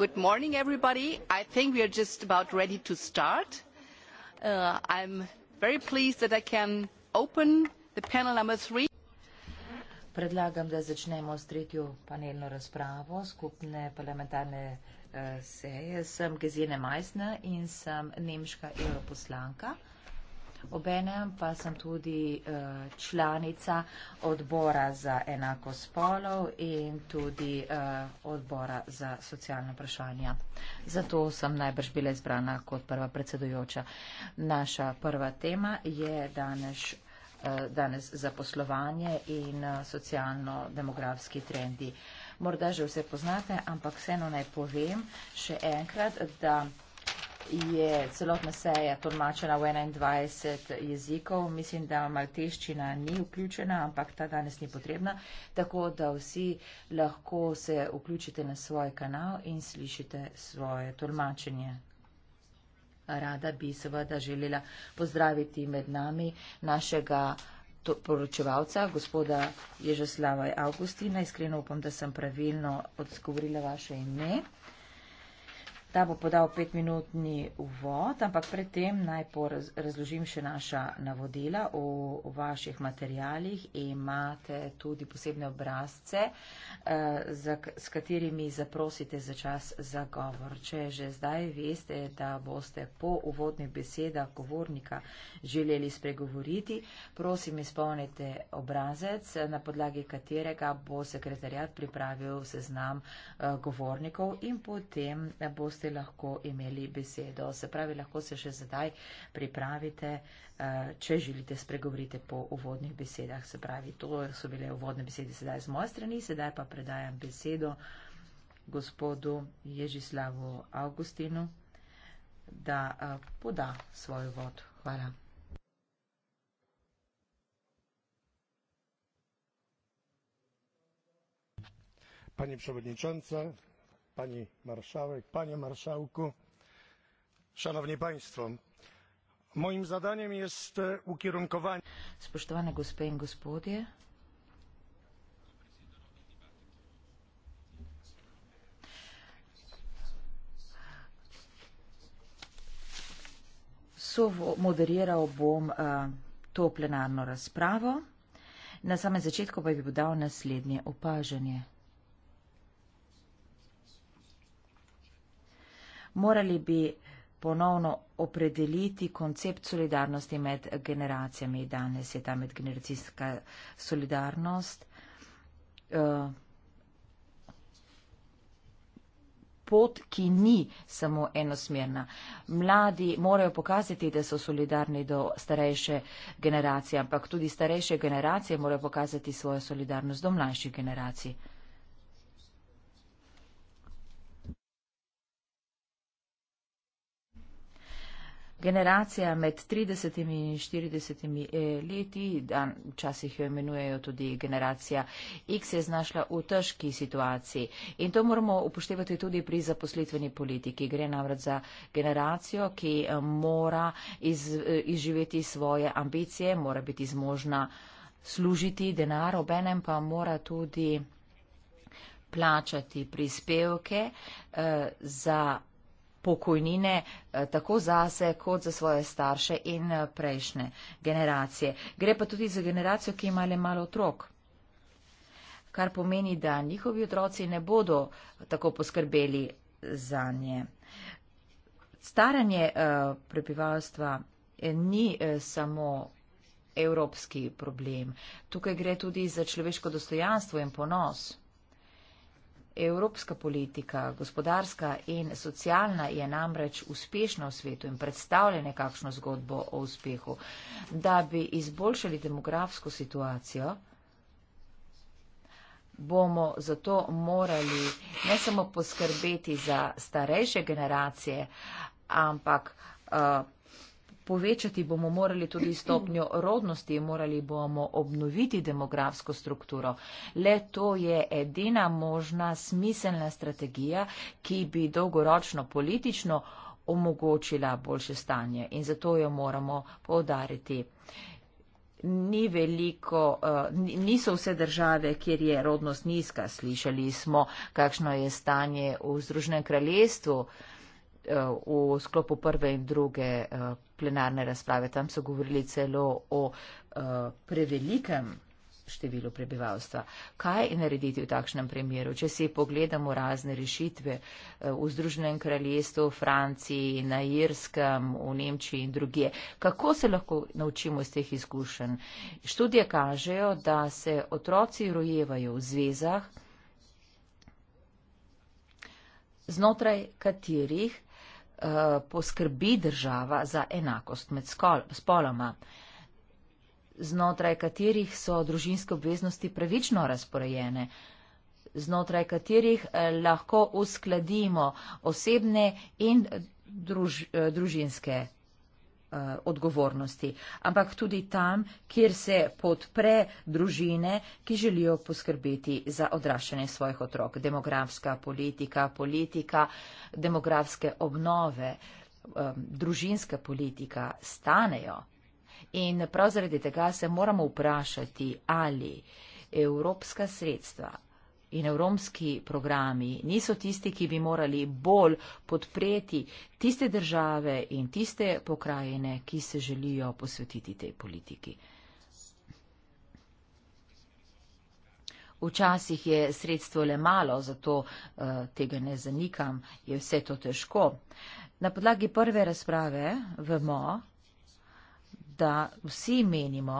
Good morning, everybody. I think we are just about ready to start. Uh, I'm very pleased that I can open the panel number three. Predlagam, da začnemo s tretjo panelno razpravo skupne parlamentarne uh, seje. Sem Gesine Meissner in sem nemška evroposlanka. Obenem pa sem tudi eh, članica odbora za enako spolov in tudi eh, odbora za socialne vprašanja. Zato sem najbrž bila izbrana kot prva predsedujoča. Naša prva tema je danes, eh, danes zaposlovanje in socialno-demografski trendi. Morda že vse poznate, ampak vseeno naj povem še enkrat, da je celotna seja tolmačena v 21 jezikov. Mislim, da malteščina ni vključena, ampak ta danes ni potrebna. Tako da vsi lahko se vključite na svoj kanal in slišite svoje tolmačenje. Rada bi seveda želela pozdraviti med nami našega poročevalca, gospoda Ježoslava Augustina. Iskreno upam, da sem pravilno odgovorila vaše ime. Ta bo podal petminutni uvod, ampak predtem naj poraz, razložim še naša navodila. V, v vaših materijalih imate tudi posebne obrazce, eh, za, s katerimi zaprosite za čas za govor. Če že zdaj veste, da boste po uvodnih besedah govornika želeli spregovoriti, prosim izpolnite obrazec, na podlagi katerega bo sekretarjat pripravil seznam eh, govornikov in potem eh, boste ste lahko imeli besedo. Se pravi, lahko se še zdaj pripravite, eh, če želite spregovoriti po uvodnih besedah. Se pravi, to so bile uvodne besede sedaj z moje strani, sedaj pa predajam besedo gospodu Ježislavu Augustinu, da eh, poda svoj vod. Hvala. Pani przewodnicząca, pani marszałek! panie marszałku! szanowni państwo! moim zadaniem jest e, ukierunkowanie. spoštovane gospe in gospodje sovmoderiral bom uh, to plenarno razpravo. Na samem začetku pa bi podal naslednje opažanje. Morali bi ponovno opredeliti koncept solidarnosti med generacijami. Danes je ta medgeneracijska solidarnost eh, pot, ki ni samo enosmerna. Mladi morajo pokazati, da so solidarni do starejše generacije, ampak tudi starejše generacije morajo pokazati svojo solidarnost do mlajših generacij. Generacija med 30 in 40 eh, leti, dan, včasih jo imenujejo tudi generacija X, je znašla v težki situaciji. In to moramo upoštevati tudi pri zaposlitveni politiki. Gre namreč za generacijo, ki eh, mora iz, eh, izživeti svoje ambicije, mora biti zmožna služiti denar, obenem pa mora tudi plačati prispevke eh, za pokojnine, eh, tako zase, kot za svoje starše in eh, prejšnje generacije. Gre pa tudi za generacijo, ki ima le malo otrok. Kar pomeni, da njihovi otroci ne bodo eh, tako poskrbeli za nje. Staranje prebivalstva ni samo evropski problem. Tukaj gre tudi za človeško dostojanstvo in ponos. Evropska politika, gospodarska in socialna je namreč uspešna v svetu in predstavlja nekakšno zgodbo o uspehu. Da bi izboljšali demografsko situacijo, bomo zato morali ne samo poskrbeti za starejše generacije, ampak uh, povečati bomo morali tudi stopnjo rodnosti, morali bomo obnoviti demografsko strukturo. Le to je edina možna smiselna strategija, ki bi dolgoročno politično omogočila boljše stanje in zato jo moramo povdariti. Ni veliko, eh, niso vse države, kjer je rodnost nizka. Slišali smo, kakšno je stanje v Združenem kraljestvu v sklopu prve in druge eh, plenarne razprave. Tam so govorili celo o eh, prevelikem številu prebivalstva. Kaj narediti v takšnem primeru? Če si pogledamo razne rešitve eh, v Združenem kraljestvu, v Franciji, na Irskem, v Nemčiji in druge, kako se lahko naučimo iz teh izkušenj? Študije kažejo, da se otroci rojevajo v zvezah, znotraj katerih Eh, poskrbi država za enakost med skol, spoloma, znotraj katerih so družinske obveznosti pravično razporejene, znotraj katerih eh, lahko uskladimo osebne in druž, eh, družinske Eh, odgovornosti, ampak tudi tam, kjer se podpre družine, ki želijo poskrbeti za odraščanje svojih otrok. Demografska politika, politika demografske obnove, eh, družinska politika stanejo. In prav zaradi tega se moramo vprašati, ali evropska sredstva, in evropski programi niso tisti, ki bi morali bolj podpreti tiste države in tiste pokrajine, ki se želijo posvetiti tej politiki. Včasih je sredstvo le malo, zato eh, tega ne zanikam, je vse to težko. Na podlagi prve razprave vemo, da vsi menimo,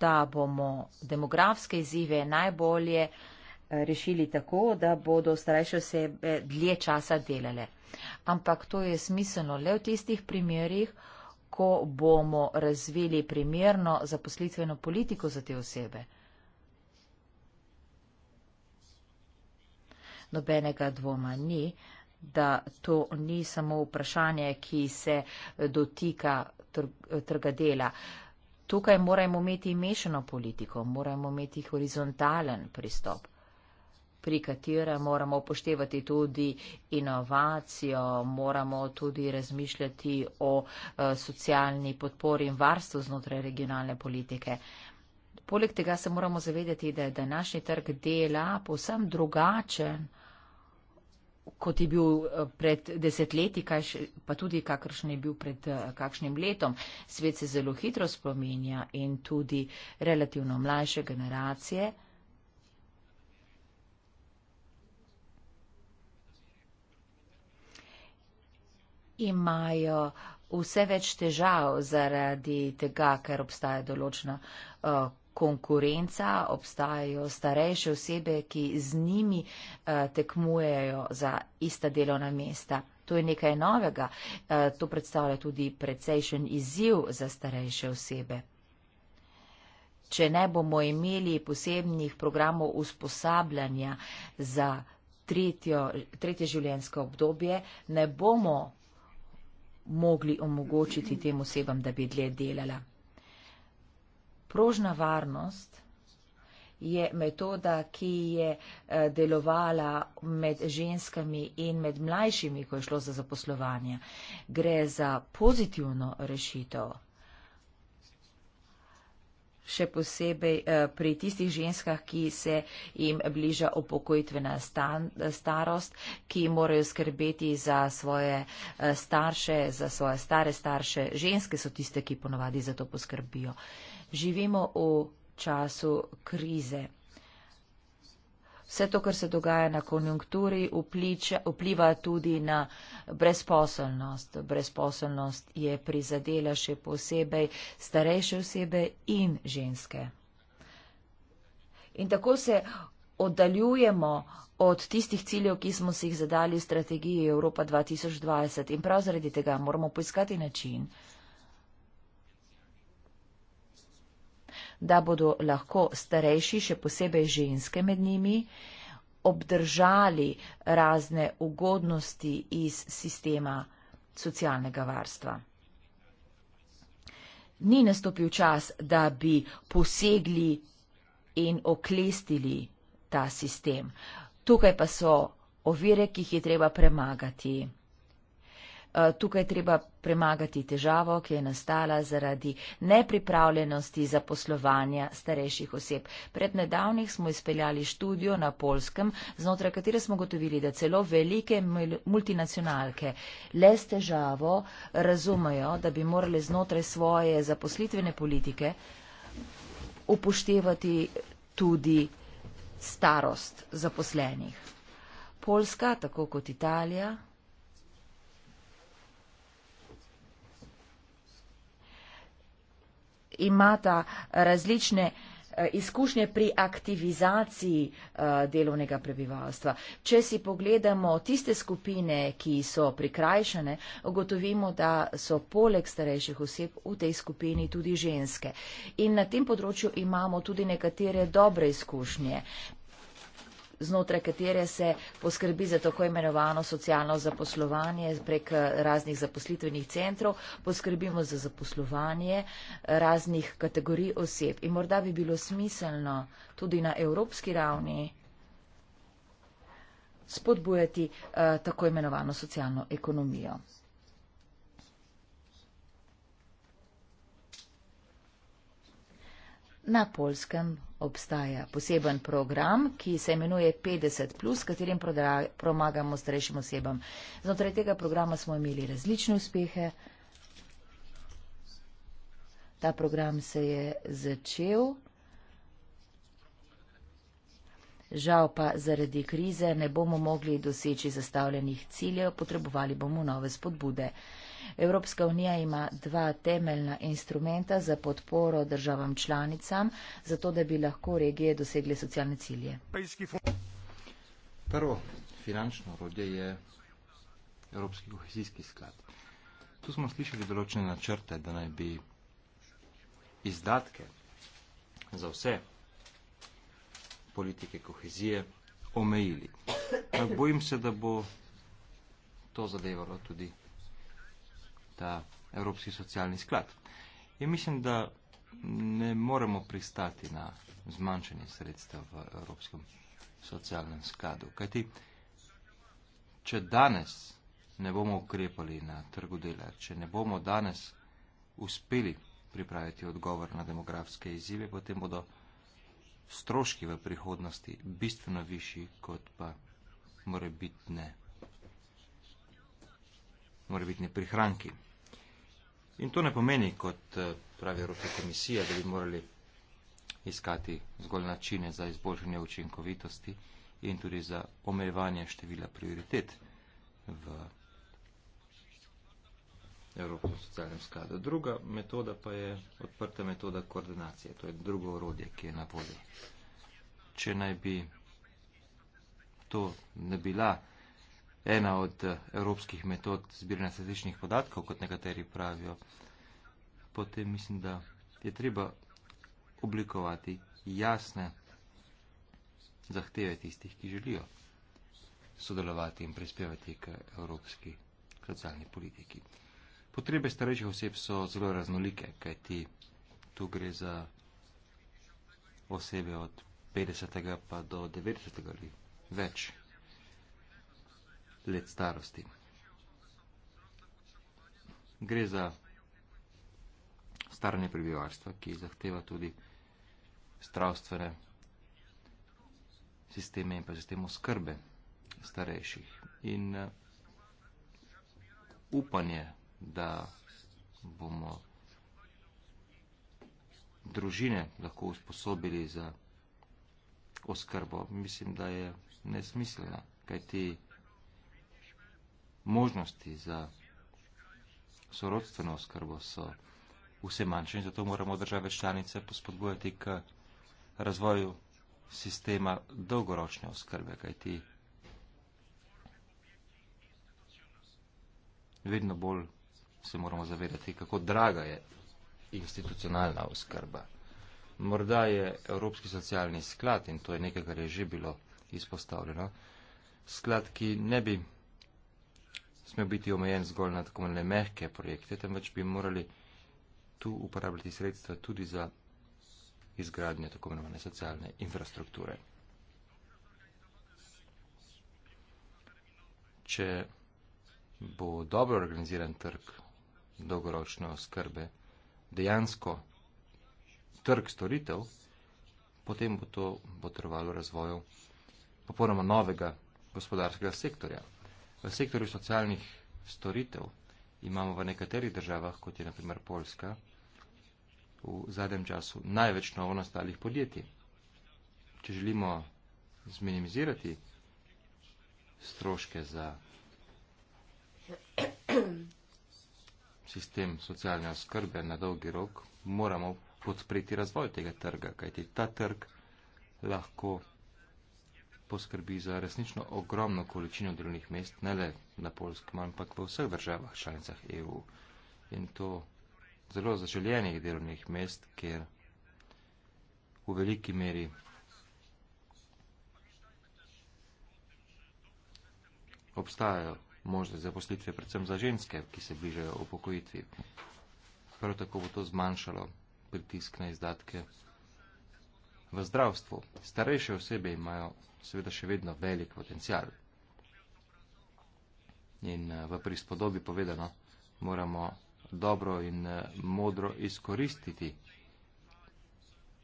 da bomo demografske izzive najbolje rešili tako, da bodo starejše osebe dlje časa delale. Ampak to je smiselno le v tistih primerjih, ko bomo razvili primerno zaposlitveno politiko za te osebe. Nobenega dvoma ni, da to ni samo vprašanje, ki se dotika trga dela. Tukaj moramo imeti mešano politiko, moramo imeti horizontalen pristop pri katerem moramo upoštevati tudi inovacijo, moramo tudi razmišljati o eh, socialni podpori in varstvu znotraj regionalne politike. Poleg tega se moramo zavedati, da je današnji trg dela povsem drugačen, kot je bil eh, pred desetletji, pa tudi kakršen je bil pred eh, kakšnim letom. Svet se zelo hitro spominja in tudi relativno mlajše generacije. imajo vse več težav zaradi tega, ker obstaja določena uh, konkurenca, obstajajo starejše osebe, ki z njimi uh, tekmujejo za ista delovna mesta. To je nekaj novega. Uh, to predstavlja tudi precejšen izziv za starejše osebe. Če ne bomo imeli posebnih programov usposabljanja za tretjo, tretje življenjsko obdobje, ne bomo mogli omogočiti tem osebam, da bi dlje delala. Prožna varnost je metoda, ki je eh, delovala med ženskami in med mlajšimi, ko je šlo za zaposlovanje. Gre za pozitivno rešitev še posebej eh, pri tistih ženskah, ki se jim bliža upokojitvena starost, ki morajo skrbeti za svoje eh, starše, za svoje stare starše. Ženske so tiste, ki ponovadi za to poskrbijo. Živimo v času krize vse to, kar se dogaja na konjunkturi, vpliča, vpliva tudi na brezposelnost. Brezposelnost je prizadela še posebej starejše osebe in ženske. In tako se oddaljujemo od tistih ciljev, ki smo si jih zadali v strategiji Evropa 2020. In prav zaradi tega moramo poiskati način, da bodo lahko starejši, še posebej ženske med njimi, obdržali razne ugodnosti iz sistema socialnega varstva. Ni nastopil čas, da bi posegli in oklestili ta sistem. Tukaj pa so ovire, ki jih je treba premagati. Eh, tukaj treba premagati težavo, ki je nastala zaradi nepripravljenosti za poslovanja starejših oseb. Pred nedavnih smo izpeljali študijo na Polskem, znotraj katere smo gotovili, da celo velike multinacionalke le s težavo razumejo, da bi morali znotraj svoje zaposlitvene politike upoštevati tudi starost zaposlenih. Polska, tako kot Italija, imata različne eh, izkušnje pri aktivizaciji eh, delovnega prebivalstva. Če si pogledamo tiste skupine, ki so prikrajšane, ugotovimo, da so poleg starejših oseb v tej skupini tudi ženske. In na tem področju imamo tudi nekatere dobre izkušnje znotraj katere se poskrbi za tako imenovano socialno zaposlovanje prek eh, raznih zaposlitvenih centrov, poskrbimo za zaposlovanje eh, raznih kategorij oseb. In morda bi bilo smiselno tudi na evropski ravni spodbujati uh, tako imenovano socialno ekonomijo. Na polskem obstaja poseben program, ki se imenuje 50, s katerim pomagamo starejšim osebam. Znotraj tega programa smo imeli različne uspehe. Ta program se je začel. Žal pa zaradi krize ne bomo mogli doseči zastavljenih ciljev, potrebovali bomo nove spodbude. Evropska unija ima dva temeljna instrumenta za podporo državam članicam, zato da bi lahko regije dosegle socialne cilje. Prvo finančno orodje je Evropski kohezijski sklad. Tu smo slišali določene načrte, da naj bi izdatke za vse politike kohezije omejili. Ampak bojim se, da bo to zadevalo tudi ta Evropski socialni sklad. In mislim, da ne moremo pristati na zmanjšanje sredstev v Evropskem socialnem skladu. Kajti, če danes ne bomo ukrepali na trgu dela, če ne bomo danes uspeli pripraviti odgovor na demografske izzive, potem bodo stroški v prihodnosti bistveno višji, kot pa morebitne, morebitne prihranki. In to ne pomeni, kot eh, pravi Evropska komisija, da bi morali iskati zgolj načine za izboljšanje učinkovitosti in tudi za omejevanje števila prioritet v Evropskem socialnem skladu. Druga metoda pa je odprta metoda koordinacije. To je drugo orodje, ki je na voljo. Če naj bi to ne bila ena od eh, evropskih metod zbiranja statističnih podatkov, kot nekateri pravijo, potem mislim, da je treba oblikovati jasne zahteve tistih, ki želijo sodelovati in prispevati k evropski socialni politiki. Potrebe starejših oseb so zelo raznolike, kajti tu gre za osebe od 50. pa do 90. ali več let starosti. Gre za staranje prebivalstva, ki zahteva tudi zdravstvene sisteme in pa sistem oskrbe starejših. In eh, upanje, da bomo družine lahko usposobili za oskrbo, mislim, da je nesmiselna, kaj ti je možnosti za sorodstveno oskrbo so vse manjše in zato moramo države članice pospodbujati k razvoju sistema dolgoročne oskrbe, kajti vedno bolj se moramo zavedati, kako draga je institucionalna oskrba. Morda je Evropski socialni sklad, in to je nekaj, kar je že bilo izpostavljeno, sklad, ki ne bi smel biti omejen zgolj na tako malo mehke projekte, temveč bi morali tu uporabljati sredstva tudi za izgradnje tako imenovane socialne infrastrukture. Če bo dobro organiziran trg dolgoročne oskrbe, dejansko trg storitev, potem bo to potrvalo razvoju popolnoma novega gospodarskega sektorja. V sektorju socialnih storitev imamo v nekaterih državah, kot je naprimer Poljska, v zadnjem času največ novo nastalih podjetij. Če želimo zminimizirati stroške za sistem socialne oskrbe na dolgi rok, moramo podpreti razvoj tega trga, kajti ta trg lahko poskrbi za resnično ogromno količino delovnih mest, ne le na Polskem, ampak v vseh državah članicah EU. In to zelo zaželjenih delovnih mest, ker v veliki meri obstajajo možnosti zaposlitve, predvsem za ženske, ki se bližajo upokojitvi. Prav tako bo to zmanjšalo pritisk na izdatke V zdravstvu starejše osebe imajo seveda še vedno velik potencial. In eh, v prispodobi povedano, moramo dobro in eh, modro izkoristiti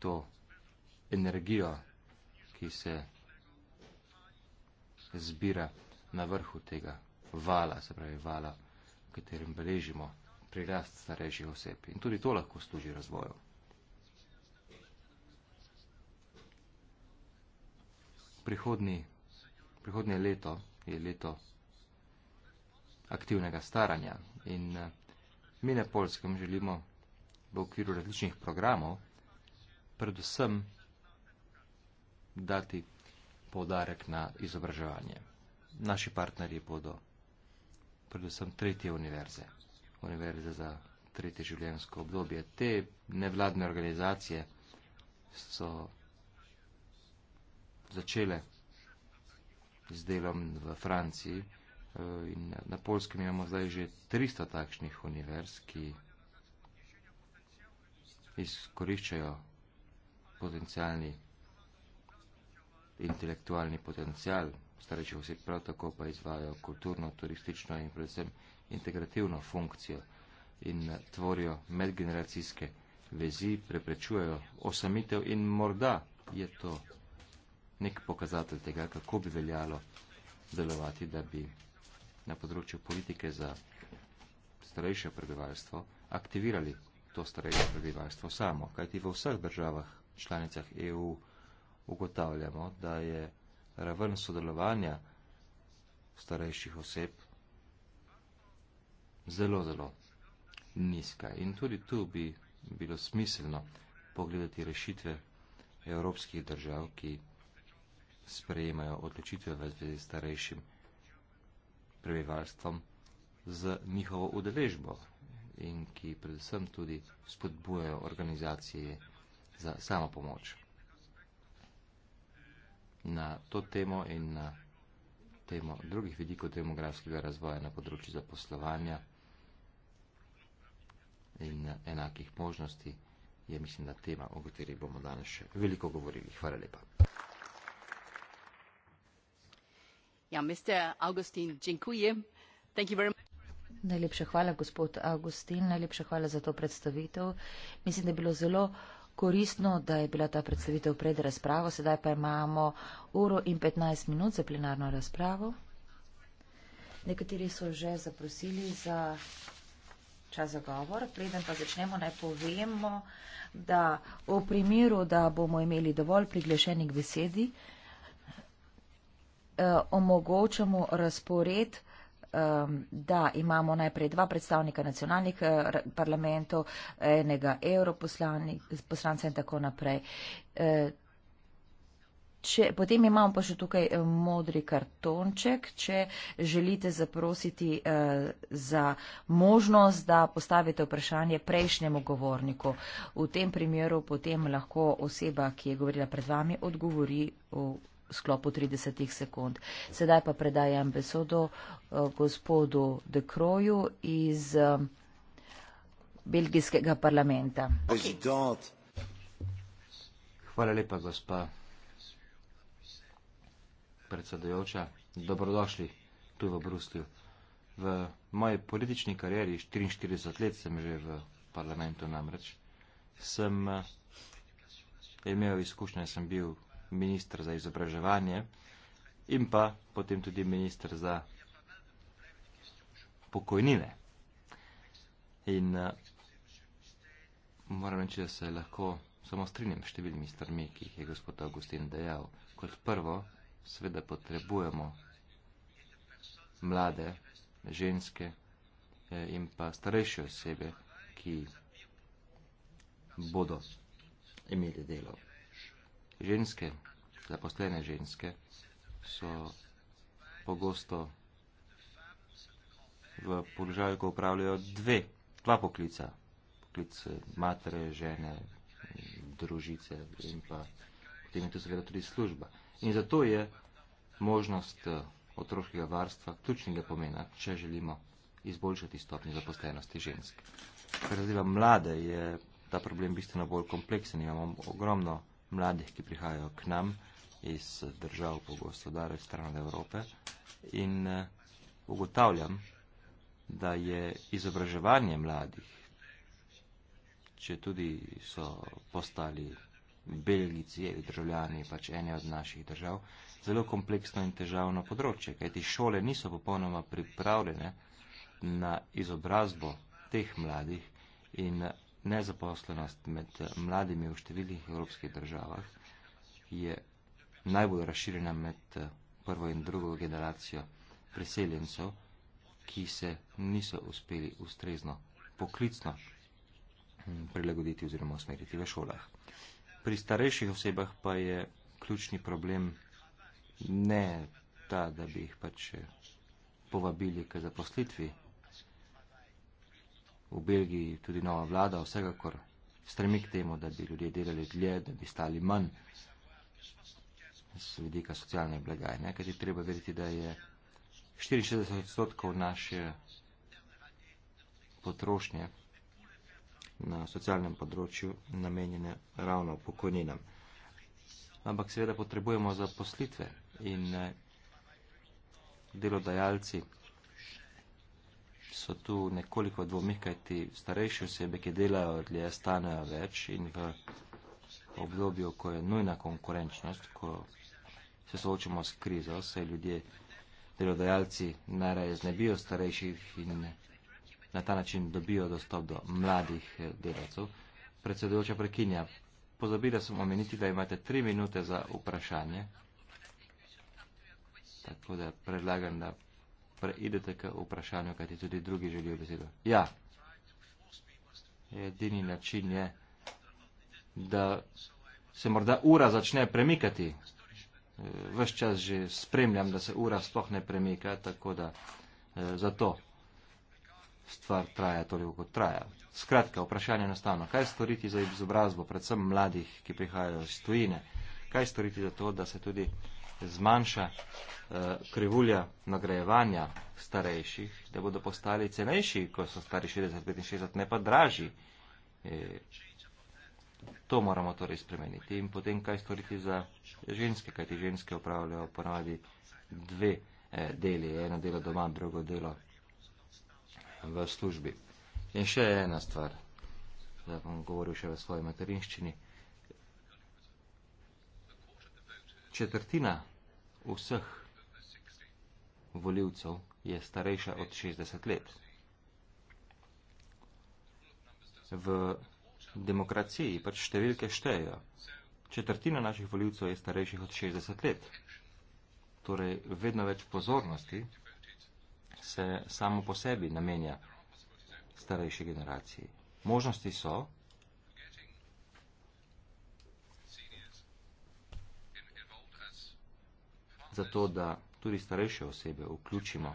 to energijo, ki se zbira na vrhu tega vala, se pravi vala, v katerem beležimo prirast starejših oseb. In tudi to lahko služi razvoju. prihodni, prihodnje leto je leto aktivnega staranja in eh, mi na Polskem želimo v okviru različnih programov predvsem dati povdarek na izobraževanje. Naši partnerji bodo predvsem tretje univerze, univerze za tretje življenjsko obdobje. Te nevladne organizacije so začele z delom v Franciji eh, in na Polskem imamo zdaj že 300 takšnih univerz, ki izkoriščajo potencijalni intelektualni potencial starejših oseb, prav tako pa izvajo kulturno, turistično in predvsem integrativno funkcijo in eh, tvorijo medgeneracijske vezi, preprečujejo osamitev in morda je to nek pokazatelj tega, kako bi veljalo delovati, da bi na področju politike za starejše prebivalstvo aktivirali to starejše prebivalstvo samo. Kajti v vseh državah, članicah EU, ugotavljamo, da je raven sodelovanja starejših oseb zelo, zelo nizka. In tudi tu bi bilo smiselno pogledati rešitve evropskih držav, ki sprejemajo odločitve v zvezi s starejšim prebivalstvom z njihovo udeležbo in ki predvsem tudi spodbujajo organizacije za samo pomoč. Na to temo in na temo drugih vidikov demografskega razvoja na področju zaposlovanja in enakih možnosti je, mislim, da tema, o kateri bomo danes še veliko govorili. Hvala lepa. Ja, Najlepša hvala, gospod Augustin. Najlepša hvala za to predstavitev. Mislim, da je bilo zelo koristno, da je bila ta predstavitev pred razpravo. Sedaj pa imamo uro in 15 minut za plenarno razpravo. Nekateri so že zaprosili za čas za govor. Preden pa začnemo, naj povemo, da v primeru, da bomo imeli dovolj priglešenih besedi, Eh, omogočamo razpored, da imamo najprej dva predstavnika nacionalnih eh, parlamentov, enega europoslanca in tako naprej. Eh, če, potem imamo pa še tukaj modri kartonček, če želite zaprositi eh, za možnost, da postavite vprašanje prejšnjemu govorniku. V tem primeru potem lahko oseba, ki je govorila pred vami, odgovori v sklopu 30 sekund. Sedaj pa predajam besodo eh, gospodu De Croju iz eh, belgijskega parlamenta. Okay. Hvala lepa, gospa predsedajoča. Dobrodošli tu v Bruslju. V moji politični karieri, 44 let sem že v parlamentu namreč, sem eh, imel izkušnje, sem bil minister za izobraževanje in pa potem tudi minister za pokojnine. In uh, moram reči, da se lahko samo strinjam s številnimi strmi, ki jih je gospod Augustin dejal. Kot prvo, seveda potrebujemo mlade, ženske eh, in pa starejše osebe, ki bodo imeli delo. Ženske, zaposlene ženske, so pogosto v položaju, ko upravljajo dve, dva poklica. Poklic eh, matere, žene, družice in pa potem je tu seveda tudi služba. In zato je možnost eh, otroškega varstva ključnega pomena, če želimo izboljšati stopnje zaposlenosti žensk. Kar zadeva mlade, je ta problem bistveno bolj kompleksen. Imamo ogromno mladih, ki prihajajo k nam iz držav pogosto dare stran od Evrope in eh, ugotavljam, da je izobraževanje mladih, če tudi so postali belgici, državljani, pač ene od naših držav, zelo kompleksno in težavno področje, kajti šole niso popolnoma pripravljene na izobrazbo teh mladih in nezaposlenost med mladimi v številnih evropskih državah je najbolj razširjena med eh, prvo in drugo generacijo priseljencev, ki se niso uspeli ustrezno poklicno hm, prilagoditi oziroma usmeriti v šolah. Pri starejših osebah pa je ključni problem ne ta, da bi jih pač eh, povabili k zaposlitvi v Belgiji tudi nova vlada vsekakor stremi k temu, da bi ljudje delali dlje, da bi stali manj z vidika socialne blagajne, ker je treba vedeti, da je 64 odstotkov naše potrošnje na socialnem področju namenjene ravno pokojninam. Ampak seveda potrebujemo zaposlitve in eh, delodajalci so tu nekoliko dvomih, kaj ti starejši osebe, ki delajo dlje, stanejo več in v obdobju, ko je nujna konkurenčnost, ko se soočamo s krizo, se ljudje, delodajalci najraje znebijo starejših in na ta način dobijo dostop do mladih eh, delavcev. Predsedujoča prekinja, pozabila sem omeniti, da imate tri minute za vprašanje. Tako da predlagam, da preidete torej, k vprašanju, kajti tudi drugi želijo besedo. Ja, edini način je, da se morda ura začne premikati. Ves čas že spremljam, da se ura sploh ne premika, tako da eh, zato stvar traja toliko, kot traja. Skratka, vprašanje je enostavno. Kaj storiti za izobrazbo, predvsem mladih, ki prihajajo iz tujine? Kaj storiti za to, da se tudi zmanjša eh, krivulja nagrajevanja starejših, da bodo postali cenejši, ko so stari 60-65, ne pa dražji. Eh, to moramo torej spremeniti. In potem kaj storiti za ženske, kajti ženske upravljajo ponavadi dve eh, deli, eno delo doma, drugo delo v službi. In še ena stvar, da bom govoril še v svoji materinščini. Četrtina vseh voljivcev je starejša od 60 let. V demokraciji pač številke štejejo. Četrtina naših voljivcev je starejših od 60 let. Torej, vedno več pozornosti se samo po sebi namenja starejši generaciji. Možnosti so, zato da tudi starejše osebe vključimo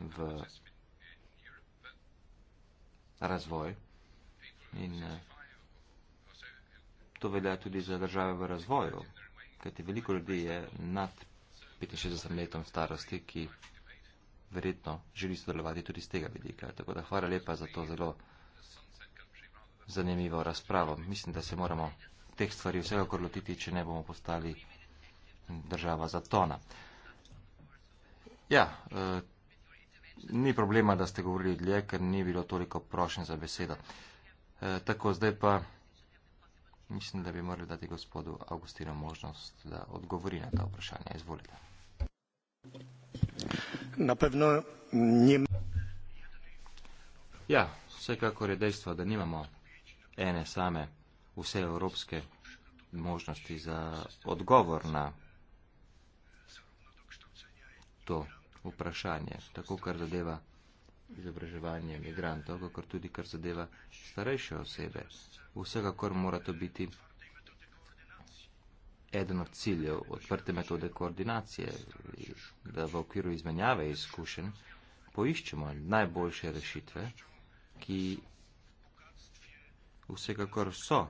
v razvoj. In eh, to velja tudi za države v razvoju, kajti veliko ljudi je nad 65 letom starosti, ki verjetno želi sodelovati tudi z tega vidika. Tako da hvala lepa za to zelo zanimivo razpravo. Mislim, da se moramo teh stvari vsega korlotiti, če ne bomo postali država zatona. Ja, eh, ni problema, da ste govorili dlje, ker ni bilo toliko prošen za besedo. Eh, tako, zdaj pa mislim, da bi morali dati gospodu Augustino možnost, da odgovori na ta vprašanja. Izvolite. Napevno njim. Ja, vsekakor je dejstvo, da nimamo ene same vse evropske možnosti za odgovor na to vprašanje, tako kar zadeva izobraževanje migrantov, kako tudi kar zadeva starejše osebe. Vsekakor mora to biti eden od ciljev odprte metode koordinacije, da v okviru izmenjave izkušenj poiščemo najboljše rešitve, ki vsekakor so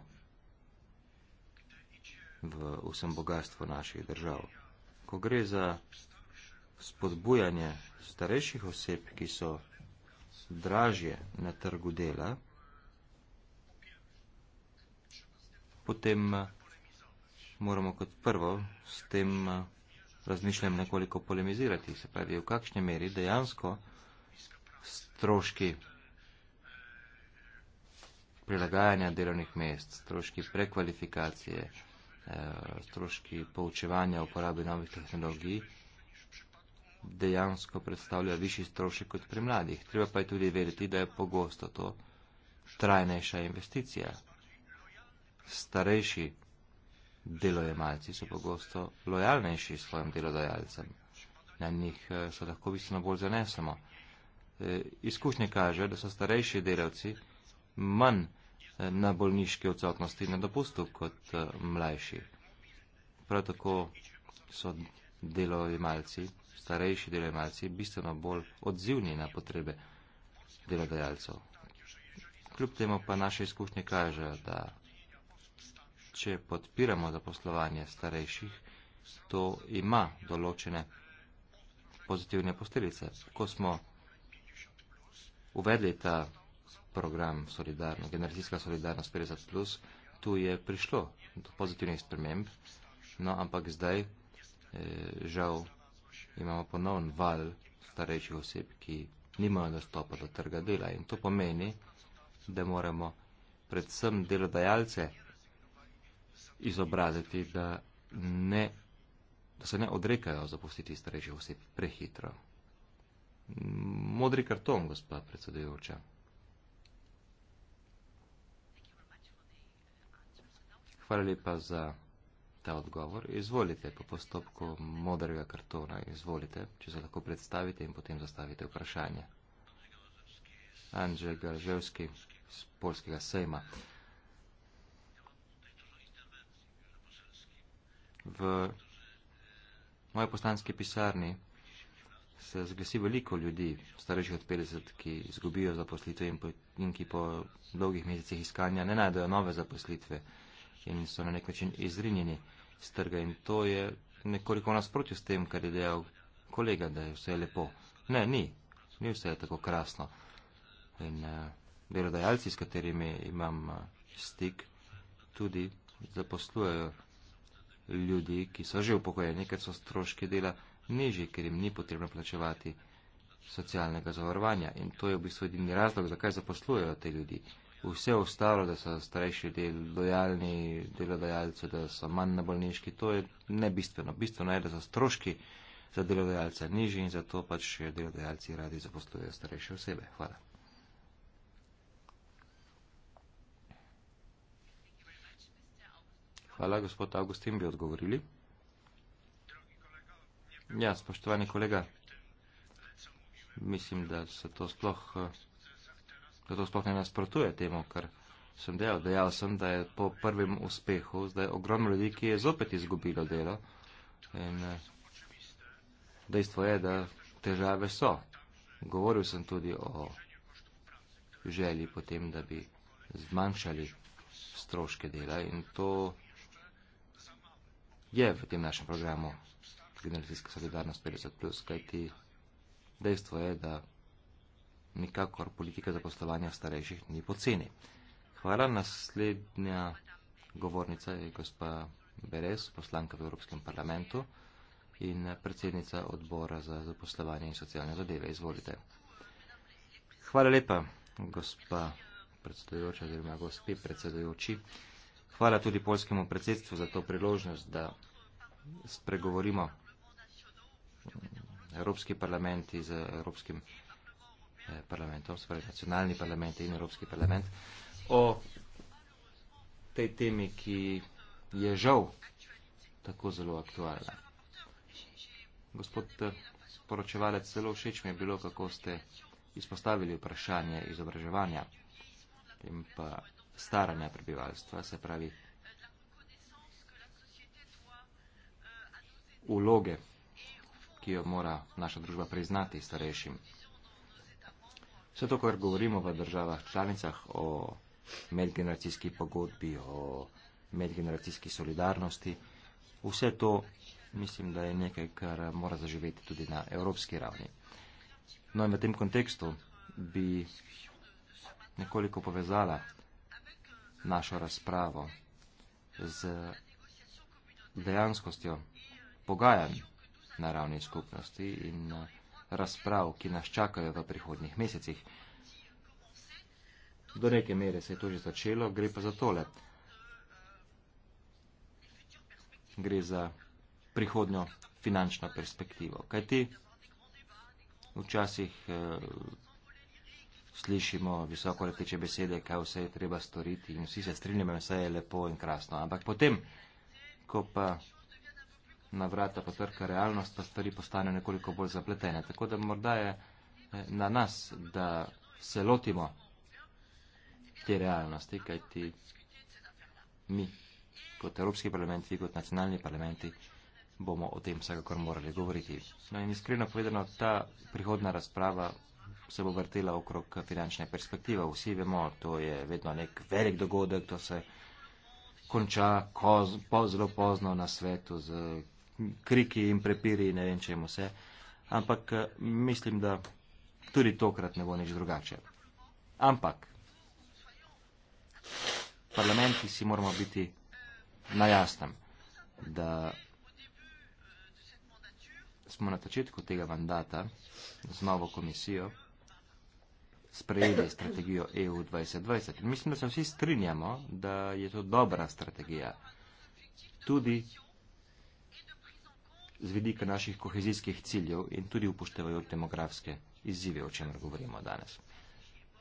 v vsem bogatstvu naših držav. Ko gre za spodbujanje starejših oseb, ki so dražje na trgu dela, potem eh, moramo kot prvo s tem eh, razmišljam nekoliko polemizirati, se pravi, v kakšni meri dejansko stroški prilagajanja delovnih mest, stroški prekvalifikacije, stroški poučevanja uporabe novih tehnologij dejansko predstavlja višji strošek kot pri mladih. Treba pa je tudi vedeti, da je pogosto to trajnejša investicija. Starejši delojemalci so pogosto lojalnejši svojim delodajalcem. Na njih eh, se lahko bistveno bolj zanesemo. Eh, izkušnje kaže, da so starejši delavci manj na bolniški odsotnosti na dopustu kot eh, mlajši. Prav tako so delovi malci, starejši delovi malci, bistveno bolj odzivni na potrebe delodajalcev. Kljub temu pa naše izkušnje kažejo, da če podpiramo zaposlovanje starejših, to ima določene pozitivne posledice. Ko smo uvedli ta program solidarno, generacijska solidarnost 50 plus, tu je prišlo do pozitivnih sprememb, no ampak zdaj eh, žal imamo ponovno val starejših oseb, ki nimajo dostopa do trga dela in to pomeni, da moramo predvsem delodajalce izobraziti, da, ne, da se ne odrekajo zapustiti starejših oseb prehitro. Modri karton, gospa predsedujoča. Hvala lepa za ta odgovor. Izvolite po postopku modrega kartona. Izvolite, če se lahko predstavite in potem zastavite vprašanje. Andrzej Galževski z Polskega sejma. V moji poslanski pisarni se zglesi veliko ljudi, starejših od 50, ki izgubijo zaposlitve in, po, in ki po dolgih mesecih iskanja ne najdejo nove zaposlitve in so na nek način izrinjeni z trga. In to je nekoliko nasprotju s tem, kar je dejal kolega, da je vse lepo. Ne, ni. Ni vse tako krasno. In uh, delodajalci, s katerimi imam uh, stik, tudi zaposlujejo ljudi, ki so že upokojeni, ker so stroški dela nižji, ker jim ni potrebno plačevati socialnega zavarovanja. In to je v bistvu edini razlog, zakaj zaposlujejo te ljudi. Uh, vse ostalo, da so starejši del lojalni delodajalcu, da so manj na bolniški, to je nebistveno. Bistveno je, da so stroški za delodajalca nižji in zato pač delodajalci radi zaposlujejo starejše osebe. Hvala. Hvala, gospod Augustin, bi odgovorili. Ja, spoštovani kolega, mislim, da se to sploh. Uh, zato sploh ne nasprotuje temu, kar sem delal. Dejal sem, da je po prvem uspehu zdaj ogromno ljudi, ki je zopet izgubilo delo. In eh, dejstvo je, da težave so. Govoril sem tudi o želji potem, da bi zmanjšali stroške dela in to je v tem našem programu generacijska solidarnost 50+, kajti dejstvo je, da nikakor politika zaposlovanja starejših ni poceni. Hvala, naslednja govornica je gospa Beres, poslanka v Evropskem parlamentu in predsednica odbora za zaposlovanje in socialne zadeve. Izvolite. Hvala lepa, gospa predsedujoča oziroma gospe predsedujoči. Hvala tudi polskemu predsedstvu za to priložnost, da spregovorimo Evropski parlament z Evropskim parlamentom. Eh, parlamentom, skoraj nacionalni parlament in Evropski parlament, o tej temi, ki je žal tako zelo aktualna. Gospod eh, poročevalec, zelo všeč mi je bilo, kako ste izpostavili vprašanje izobraževanja in pa staranja prebivalstva, se pravi vloge, ki jo mora naša družba priznati starejšim. Vse to, kar govorimo v državah članicah o medgeneracijski pogodbi, o medgeneracijski solidarnosti, vse to mislim, da je nekaj, kar mora zaživeti tudi na evropski ravni. No in v tem kontekstu bi nekoliko povezala našo razpravo z dejanskostjo pogajanj na ravni skupnosti in na razprav, ki nas čakajo v prihodnih mesecih. Do neke mere se je to že začelo, gre pa za tole. Gre za prihodnjo finančno perspektivo. Kaj ti včasih eh, slišimo visoko reteče besede, kaj vse je treba storiti in vsi se strinjamo, vse je lepo in krasno. Ampak potem, ko pa na vrata potrka realnost, pa stvari postane nekoliko bolj zapletene. Tako da morda je eh, na nas, da se lotimo te realnosti, kaj ti mi kot Evropski parlament, vi kot nacionalni parlamenti bomo o tem vsekakor morali govoriti. No in iskreno povedano, ta prihodna razprava se bo vrtela okrog finančne perspektive. Vsi vemo, to je vedno nek velik dogodek, to se konča ko, po, zelo pozno na svetu z kriki in prepiri in ne vem čemu vse. Ampak eh, mislim, da tudi tokrat ne bo nič drugače. Ampak parlamenti si moramo biti na jasnem, da smo na začetku tega mandata z novo komisijo sprejeli strategijo EU 2020. Mislim, da se vsi strinjamo, da je to dobra strategija. Tudi z vidika naših kohezijskih ciljev in tudi upoštevajo demografske izzive, o čemer govorimo danes.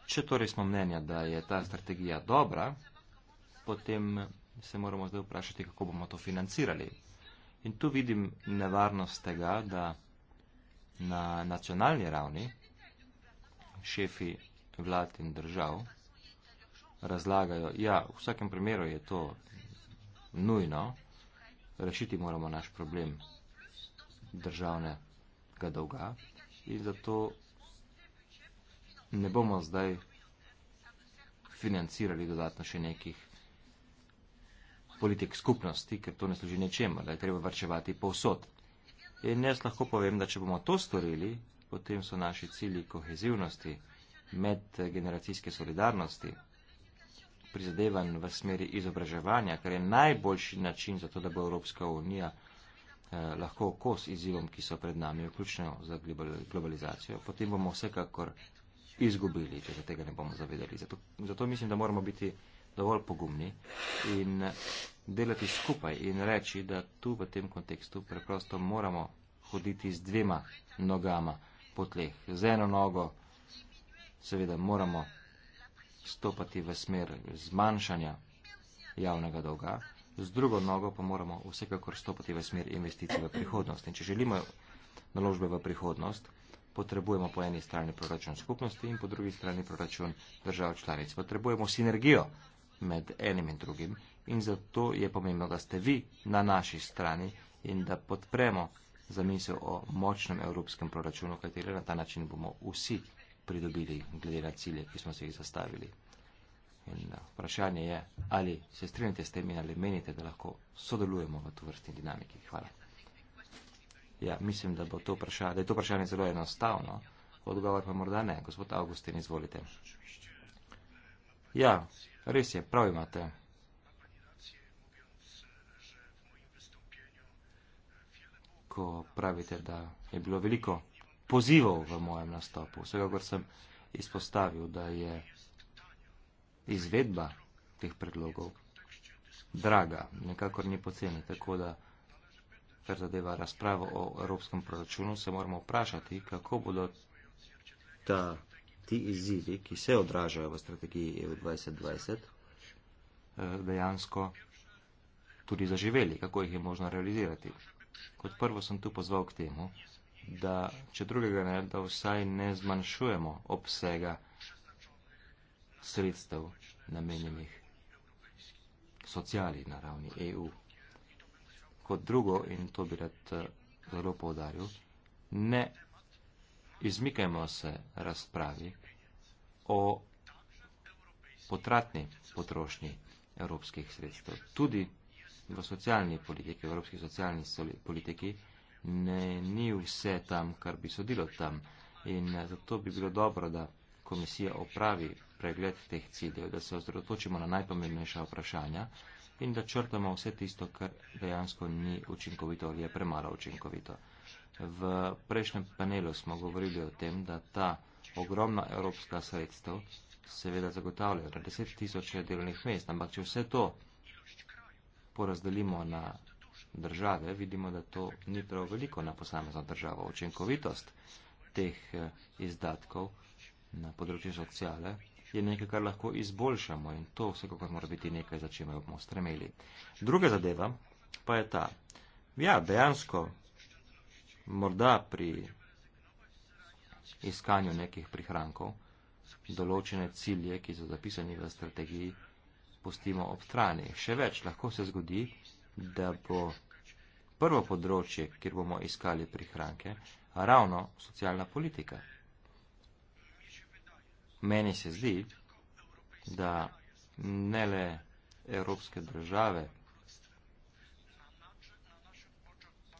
Če torej smo mnenja, da je ta strategija dobra, potem se moramo zdaj vprašati, kako bomo to financirali. In tu vidim nevarnost tega, da na nacionalni ravni šefi vlad in držav razlagajo, ja, v vsakem primeru je to nujno, rešiti moramo naš problem državnega dolga in zato ne bomo zdaj financirali dodatno še nekih politik skupnosti, ker to ne služi nečemu, da je treba vrčevati povsod. In jaz lahko povem, da če bomo to storili, potem so naši cilji kohezivnosti, medgeneracijske solidarnosti, prizadevanj v smeri izobraževanja, kar je najboljši način za to, da bo Evropska unija eh, lahko kos izzivom, ki so pred nami, vključno z globalizacijo, potem bomo vsekakor izgubili, če se tega ne bomo zavedali. Zato, zato mislim, da moramo biti dovolj pogumni in delati skupaj in reči, da tu v tem kontekstu preprosto moramo hoditi z dvema nogama po tleh. Z eno nogo seveda moramo stopati v smer zmanjšanja javnega dolga z drugo nogo pa moramo vsekakor stopiti v smer investicij v prihodnost. In če želimo naložbe v prihodnost, potrebujemo po eni strani proračun skupnosti in po drugi strani proračun držav članic. Potrebujemo sinergijo med enim in drugim in zato je pomembno, da ste vi na naši strani in da podpremo zamisel o močnem evropskem proračunu, kateri na ta način bomo vsi pridobili glede na cilje, ki smo se jih zastavili. In vprašanje je, ali se strinjate s tem in ali menite, da lahko sodelujemo v to vrstni dinamiki. Hvala. Ja, mislim, da, to da je to vprašanje zelo enostavno. Odgovor pa morda ne. Gospod Augustin, izvolite. Ja, res je, prav imate. Ko pravite, da je bilo veliko pozivov v mojem nastopu, vsega, kar sem izpostavil, da je izvedba teh predlogov draga, nekakor ni poceni, tako da, kar zadeva razpravo o evropskem proračunu, se moramo vprašati, kako bodo ta, ti izzivi, ki se odražajo v strategiji EU 2020, eh, dejansko tudi zaživeli, kako jih je možno realizirati. Kot prvo sem tu pozval k temu, da če drugega ne, da vsaj ne zmanjšujemo obsega sredstev namenjenih socijali na ravni EU. Kot drugo, in to bi rad eh, zelo povdaril, ne izmikajmo se razpravi o potratni potrošnji evropskih sredstev. Tudi v socialni politiki, v evropski socialni politiki, ne, ni vse tam, kar bi sodilo tam. In eh, zato bi bilo dobro, da komisija opravi pregled teh ciljev, da se ozdravotočimo na najpomembnejša vprašanja in da črtamo vse tisto, kar dejansko ni učinkovito ali je premalo učinkovito. V prejšnjem panelu smo govorili o tem, da ta ogromna evropska sredstva seveda zagotavljajo na deset tisoče delovnih mest, ampak če vse to porazdelimo na države, vidimo, da to ni prav veliko na posamezno državo. Učinkovitost teh eh, izdatkov na področju sociale je nekaj, kar lahko izboljšamo in to vsekakor mora biti nekaj, za čime bomo stremeli. Druga zadeva pa je ta. Ja, dejansko, morda pri iskanju nekih prihrankov, določene cilje, ki so zapisani v strategiji, pustimo ob strani. Še več, lahko se zgodi, da bo prvo področje, kjer bomo iskali prihranke, ravno socialna politika. Meni se zdi, da ne le evropske države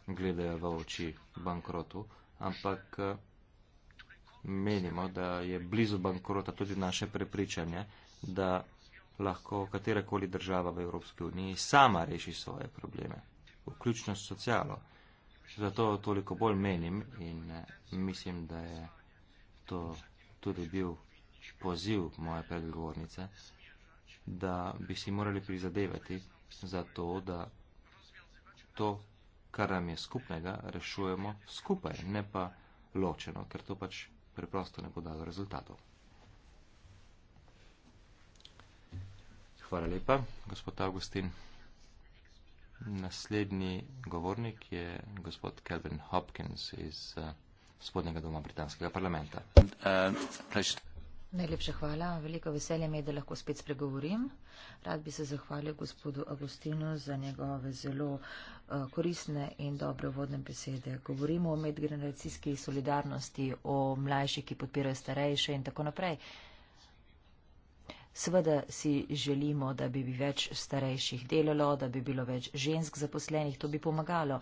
gledajo v oči bankrotu, ampak eh, menimo, da je blizu bankrota tudi naše prepričanje, da lahko katerakoli država v Evropski uniji sama reši svoje probleme, vključno s socialo. Zato toliko bolj menim in eh, mislim, da je to tudi bil poziv moje predgovornice, da bi si morali prizadevati za to, da to, kar nam je skupnega, rešujemo skupaj, ne pa ločeno, ker to pač preprosto ne bo dalo rezultatov. Hvala lepa, gospod Augustin. Naslednji govornik je gospod Kelvin Hopkins iz uh, spodnjega doma britanskega parlamenta. And, uh, Najlepša hvala. Veliko veselje mi je, da lahko spet spregovorim. Rad bi se zahvalil gospodu Agostinu za njegove zelo uh, eh, korisne in dobre vodne besede. Govorimo o medgeneracijski solidarnosti, o mlajših, ki podpirajo starejše in tako naprej. Sveda si želimo, da bi več starejših delalo, da bi bilo več žensk zaposlenih, to bi pomagalo.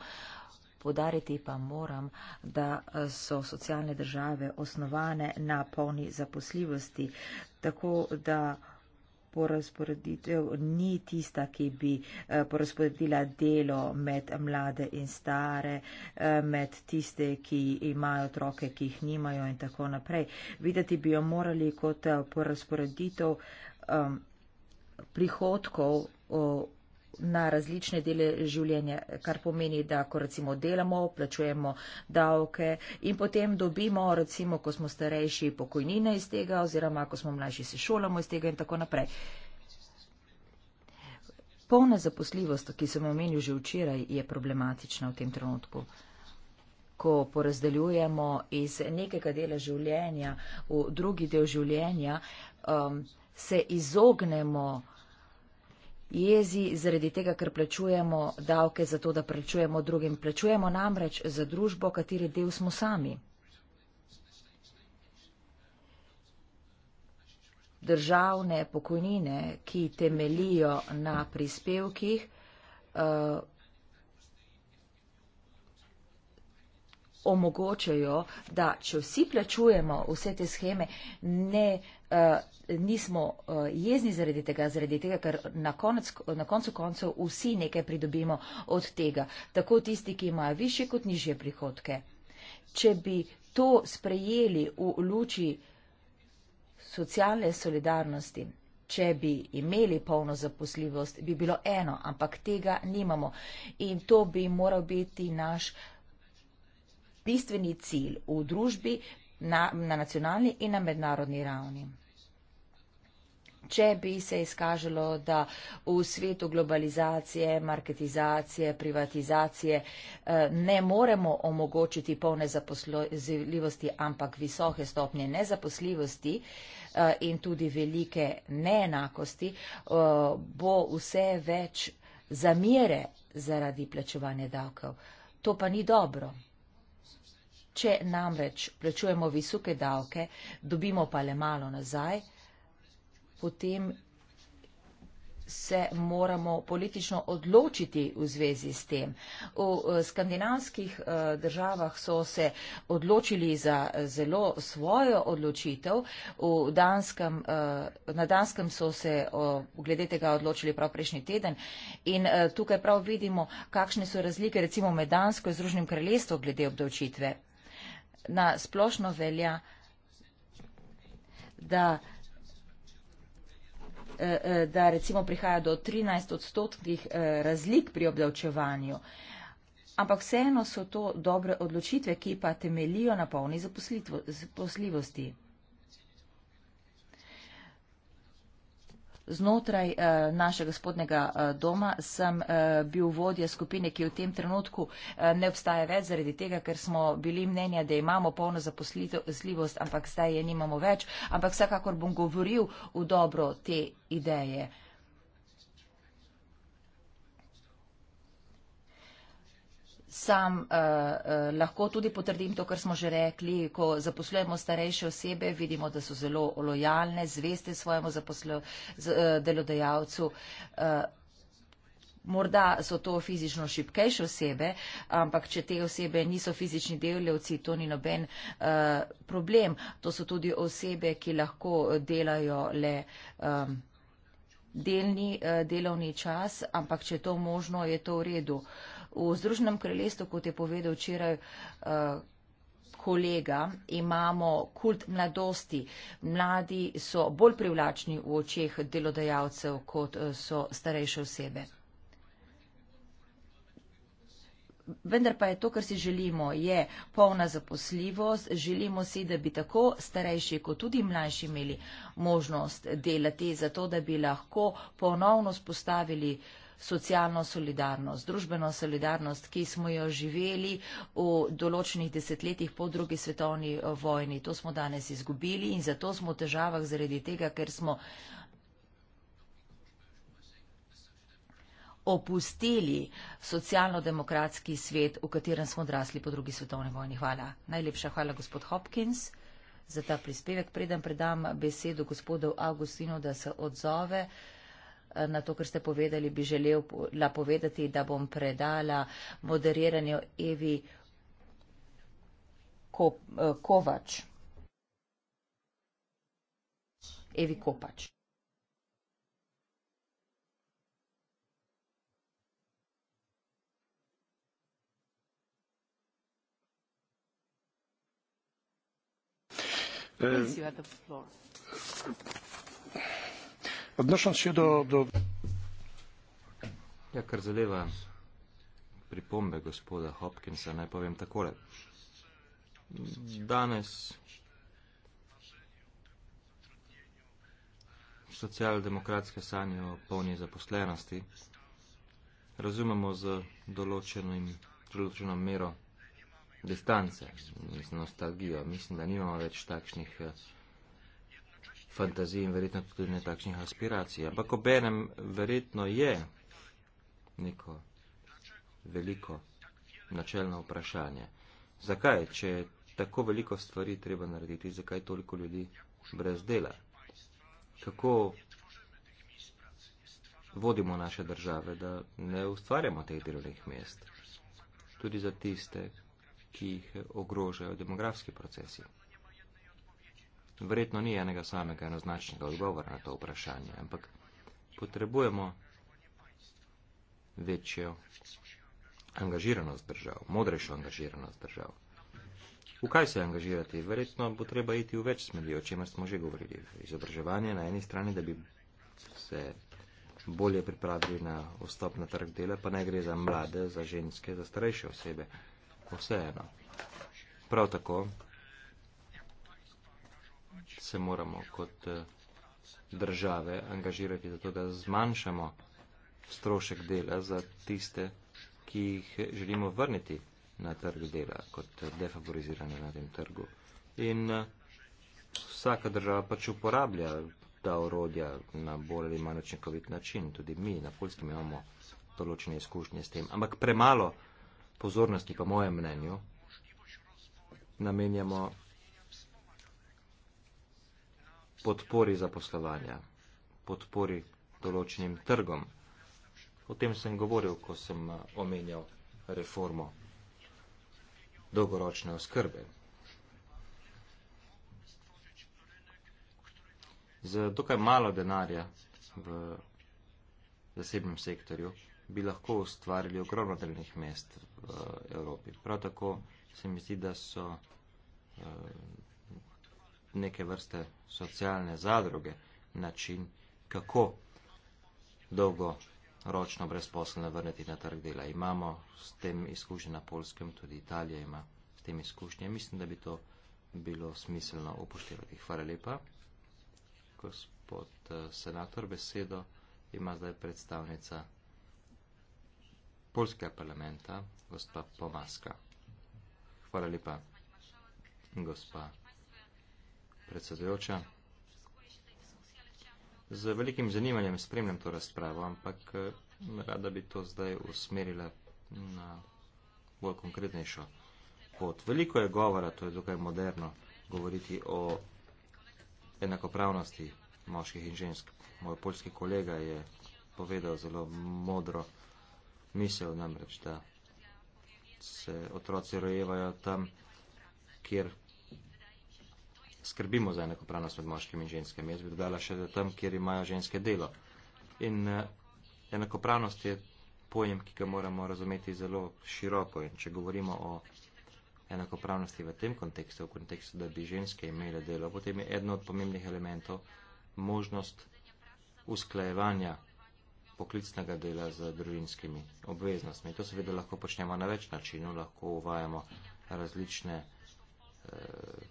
Podariti pa moram, da eh, so socialne države osnovane na polni zaposljivosti, tako da porazporeditev ni tista, ki bi eh, porazporedila delo med mlade in stare, eh, med tiste, ki imajo otroke, ki jih nimajo in tako naprej. Videti bi jo morali kot porazporeditev prihodkov na različne dele življenja, kar pomeni, da ko recimo delamo, plačujemo davke in potem dobimo, recimo, ko smo starejši, pokojnine iz tega oziroma, ko smo mlajši, se šolamo iz tega in tako naprej. Polna zaposljivost, ki sem omenil že včeraj, je problematična v tem trenutku. Ko porazdeljujemo iz nekega dela življenja v drugi del življenja, um, se izognemo jezi zaradi tega, ker plačujemo davke za to, da plačujemo drugim. Plačujemo namreč za družbo, kateri del smo sami. Državne pokojnine, ki temelijo na prispevkih, uh, omogočajo, da če vsi plačujemo vse te scheme, ne, uh, nismo uh, jezni zaradi tega, zaradi tega, ker na, konec, na koncu koncev vsi nekaj pridobimo od tega. Tako tisti, ki imajo više kot nižje prihodke. Če bi to sprejeli v luči socialne solidarnosti, če bi imeli polno zaposljivost, bi bilo eno, ampak tega nimamo. In to bi moral biti naš bistveni cilj v družbi na, na nacionalni in na mednarodni ravni. Če bi se izkažalo, da v svetu globalizacije, marketizacije, privatizacije eh, ne moremo omogočiti polne zaposljivosti, ampak visoke stopnje nezaposljivosti eh, in tudi velike neenakosti, eh, bo vse več zamire zaradi plačevanja davkov. To pa ni dobro. Če namreč plačujemo visoke davke, dobimo pa le malo nazaj, potem se moramo politično odločiti v zvezi s tem. V eh, skandinavskih eh, državah so se odločili za eh, zelo svojo odločitev. Danskem, na Danskem so se glede tega odločili prav prejšnji teden in tukaj prav vidimo, kakšne so razlike recimo med Dansko in Združnim kraljestvom glede obdavčitve na splošno velja, da, eh, eh, da recimo prihaja do 13 odstotkih eh, razlik pri obdavčevanju. Ampak vseeno so to dobre odločitve, ki pa temelijo na polni zaposlitvo, zaposljivosti. znotraj eh, našega spodnega eh, doma sem eh, bil vodja skupine, ki v tem trenutku ne obstaja več zaradi tega, ker smo bili mnenja, da imamo polno zaposlitost, ampak zdaj je nimamo več. Ampak vsekakor bom govoril v dobro te ideje. sam uh, uh, lahko tudi potrdim to, kar smo že rekli, ko zaposlujemo starejše osebe, vidimo, da so zelo lojalne, zveste svojemu zaposlo, z, uh, delodajalcu. Uh, Morda so to fizično šipkejše osebe, ampak če te osebe niso fizični delavci, to ni noben uh, problem. To so tudi osebe, ki lahko delajo le um, delni uh, delovni čas, ampak če je to možno, je to v redu. Uh, V Združenem kraljestvu, kot je povedal včeraj eh, kolega, imamo kult mladosti. Mladi so bolj privlačni v očeh delodajalcev, kot eh, so starejše osebe. Vendar pa je to, kar si želimo, je polna zaposljivost. Želimo si, da bi tako starejši kot tudi mlajši imeli možnost delati, zato da bi lahko ponovno spostavili uh, socialno solidarnost, družbeno solidarnost, ki smo jo živeli v določenih desetletjih po drugi svetovni eh, vojni. To smo danes izgubili in zato smo v težavah zaradi tega, ker smo opustili socialno-demokratski svet, v katerem smo odrasli po drugi svetovni vojni. Hvala. Najlepša hvala, gospod Hopkins, za ta prispevek. Predam predam besedo gospodu Augustinu, da se odzove. Uh, Eh, na to, kar ste povedali, bi želela povedati, da bom predala moderiranju Evi Ko, eh, Kovač. Evi Kopač. Eh, Please, you have the floor. Odnosząc się do... do... Jak karzelewa pripombe gospoda Hopkinsa, naj powiem takole. Danes socialdemokratske sanje o polni zaposlenosti razumemo z določenim, določeno mero distance, z nostalgijo. Mislim, da nimamo več takšnih uh, fantazij in verjetno tudi ne takšnih aspiracij. Ampak ob enem verjetno je neko veliko načelno vprašanje. Zakaj, če je tako veliko stvari treba narediti, zakaj toliko ljudi brez dela? Kako vodimo naše države, da ne ustvarjamo teh delovnih mest? Tudi za tiste, ki jih ogrožajo demografski procesi. Verjetno ni enega samega enoznačnega odgovora na to vprašanje, ampak potrebujemo večjo angažiranost držav, modrejšo angažiranost držav. V kaj se angažirati? Verjetno bo treba iti v več smeri, o čemer smo že govorili. Izobraževanje na eni strani, da bi se bolje pripravili na vstop na trg dela, pa ne gre za mlade, za ženske, za starejše osebe. Vseeno. Prav tako se moramo kot eh, države angažirati za to, da zmanjšamo strošek dela za tiste, ki jih želimo vrniti na trg dela kot defavorizirane na tem trgu. In eh, vsaka država pač uporablja ta orodja na bolj ali manj učinkovit način. Tudi mi na Poljskem imamo določene izkušnje s tem. Ampak premalo pozornosti, po mojem mnenju, namenjamo podpori zaposlovanja, podpori določenim trgom. O tem sem govoril, ko sem eh, omenjal reformo dolgoročne oskrbe. Z dokaj malo denarja v zasebnem sektorju bi lahko ustvarili ogromno delovnih mest v Evropi. Prav tako se mi zdi, da so eh, neke vrste socialne zadruge, način, kako dolgo ročno brezposelne vrniti na trg dela. Imamo s tem izkušnje na Polskem, tudi Italija ima s tem izkušnje. Mislim, da bi to bilo smiselno upoštevati. Hvala lepa. Gospod eh, senator, besedo ima zdaj predstavnica Polskega parlamenta, gospa Pomaska. Hvala lepa, gospa predsedujoča. Z velikim zanimanjem spremljam to razpravo, ampak eh, rada bi to zdaj usmerila na bolj konkretnejšo pot. Veliko je govora, to je dokaj moderno, govoriti o enakopravnosti moških in žensk. Moj poljski kolega je povedal zelo modro misel namreč, da se otroci rojevajo tam, kjer skrbimo za enakopravnost med moškimi in ženskami. Jaz bi dodala še tam, kjer imajo ženske delo. In eh, enakopravnost je pojem, ki ga moramo razumeti zelo široko. In če govorimo o enakopravnosti v tem kontekstu, v kontekstu, da bi ženske imele delo, potem je eno od pomembnih elementov možnost usklajevanja poklicnega dela z družinskimi obveznostmi. To seveda lahko počnemo na več načinov, lahko uvajamo različne eh,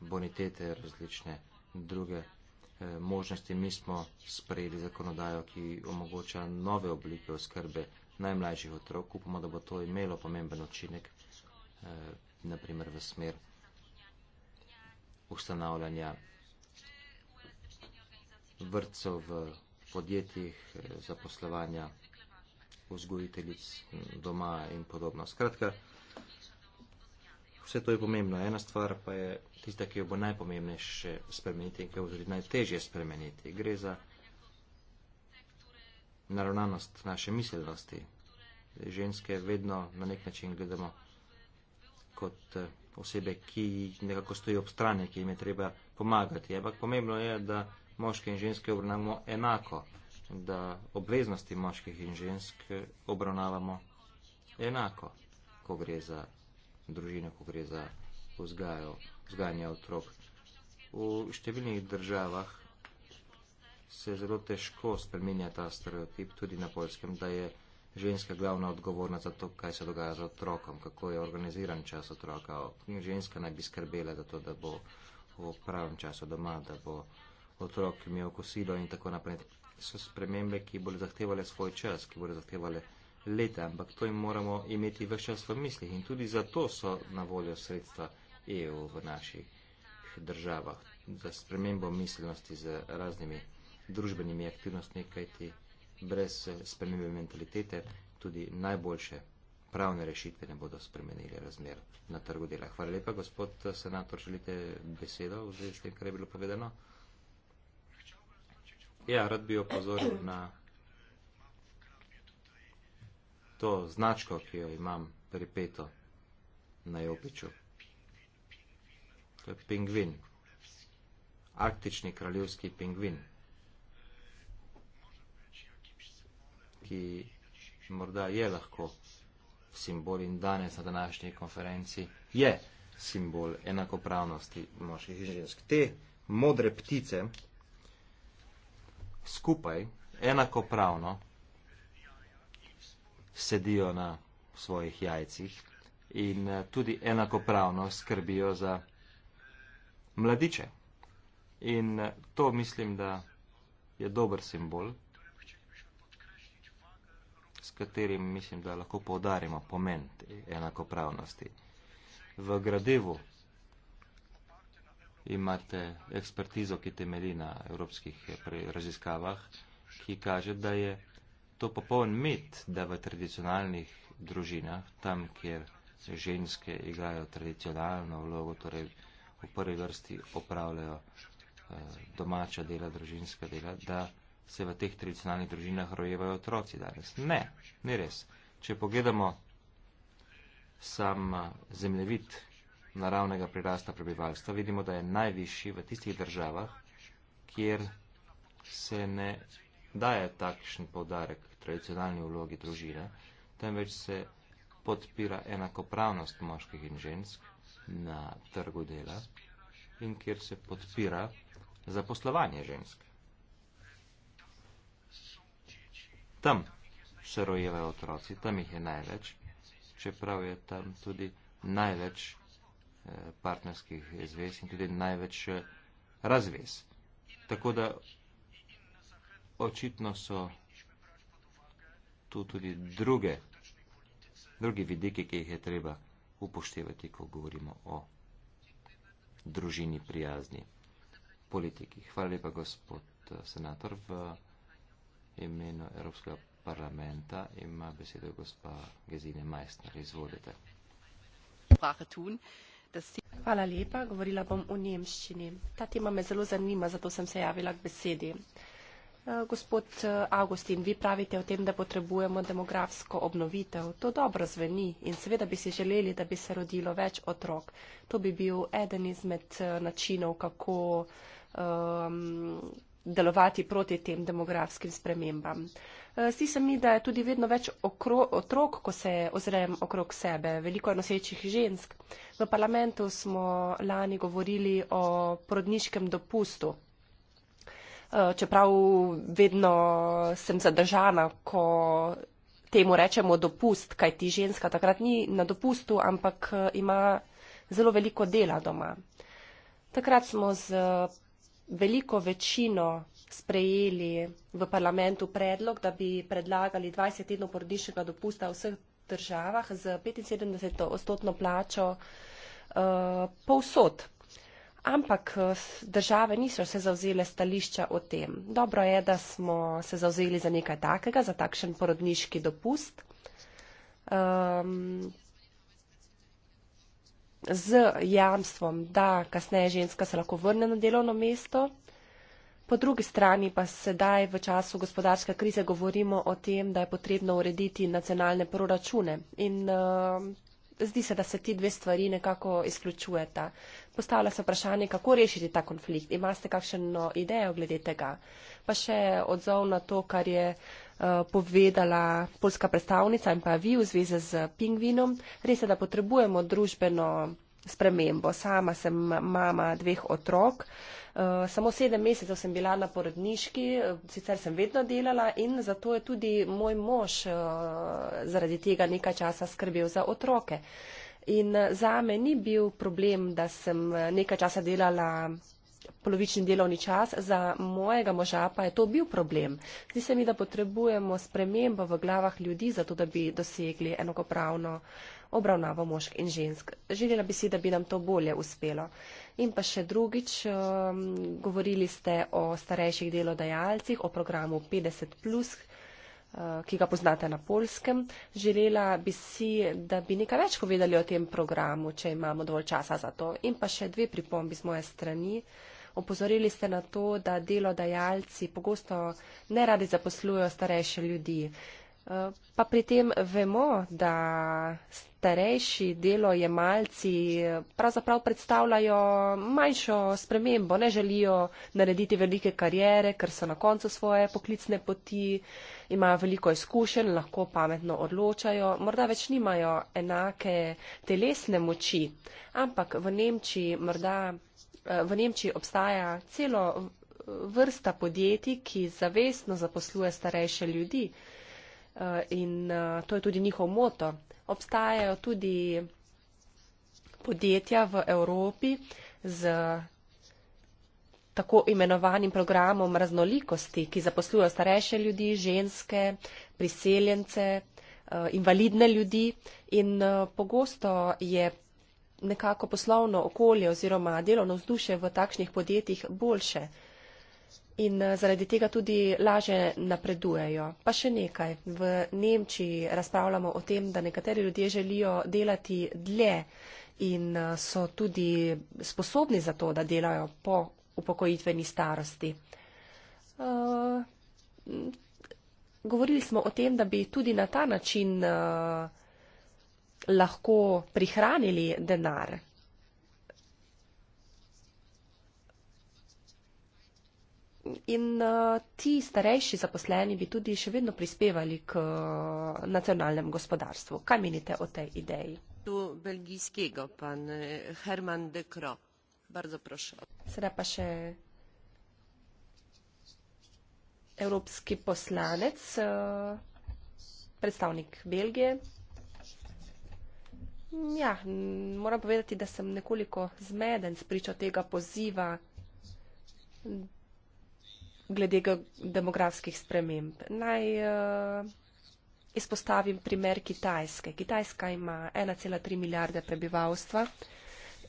bonitete, različne druge eh, možnosti. Mi smo sprejeli zakonodajo, ki omogoča nove oblike oskrbe najmlajših otrok. Upamo, da bo to imelo pomemben učinek, eh, naprimer v smer ustanavljanja vrtcev v podjetjih, eh, zaposlovanja vzgojiteljic doma in podobno. Skratka, vse to je pomembno. Ena stvar pa je tista, ki jo bo najpomembnejše spremeniti in ki jo bo tudi najtežje spremeniti. Gre za naravnanost naše miselnosti. Ženske vedno na nek način gledamo kot eh, osebe, ki nekako stojijo ob strani, ki jim je treba pomagati. Ampak pomembno je, da moške in ženske obravnavamo enako, da obveznosti moških in žensk obravnavamo enako, ko gre za družine, ko gre za vzgajo, vzgajanje otrok. V številnih državah se zelo težko spremenja ta stereotip, tudi na polskem, da je ženska glavna odgovorna za to, kaj se dogaja z otrokom, kako je organiziran čas otroka. Ženska naj bi skrbela za to, da bo v pravem času doma, da bo otrok imel kosilo in tako naprej. So spremembe, ki bodo zahtevale svoj čas, ki bodo zahtevale leta, ampak to jim moramo imeti vse čas v mislih in tudi zato so na voljo sredstva EU v naših državah za spremembo miselnosti z raznimi družbenimi aktivnostmi, kajti brez spremembe mentalitete tudi najboljše pravne rešitve ne bodo spremenili razmer na trgu dela. Hvala lepa, gospod senator, želite besedo v zvezi s tem, kar je bilo povedano? Ja, rad bi opozoril na to značko, ki jo imam pripeto na jopiču. To je pingvin. Arktični kraljevski pingvin, ki morda je lahko simbol in danes na današnji konferenci je simbol enakopravnosti moških in žensk. Te modre ptice skupaj enakopravno sedijo na svojih jajcih in eh, tudi enakopravno skrbijo za mladiče. In eh, to mislim, da je dober simbol, s katerim mislim, da lahko povdarimo pomen enakopravnosti. V gradivu imate ekspertizo, ki temelji na evropskih eh, raziskavah, ki kaže, da je to popoln mit, da v tradicionalnih družinah, tam, kjer se ženske igrajo tradicionalno vlogo, torej v prvi vrsti opravljajo eh, domača dela, družinska dela, da se v teh tradicionalnih družinah rojevajo otroci danes. Ne, ni res. Če pogledamo sam eh, zemljevid naravnega prirasta prebivalstva, vidimo, da je najvišji v tistih državah, kjer se ne daje takšen povdarek tradicionalni vlogi družine, temveč se podpira enakopravnost moških in žensk na trgu dela in kjer se podpira zaposlovanje žensk. Tam se rojevajo otroci, tam jih je največ, čeprav je tam tudi največ eh, partnerskih zvez in tudi največ eh, razvez. Tako da očitno so tu tudi druge, drugi vidiki, ki jih je treba upoštevati, ko govorimo o družini prijazni politiki. Hvala lepa, gospod eh, senator. V imenu Evropskega parlamenta ima besedo gospa Gezine Majstner. Izvolite. Hvala lepa, govorila bom o nemščini. Ta tema me zelo zanima, zato sem se javila k besedi. Uh, Eh, gospod eh, Avgustin, vi pravite o tem, da potrebujemo demografsko obnovitev. To dobro zveni in seveda bi si želeli, da bi se rodilo več otrok. To bi bil eden izmed eh, načinov, kako um, delovati proti tem demografskim spremembam. Zdi se mi, da je tudi vedno več otrok, ko se ozrem okrog sebe, veliko nosečih žensk. V parlamentu smo lani govorili o porodniškem dopustu. Eh, čeprav vedno sem zadržana, ko temu rečemo dopust, kaj ti ženska takrat ni na dopustu, ampak eh, ima zelo veliko dela doma. Takrat smo z eh, veliko večino sprejeli v parlamentu predlog, da bi predlagali 20 tednov porodniškega dopusta v vseh državah z 75-stotno plačo uh, povsod ampak eh, države niso se zauzele stališča o tem. Dobro je, da smo se zauzeli za nekaj takega, za takšen porodniški dopust. Um, z jamstvom, da kasneje ženska se lahko vrne na delovno mesto. Po drugi strani pa sedaj v času gospodarske krize govorimo o tem, da je potrebno urediti nacionalne proračune. In uh, zdi se, da se ti dve stvari nekako izključujeta postavlja se vprašanje, kako rešiti ta konflikt. Imate kakšno idejo glede tega? Pa še odzov na to, kar je eh, povedala polska predstavnica in pa vi v zvezi z pingvinom. Res je, da potrebujemo družbeno spremembo. Sama sem mama dveh otrok. Eh, samo sedem mesecev sem bila na porodniški, sicer sem vedno delala in zato je tudi moj mož eh, zaradi tega nekaj časa skrbel za otroke. In eh, zame ni bil problem, da sem eh, nekaj časa delala polovični delovni čas, za mojega moža pa je to bil problem. Zdi se mi, da potrebujemo spremembo v glavah ljudi, zato da bi dosegli enakopravno obravnavo mošk in žensk. Želela bi si, da bi nam to bolje uspelo. In pa še drugič, ehm, govorili ste o starejših delodajalcih, o programu 50. Eh, ki ga poznate na polskem. Želela bi si, da bi nekaj več povedali o tem programu, če imamo dovolj časa za to. In pa še dve pripombi z moje strani. Opozorili ste na to, da delodajalci pogosto ne radi zaposlujejo starejše ljudi. Eh, pa pri tem vemo, da starejši delojemalci eh, pravzaprav predstavljajo manjšo spremembo, ne želijo narediti velike karijere, ker so na koncu svoje poklicne poti imajo veliko izkušenj, lahko pametno odločajo, morda več nimajo enake telesne moči, ampak v Nemčiji, morda, eh, v Nemčiji obstaja celo vrsta podjetij, ki zavestno zaposluje starejše ljudi eh, in eh, to je tudi njihov moto. Obstajajo tudi podjetja v Evropi z tako imenovanim programom raznolikosti, ki zaposlujejo starejše ljudi, ženske, priseljence, eh, invalidne ljudi in eh, pogosto je nekako poslovno okolje oziroma delovno vzdušje v takšnih podjetjih boljše in eh, zaradi tega tudi laže napredujejo. Pa še nekaj, v Nemčiji razpravljamo o tem, da nekateri ljudje želijo delati dlje in so tudi sposobni za to, da delajo po upokojitveni starosti. Uh, govorili smo o tem, da bi tudi na ta način uh, lahko prihranili denar. In uh, ti starejši zaposleni bi tudi še vedno prispevali k uh, nacionalnemu gospodarstvu. Kaj menite o tej ideji? Tu belgijskega, pan eh, Herman de Krop. Bardzo proszę. Será pasze europejski posłanec, e, przedstawnik Belgii. Ja, moram povedati, da sem nekoliko zmeden s pričo tega poziva glede demografskih sprememb. Naj uh, izpostavim primer Kitajske. Kitajska ima 1,3 milijarde prebivalstva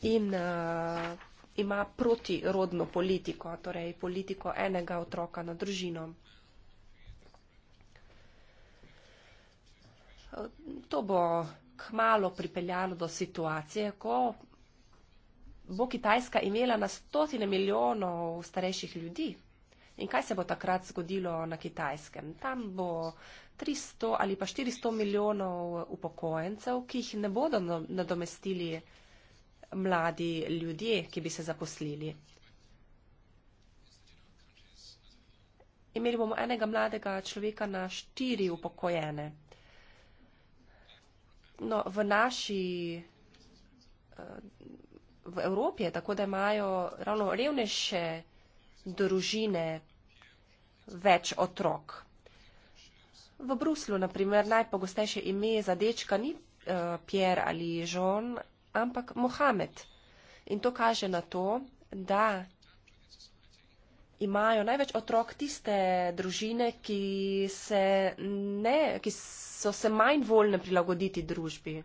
in uh, ima protirodno politiko, torej politiko enega otroka na družino. To bo kmalo pripeljalo do situacije, ko bo Kitajska imela na stotine milijonov starejših ljudi. In kaj se bo takrat zgodilo na Kitajskem? Tam bo 300 ali pa 400 milijonov upokojencev, ki jih ne bodo no-, nadomestili mladi ljudje, ki bi se zaposlili. Imeli bomo enega mladega človeka na štiri upokojene. No, v naši, eh, v Evropi, tako da imajo ravno revnejše družine več otrok. V Bruslu, naprimer, najpogostejše ime za dečka ni uh, Pierre ali Jean, ampak Mohamed. In to kaže na to, da imajo največ otrok tiste družine, ki, se ne, ki so se manj voljne prilagoditi družbi.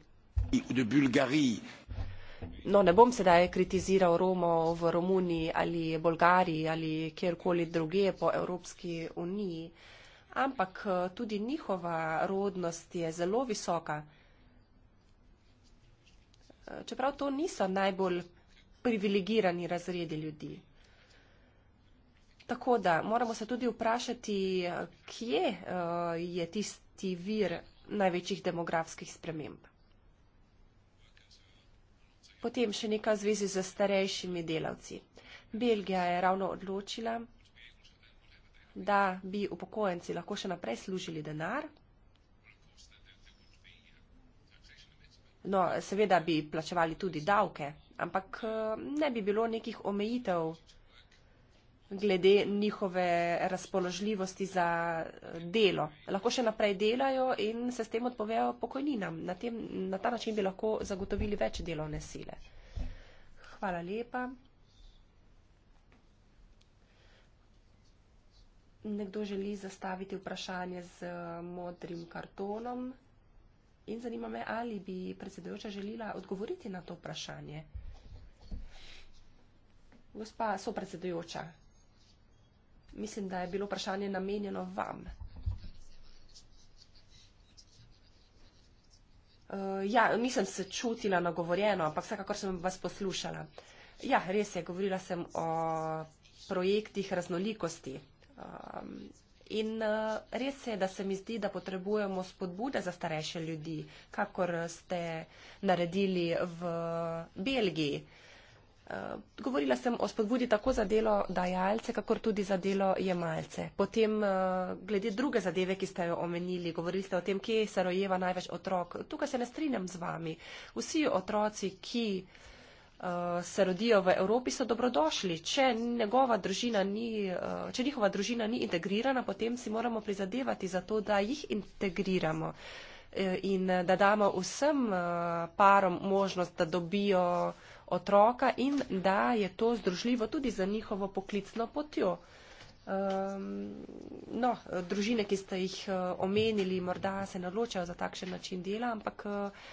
No, ne bom sedaj kritiziral Romo v Romuniji ali Bolgariji ali kjerkoli druge po Evropski uniji, ampak eh, tudi njihova rodnost je zelo visoka čeprav to niso najbolj privilegirani razredi ljudi. Tako da moramo se tudi vprašati, kje eh, je tisti vir največjih demografskih sprememb. Potem še nekaj v zvezi z starejšimi delavci. Belgija je ravno odločila, da bi upokojenci lahko še naprej služili denar No, seveda bi plačevali tudi davke, ampak eh, ne bi bilo nekih omejitev glede njihove razpoložljivosti za eh, delo. Lahko še naprej delajo in se s tem odpovejo pokojninam. Na, tem, na ta način bi lahko zagotovili več delovne sile. Hvala lepa. Nekdo želi zastaviti vprašanje z modrim kartonom. In zanima me, ali bi predsedujoča želila odgovoriti na to vprašanje. Gospa sopredsedujoča, mislim, da je bilo vprašanje namenjeno vam. Eh, ja, nisem se čutila nagovorjeno, ampak vsekakor sem vas poslušala. Ja, res je, govorila sem o projektih raznolikosti. Ehm, In eh, res je, da se mi zdi, da potrebujemo spodbude za starejše ljudi, kakor ste naredili v Belgiji. Eh, govorila sem o spodbudi tako za delo dajalce, kakor tudi za delo jemalce. Potem, eh, glede druge zadeve, ki ste jo omenili, govorili ste o tem, kje se rojeva največ otrok. Tukaj se ne strinjam z vami. Vsi otroci, ki uh, se rodijo v Evropi, so dobrodošli. Če, ni, uh, če njihova družina ni integrirana, potem si moramo prizadevati za to, da jih integriramo eh, in da damo vsem parom možnost, da dobijo otroka in da je to združljivo tudi za njihovo poklicno potjo. Um, no, družine, ki ste jih omenili, morda se ne odločajo za takšen način dela, ampak uh,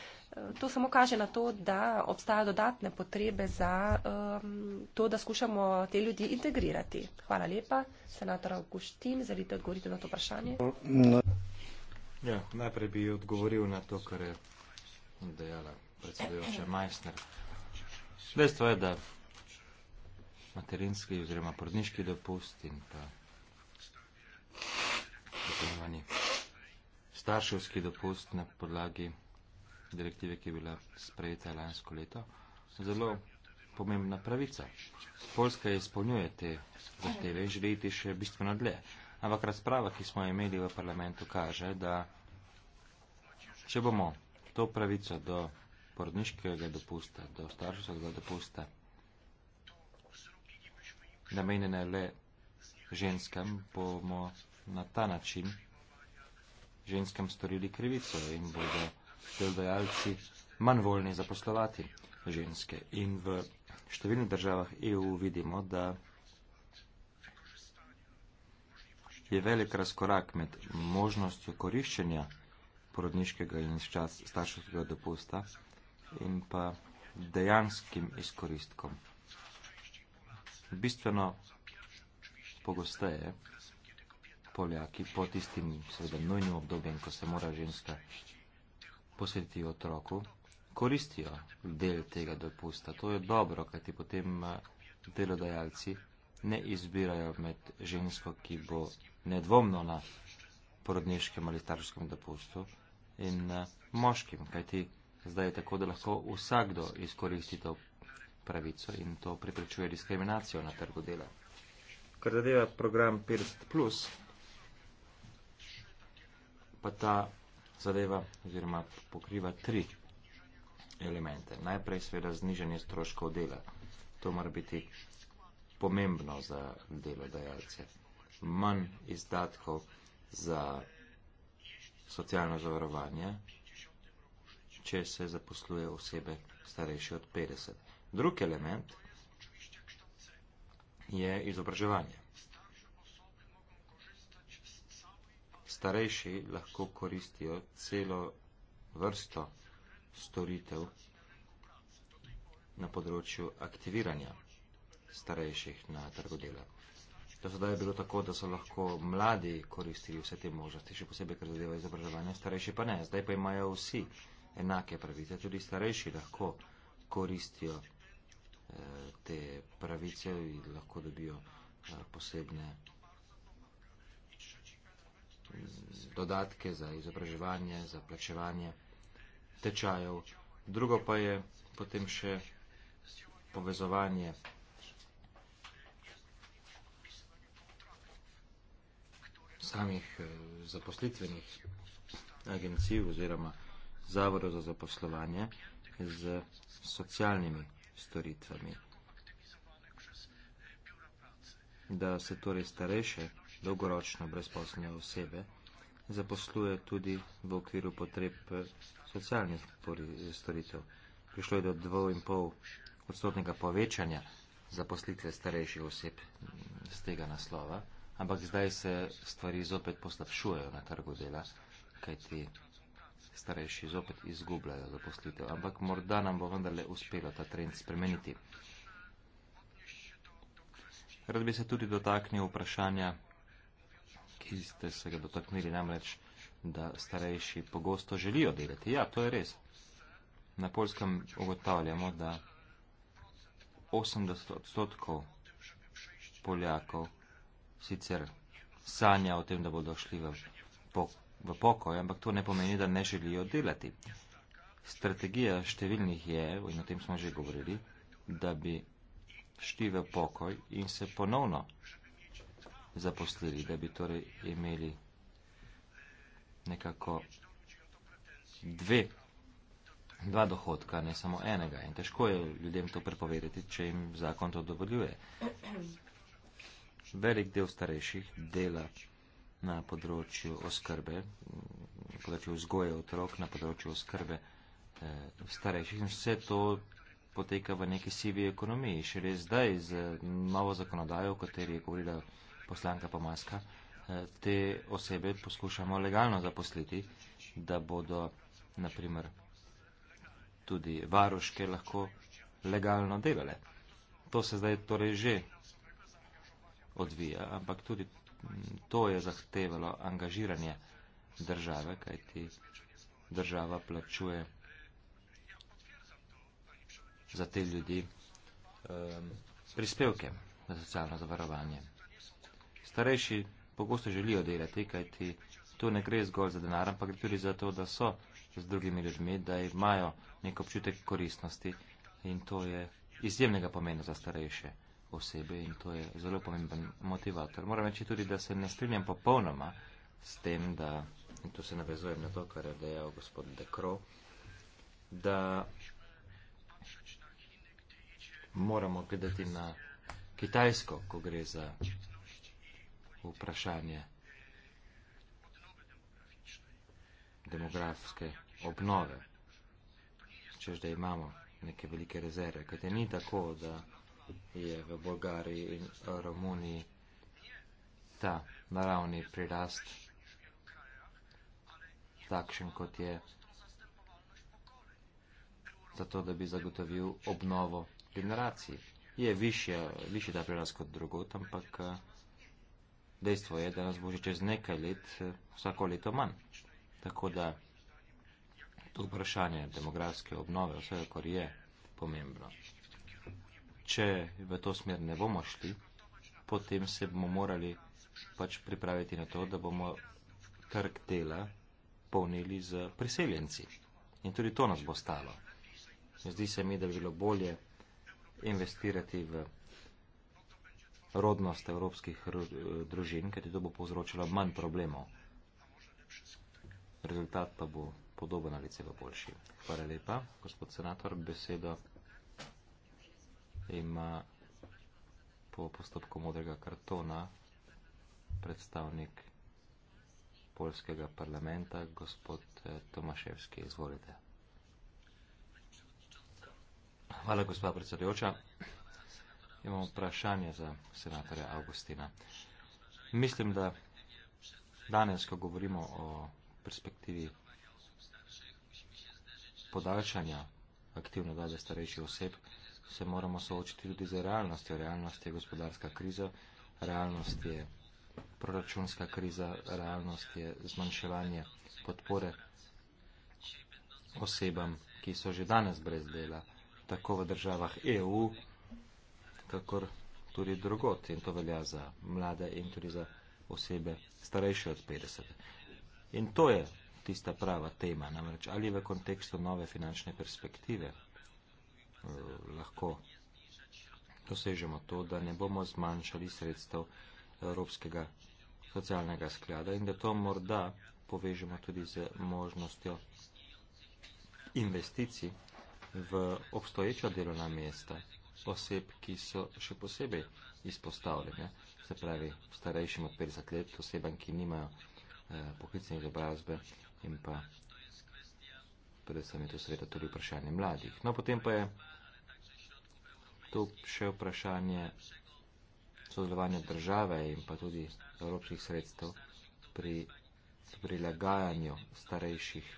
To samo kaže na to, da obstajajo dodatne potrebe za um, to, da skušamo te ljudi integrirati. Hvala lepa, senator Augustin, želite odgovoriti na to vprašanje? Ja, najprej bi odgovoril na to, kar je dejala predsedujoča Majstner. Dejstvo je, da materinski oziroma porodniški dopust in pa tako imenovani starševski dopust na podlagi direktive, ki je bila sprejeta lansko leto, zelo pomembna pravica. Poljska izpolnjuje te zahteve in želi iti še bistveno dlje. Ampak razprava, ki smo imeli v parlamentu, kaže, da če bomo to pravico do porodniškega dopusta, do starševskega dopusta, namenjene le ženskam, bomo na ta način ženskam storili krivico in bodo. Da delodajalci manj voljni zaposlovati ženske. In v številnih državah EU vidimo, da je velik razkorak med možnostjo koriščenja porodniškega in starševskega dopusta in pa dejanskim izkoristkom. Bistveno pogosteje Poljaki po tistim seveda nujnim obdobjem, ko se mora ženska posvetiti otroku, koristijo del tega dopusta. To je dobro, kajti potem eh, delodajalci ne izbirajo med žensko, ki bo nedvomno na porodniškem ali starškem dopustu in eh, moškim, kajti zdaj je tako, da lahko vsakdo izkoristi to pravico in to preprečuje diskriminacijo na trgu dela. Kar zadeva program Pirst Plus, pa ta zadeva oziroma pokriva tri elemente. Najprej seveda znižanje stroškov dela. To mora biti pomembno za delodajalce. Manj izdatkov za socialno zavarovanje, če se zaposluje osebe starejše od 50. Drugi element je izobraževanje. starejši lahko koristijo celo vrsto storitev na področju aktiviranja starejših na trgu dela. Do sedaj je bilo tako, da so lahko mladi koristili vse te možnosti, še posebej, ker zadeva izobraževanje, starejši pa ne. Zdaj pa imajo vsi enake pravice, tudi starejši lahko koristijo eh, te pravice in lahko dobijo eh, posebne dodatke za izobraževanje, za plačevanje tečajev. Drugo pa je potem še povezovanje samih eh, zaposlitvenih agencij oziroma zavodov za zaposlovanje z socialnimi storitvami. Da se torej starejše dolgoročno brezposlene osebe, zaposluje tudi v okviru potreb eh, socialnih storitev. Prišlo je do 2,5 odstotnega povečanja zaposlitve starejših oseb z mm, tega naslova, ampak zdaj se stvari zopet poslabšujejo na trgu dela, kajti starejši zopet izgubljajo zaposlitev. Ampak morda nam bo vendarle uspelo ta trend spremeniti. Rad bi se tudi dotaknil vprašanja ki ste se ga dotaknili, namreč, da starejši pogosto želijo delati. Ja, to je res. Na polskem ugotavljamo, da 80 odstotkov Poljakov sicer sanja o tem, da bodo šli v, po, v pokoj, ampak to ne pomeni, da ne želijo delati. Strategija številnih je, in o tem smo že govorili, da bi šli v pokoj in se ponovno zaposlili, da bi torej imeli nekako dve, dva dohodka, ne samo enega. In težko je ljudem to prepovedati, če jim zakon to dovoljuje. Velik del starejših dela na področju oskrbe, na področju vzgoje otrok, na področju oskrbe eh, starejših in vse to poteka v neki sivi ekonomiji. Še res zdaj z novo zakonodajo, o kateri je govorila poslanka Pomaska, eh, te osebe poskušamo legalno zaposliti, da bodo, naprimer, tudi varuške lahko legalno delale. To se zdaj torej že odvija, ampak tudi mm, to je zahtevalo angažiranje države, kajti država plačuje za te ljudi um, prispevke za socialno zavarovanje. Starejši pogosto želijo delati, kajti to ne gre zgolj za denar, ampak gre tudi za to, da so z drugimi ljudmi, da imajo nek občutek koristnosti in to je izjemnega pomena za starejše osebe in to je zelo pomemben motivator. Moram reči tudi, da se ne strinjam popolnoma s tem, da, in to se navezujem na to, kar je dejal gospod Dekro, da moramo gledati na Kitajsko, ko gre za vprašanje demografske obnove, čež da imamo neke velike rezerve, kajte ni tako, da je v Bolgariji in Romuniji ta naravni prirast takšen, kot je zato, da bi zagotovil obnovo generacij. Je višja, višja ta prirast kot drugot, ampak uh, dejstvo je, da nas bo že čez nekaj let eh, vsako leto manj. Tako da to vprašanje demografske obnove vse, kar je pomembno. Če v to smer ne bomo šli, potem se bomo morali pač pripraviti na to, da bomo trg dela polnili z priseljenci. In tudi to nas bo stalo. Zdi se mi, da bi bilo bolje investirati v rodnost evropskih eh, družin, kajti to bo povzročilo manj problemov. Rezultat pa bo podoben ali celo boljši. Hvala lepa, gospod senator. Besedo ima po postopku modrega kartona predstavnik polskega parlamenta, gospod eh, Tomaševski. Izvolite. Hvala, gospod predsedujoča imamo vprašanje za senatorja Augustina. Mislim, da danes, ko govorimo o perspektivi podaljšanja aktivne dobe starejših oseb, se moramo soočiti tudi z realnostjo. Realnost je gospodarska kriza, realnost je proračunska kriza, realnost je zmanjševanje podpore osebam, ki so že danes brez dela, tako v državah EU, kakor tudi drugot in to velja za mlade in tudi za osebe starejše od 50. In to je tista prava tema, namreč ali v kontekstu nove finančne perspektive eh, lahko dosežemo to, da ne bomo zmanjšali sredstev Evropskega socialnega sklada in da to morda povežemo tudi z možnostjo investicij v obstoječa delovna mesta oseb, ki so še posebej izpostavljene, se pravi starejšim od 50 let, osebam, ki nimajo eh, poklicne izobrazbe in pa predvsem je to seveda tudi vprašanje mladih. No, potem pa je tu še vprašanje sodelovanja države in pa tudi evropskih sredstev pri prilagajanju starejših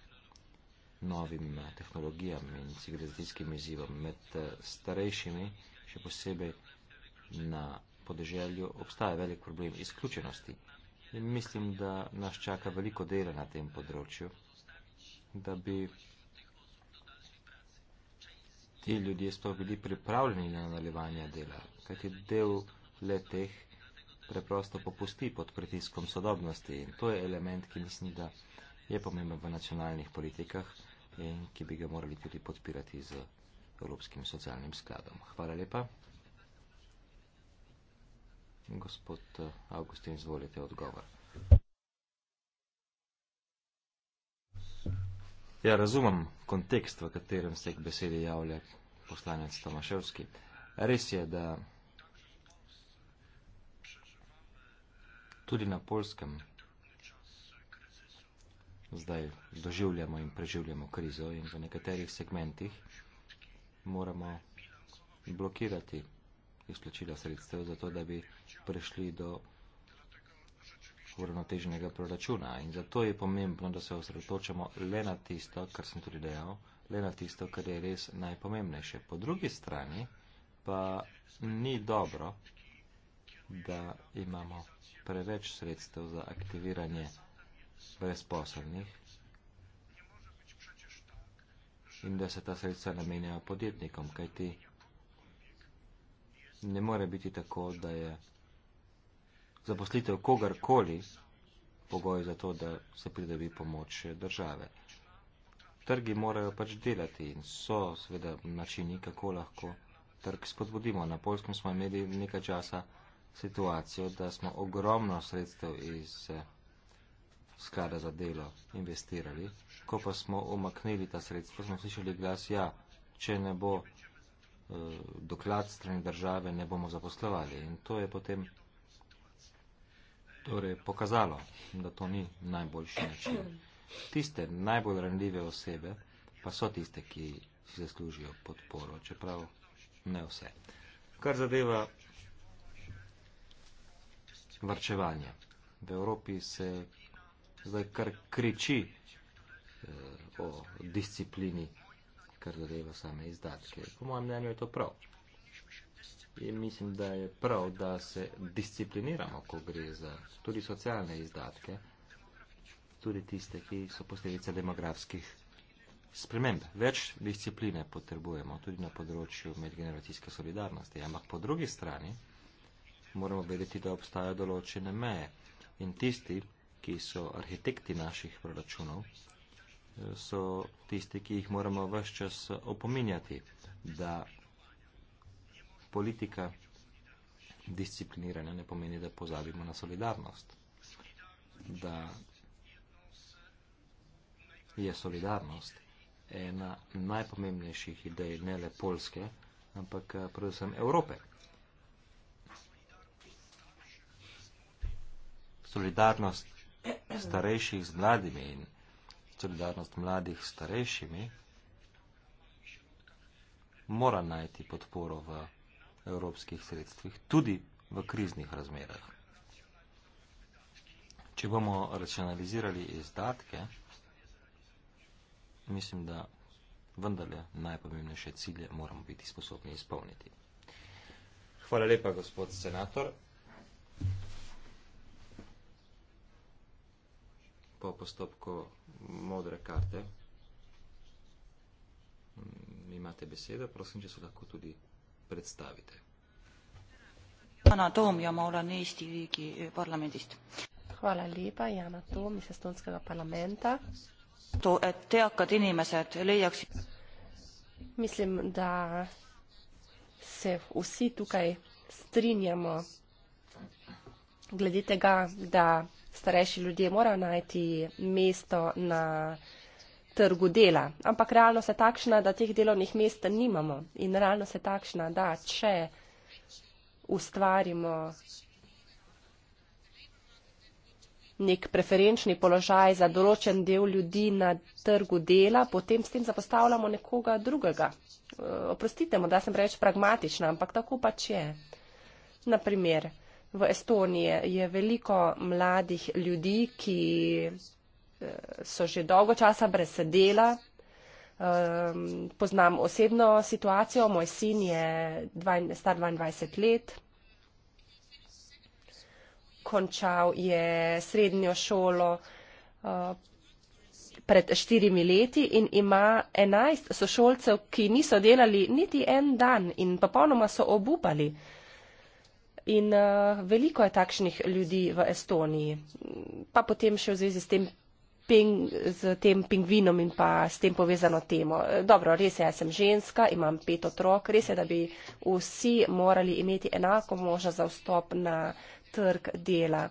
novim eh, tehnologijam in civilizacijskim izzivom. Med eh, starejšimi, še posebej na podeželju, obstaja velik problem izključenosti. In mislim, da nas čaka veliko dela na tem področju, da bi ti ljudje sploh bili pripravljeni na nalivanje dela. Kajti del le teh preprosto popusti pod pritiskom sodobnosti. In to je element, ki mislim, da je pomemben v nacionalnih politikah in ki bi ga morali tudi podpirati z Evropskim socialnim skladom. Hvala lepa. Gospod eh, Augustin, izvolite odgovor. Ja, razumem kontekst, v katerem se k besedi javlja poslanec Tomaševski. Res je, da tudi na polskem zdaj doživljamo in preživljamo krizo in v nekaterih segmentih moramo blokirati izplačila sredstev zato, da bi prišli do uravnoteženega proračuna. In zato je pomembno, da se osredotočamo le na tisto, kar sem tudi dejal, le na tisto, kar je res najpomembnejše. Po drugi strani pa ni dobro, da imamo preveč sredstev za aktiviranje brezposobnih in da se ta sredstva namenjajo podjetnikom, kajti ne more biti tako, da je zaposlitev kogarkoli pogoj za to, da se pridobi pomoč države. Trgi morajo pač delati in so seveda načini, kako lahko trg spodbudimo. Na Polskem smo imeli nekaj časa situacijo, da smo ogromno sredstev iz eh, sklada za delo investirali. Ko pa smo omaknili ta sredstva, smo slišali glas, ja, če ne bo eh, doklad strani države, ne bomo zaposlovali. In to je potem torej, pokazalo, da to ni najboljši način. Tiste najbolj ranljive osebe pa so tiste, ki si zaslužijo podporo, čeprav ne vse. Kar zadeva varčevanje. V Evropi se zdaj kar kriči eh, o disciplini, kar zadeva same izdatke. Po mojem mnenju je to prav. In mislim, da je prav, da se discipliniramo, ko gre za tudi socialne izdatke, tudi tiste, ki so posledice demografskih sprememb. Več discipline potrebujemo tudi na področju medgeneracijske solidarnosti, ampak po drugi strani moramo vedeti, da obstajajo določene meje. In tisti, ki so arhitekti naših proračunov, eh, so tisti, ki jih moramo vse čas opominjati, da politika discipliniranja ne pomeni, da pozabimo na solidarnost, da je solidarnost ena najpomembnejših idej ne le Polske, ampak eh, predvsem Evrope. Solidarnost starejših z mladimi in solidarnost mladih s starejšimi mora najti podporo v evropskih sredstvih, tudi v kriznih razmerah. Če bomo racionalizirali izdatke, mislim, da vendarle najpomembnejše cilje moramo biti sposobni izpolniti. Hvala lepa, gospod senator. po postopku modre karte. Mm, imate besedo, prosim, če se lahko tudi predstavite. Ana Tom, ja mora nešti veliki eh, parlamentist. Hvala lepa, Jana Tom iz Estonskega parlamenta. To, et te akademimesed leiaks... Mislim, da se vsi tukaj strinjamo glede tega, da starejši ljudje morajo najti mesto na trgu dela. Ampak realnost je takšna, da teh delovnih mest nimamo. In realnost je takšna, da če ustvarimo nek preferenčni položaj za določen del ljudi na trgu dela, potem s tem zapostavljamo nekoga drugega. Oprostite, morda sem preveč pragmatična, ampak tako pač je. Naprimer, V Estoniji je veliko mladih ljudi, ki eh, so že dolgo časa brez dela. Ehm, poznam osebno situacijo, moj sin je star 22 let. Končal je srednjo šolo eh, pred štirimi leti in ima 11 sošolcev, ki niso delali niti en dan in popolnoma so obupali. In uh, veliko je takšnih ljudi v Estoniji. Pa potem še v zvezi s tem, ping, z tem pingvinom in pa s tem povezano temo. Dobro, res je, jaz sem ženska, imam pet otrok, res je, da bi vsi morali imeti enako možnost za vstop na trg dela.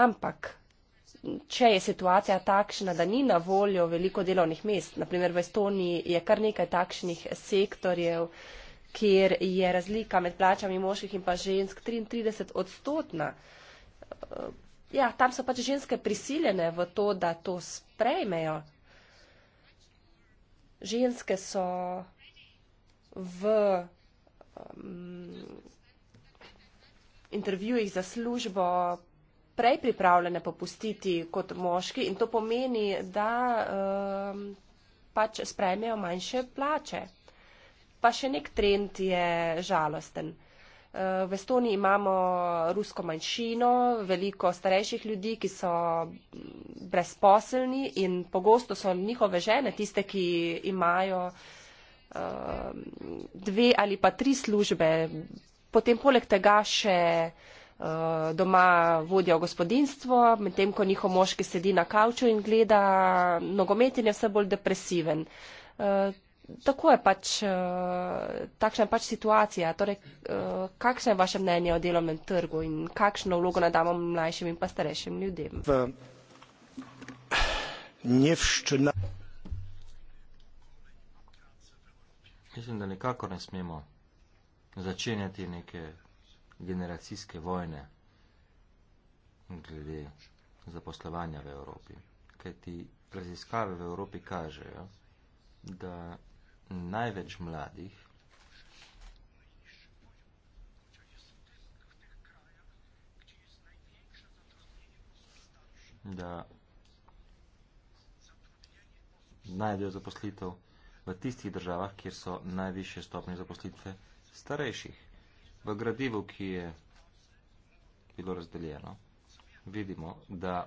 Ampak, če je situacija takšna, da ni na voljo veliko delovnih mest, naprimer v Estoniji je kar nekaj takšnih sektorjev, uh, kjer je razlika med plačami moških in pa žensk 33 odstotna. Eh, ja, tam so pač ženske prisiljene v to, da to sprejmejo. Ženske so v um, intervjujih za službo prej pripravljene popustiti kot moški in to pomeni, da um, pač sprejmejo manjše plače pa še nek trend je žalosten. Eh, v Estoniji imamo rusko manjšino, veliko starejših ljudi, ki so mm, brezposelni in pogosto so njihove žene tiste, ki imajo eh, dve ali pa tri službe, potem poleg tega še eh, doma vodijo gospodinstvo, medtem ko njihov moški sedi na kavču in gleda nogomet in je vse bolj depresiven tako je pač, uh, takšna je pač situacija. Torej, uh, kakšno je vaše mnenje o delovnem trgu in kakšno vlogo nadamo mlajšim in pa starejšim ljudem? V njevščina. Mislim, da nekako ne smemo začenjati neke generacijske vojne glede zaposlovanja v Evropi. Kajti raziskave v Evropi kažejo, da največ mladih da najdejo zaposlitev v tistih državah, kjer so najviše stopnje zaposlitve starejših. V gradivu, ki je bilo razdeljeno, vidimo, da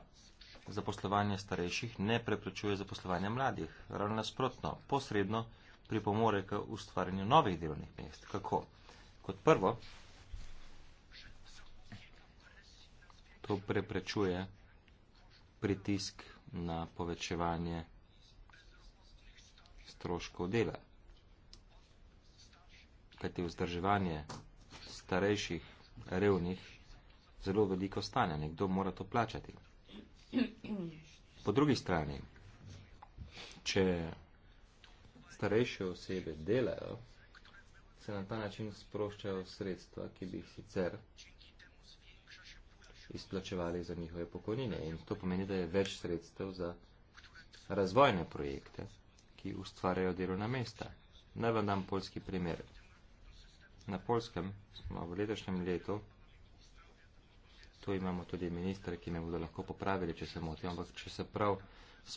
zaposlovanje starejših ne preprečuje zaposlovanja mladih. Ravno nasprotno, posredno pripomore k ustvarjanju novih delovnih mest. Kako? Kot prvo, to preprečuje pritisk na povečevanje stroškov dela. Kajti vzdrževanje starejših, revnih, zelo veliko stane. Nekdo mora to plačati. Po drugi strani, če starejše osebe delajo, se na ta način sproščajo sredstva, ki bi jih sicer izplačevali za njihove pokojnine. In to pomeni, da je več sredstev za razvojne projekte, ki ustvarjajo delovna mesta. Naj vam dam polski primer. Na polskem smo v letošnjem letu, tu imamo tudi ministre, ki me bodo lahko popravili, če se motim, ampak če se prav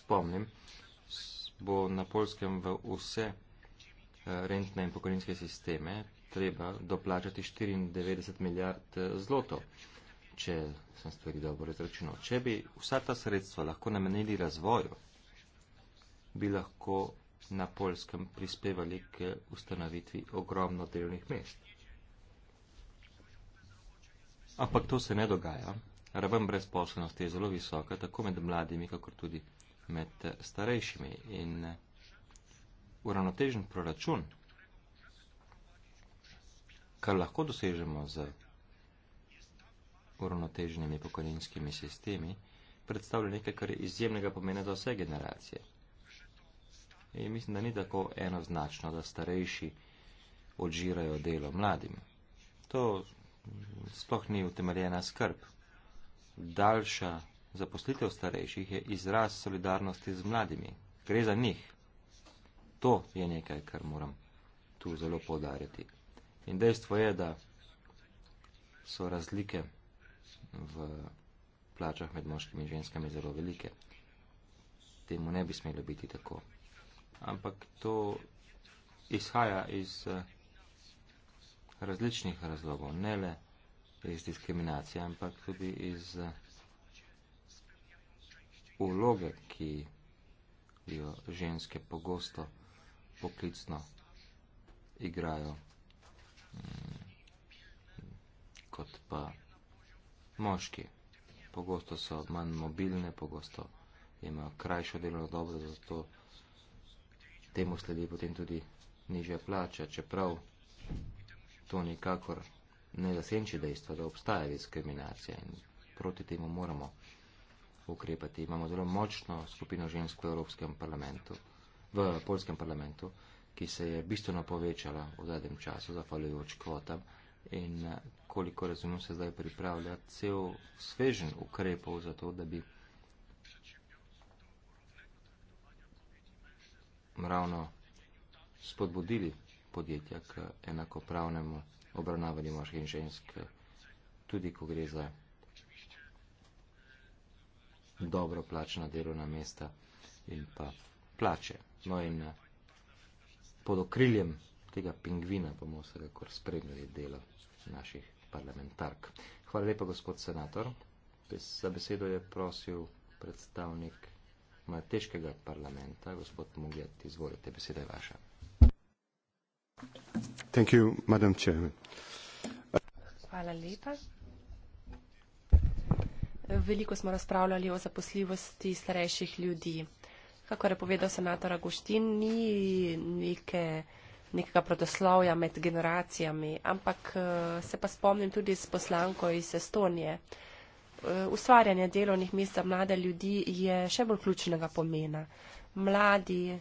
spomnim, bo na polskem v vse eh, rentne in pokojninske sisteme treba doplačati 94 milijard eh, zlotov, če sem stvari dobro izračunal. Če bi vsa ta sredstva lahko namenili razvoju, bi lahko na polskem prispevali k ustanovitvi ogromno delovnih mest. Ampak to se ne dogaja. Raven brezposobnosti je zelo visoka, tako med mladimi, kakor tudi med eh, starejšimi in eh, uravnotežen proračun, kar lahko dosežemo z uravnoteženimi pokojninskimi sistemi, predstavlja nekaj, kar je izjemnega pomena za vse generacije. In mislim, da ni tako enoznačno, da starejši odžirajo delo mladim. To sploh ni utemeljena skrb. Daljša Zaposlitev starejših je izraz solidarnosti z mladimi. Gre za njih. To je nekaj, kar moram tu zelo podariti. In dejstvo je, da so razlike v plačah med moškimi in ženskami zelo velike. Temu ne bi smelo biti tako. Ampak to izhaja iz eh, različnih razlogov. Ne le iz diskriminacije, ampak tudi iz eh, vloge, ki jo ženske pogosto poklicno igrajo, mm, kot pa moški. Pogosto so manj mobilne, pogosto imajo krajšo delovno dobo, zato temu sledi potem tudi nižja plača, čeprav to nikakor ne zasenči dejstva, da obstaja diskriminacija in proti temu moramo ukrepati. Imamo zelo močno skupino žensk v Evropskem parlamentu, v Polskem parlamentu, ki se je bistveno povečala v zadnjem času, zahvaljujoč kvotam. In eh, koliko razumem, se zdaj pripravlja cel svežen ukrepov za to, da bi ravno spodbudili podjetja k enakopravnemu obravnavanju moških in žensk, tudi ko gre za dobro plačena delovna mesta in pa plače. No in eh, pod okriljem tega pingvina bomo vsekakor spremljali delo naših parlamentark. Hvala lepa, gospod senator. Za besedo je prosil predstavnik Malteškega parlamenta, gospod Mugjat, izvolite, beseda je vaša. Thank you, madam chairman. Hvala lepa, Veliko smo razpravljali o zaposljivosti starejših ljudi. Kako je povedal senator Agoštin, ni neke, nekega protoslovja med generacijami, ampak eh, se pa spomnim tudi s poslanko iz Estonije. Eh, ustvarjanje delovnih mest za mlade ljudi je še bolj ključnega pomena. Mladi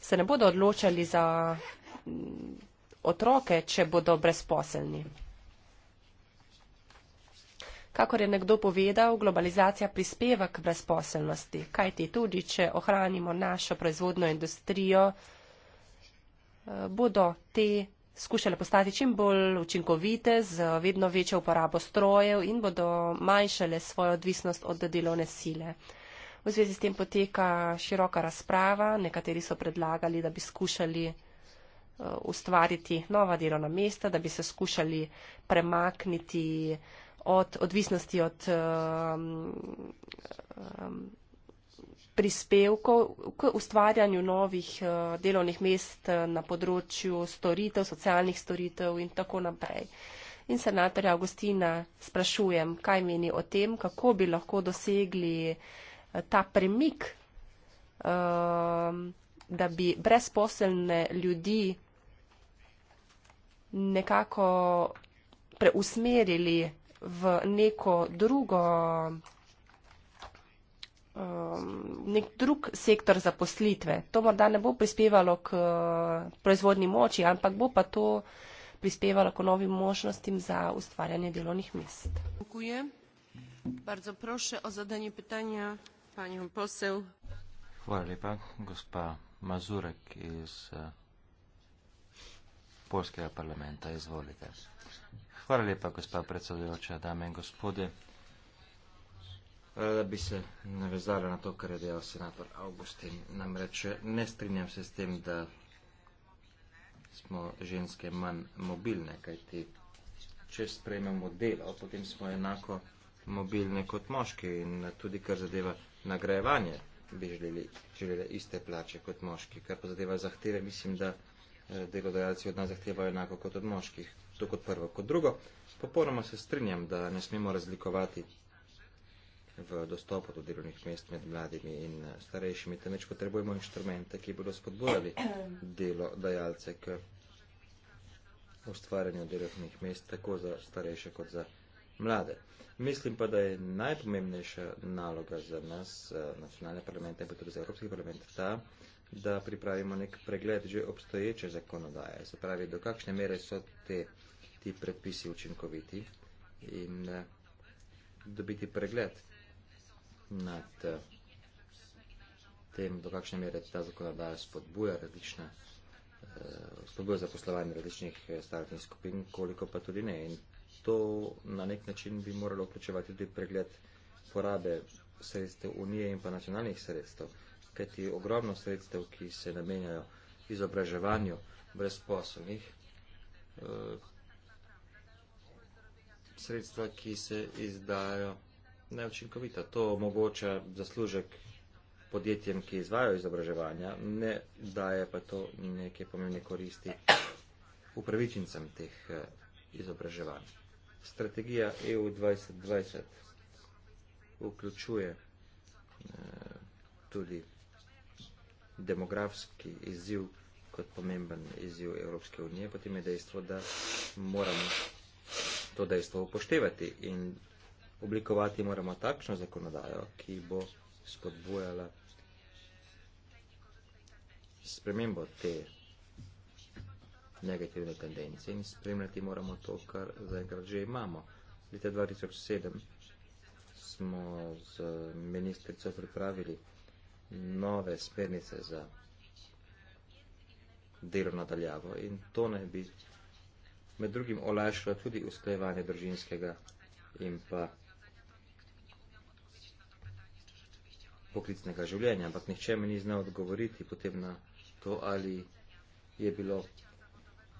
se ne bodo odločali za mm, otroke, če bodo brezposelni. Kakor je nekdo povedal, globalizacija prispeva k brezposelnosti, kajti tudi, če ohranimo našo proizvodno industrijo, eh, bodo te skušale postati čim bolj učinkovite z vedno večjo uporabo strojev in bodo manjšale svojo odvisnost od delovne sile. V zvezi s tem poteka široka razprava, nekateri so predlagali, da bi skušali eh, ustvariti nova delovna mesta, da bi se skušali premakniti od odvisnosti od um, um, prispevkov k ustvarjanju novih uh, delovnih mest na področju storitev, socialnih storitev in tako naprej. In senatorja Augustina sprašujem, kaj meni o tem, kako bi lahko dosegli uh, ta premik, um, da bi brezposelne ljudi nekako preusmerili v neko drugo, um, nek drug sektor zaposlitve. To morda ne bo prispevalo k uh, proizvodni moči, ampak bo pa to prispevalo k novim možnostim za ustvarjanje delovnih mest. Dziękuję. Bardzo proszę o zadanie pytania panią poseł. Hvala lepa, gospa Mazurek iz uh, Polskega parlamenta, izvolite. Hvala lepa, gospa predsedujoča, dame in gospode. Hvala, da bi se navezala na to, kar je dejal senator Augustin. Namreč ne strinjam se s tem, da smo ženske manj mobilne, kajti če sprejmemo delo, potem smo enako mobilne kot moški in tudi kar zadeva nagrajevanje bi želeli, želeli iste plače kot moški. Kar pa zadeva zahteve, mislim, da eh, delodajalci od nas zahtevajo enako kot od moških. To kot prvo. Kot drugo, popolnoma se strinjam, da ne smemo razlikovati v dostopu do delovnih mest med mladimi in eh, starejšimi, temveč potrebujemo inštrumente, ki bodo spodbujali delo dajalce k ustvarjanju delovnih mest tako za starejše kot za mlade. Mislim pa, da je najpomembnejša naloga za nas, eh, nacionalne parlamente in tudi za Evropski parlament, ta, da pripravimo nek pregled že obstoječe zakonodaje. Se pravi, do kakšne mere so te uh, ti predpisi učinkoviti in eh, dobiti pregled nad eh, tem, do kakšne mere ta zakonodaja spodbuja različne eh, spodbuja zaposlovanje različnih startnih skupin, koliko pa tudi ne. In to na nek način bi moralo vključevati tudi pregled porabe sredstev Unije in pa nacionalnih sredstev, kajti ogromno sredstev, ki se namenjajo izobraževanju brezposobnih, sredstva, ki se izdajo neučinkovita. To omogoča zaslužek podjetjem, ki izvajo izobraževanja, ne daje pa to neke pomembne koristi upravičencem teh eh, izobraževanj. Strategija EU 2020 vključuje eh, tudi demografski izziv kot pomemben izziv Evropske unije, potem je dejstvo, da moramo to dejstvo upoštevati in oblikovati moramo takšno zakonodajo, ki bo spodbujala spremembo te negativne tendence in spremljati moramo to, kar zaenkrat že imamo. Leta 2007 smo z ministrico pripravili nove smernice za delo nadaljavo in to naj bi med drugim olajšala tudi usklajevanje družinskega in pa poklicnega življenja, ampak nihče mi ni znal odgovoriti potem na to, ali je bilo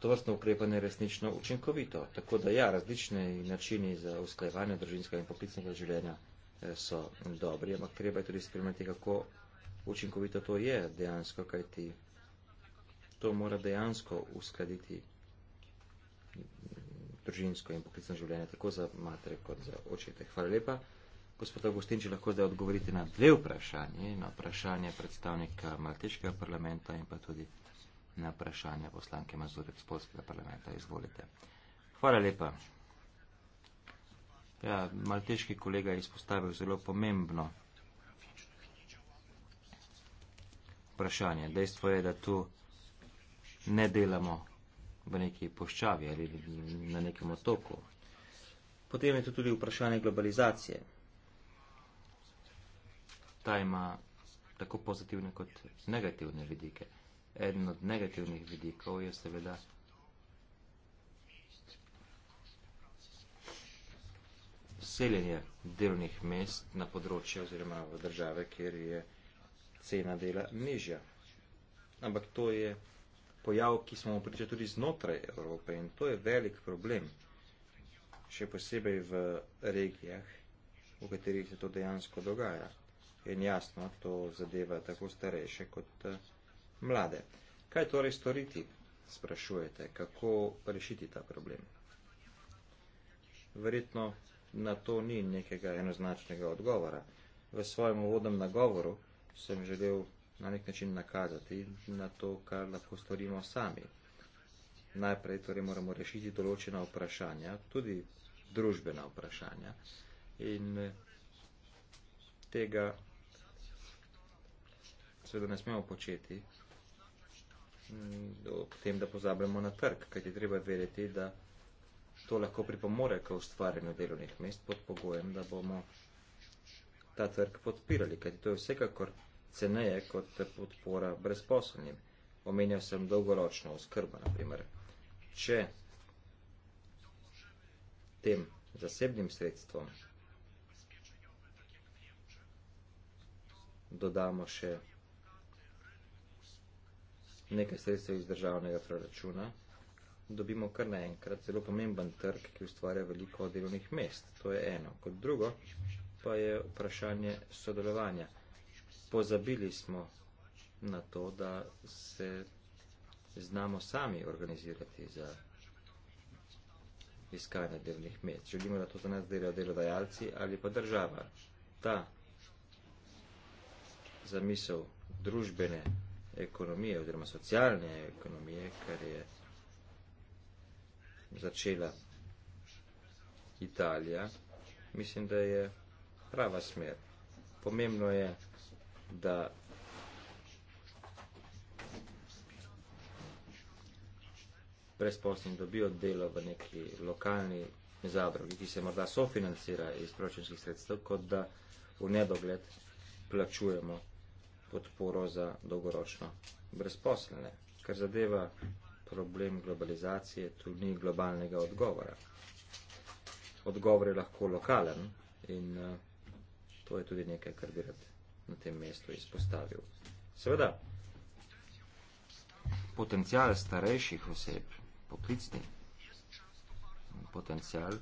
to vrstno ukrepanje resnično učinkovito. Tako da ja, različni načini za usklajevanje družinskega in poklicnega življenja eh, so dobri, ampak treba je tudi spremljati, kako učinkovito to je dejansko, kajti to mora dejansko uskladiti družinsko in poklicno življenje, tako za matere kot za očete. Hvala lepa. Gospod Agustin, če lahko zdaj odgovorite na dve vprašanje, na vprašanje predstavnika Maltiškega parlamenta in pa tudi na vprašanje poslanke Mazurec Polskega parlamenta. Izvolite. Hvala lepa. Ja, Maltiški kolega je izpostavil zelo pomembno vprašanje. Dejstvo je, da tu ne delamo v neki poščavi ali na nekem otoku. Potem je tu tudi vprašanje globalizacije. Ta ima tako pozitivne kot negativne vidike. Eden od negativnih vidikov je seveda seljenje delovnih mest na področje oziroma v države, kjer je cena dela nižja. Ampak to je pojav, ki smo mu pričali tudi znotraj Evrope in to je velik problem, še posebej v regijah, v katerih se to dejansko dogaja. In jasno, to zadeva tako starejše kot eh, mlade. Kaj torej storiti, sprašujete, kako rešiti ta problem? Verjetno na to ni nekega enoznačnega odgovora. V svojem uvodnem nagovoru sem želel na nek način nakazati na to, kar lahko storimo sami. Najprej torej moramo rešiti določena vprašanja, tudi družbena vprašanja. In tega seveda ne smemo početi, mm, ob tem, da pozabljamo na trg, kaj je treba verjeti, da to lahko pripomore k ustvarjanju delovnih mest pod pogojem, da bomo ta trg podpirali, kajti to je vsekakor ceneje kot podpora brezposobnim. Omenjal sem dolgoročno oskrbo, na primer. Če tem zasebnim sredstvom dodamo še nekaj sredstev iz državnega proračuna, dobimo kar naenkrat zelo pomemben trg, ki ustvarja veliko delovnih mest. To je eno. Kot drugo pa je vprašanje sodelovanja pozabili smo na to, da se znamo sami organizirati za iskanje delovnih mest. Želimo, da to za nas delajo delodajalci ali pa država. Ta zamisel družbene ekonomije oziroma socialne ekonomije, kar je začela Italija, mislim, da je prava smer. Pomembno je, da brezposobni dobijo delo v neki lokalni zadrugi, ki se morda sofinancira iz proračunskih sredstev, kot da v nedogled plačujemo podporo za dolgoročno brezposlene. Ker zadeva problem globalizacije, tu ni globalnega odgovora. Odgovor je lahko lokalen in eh, to je tudi nekaj, kar bi rad na tem mestu izpostavil. Seveda, potencial starejših oseb, poklicni potencial,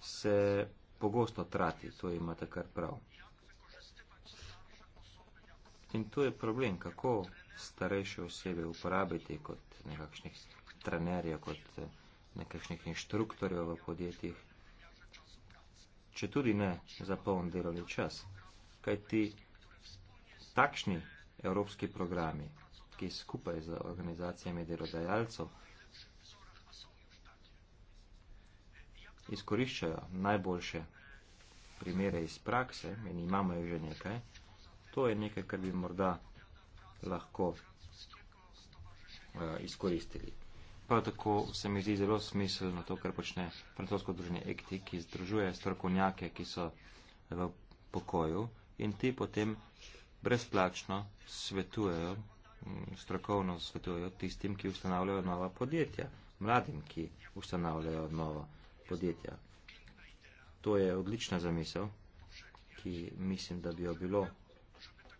se pogosto trati, to imate kar prav. In tu je problem, kako starejše osebe uporabiti kot nekakšnih trenerjev, kot eh, nekakšnih inštruktorjev v podjetjih, če tudi ne za poln delovni čas. Kaj ti takšni evropski programi, ki skupaj z organizacijami delodajalcev izkoriščajo najboljše primere iz prakse in imamo jih že nekaj, to je nekaj, kar bi morda lahko uh, izkoristili. Prav tako se mi zdi zelo smiselno to, kar počne francosko druženje ECTI, ki združuje strokovnjake, ki so v pokoju in ti potem brezplačno svetujejo, mm, strokovno svetujejo tistim, ki ustanavljajo nova podjetja, mladim, ki ustanavljajo nova podjetja. To je odlična zamisel, ki mislim, da bi jo bilo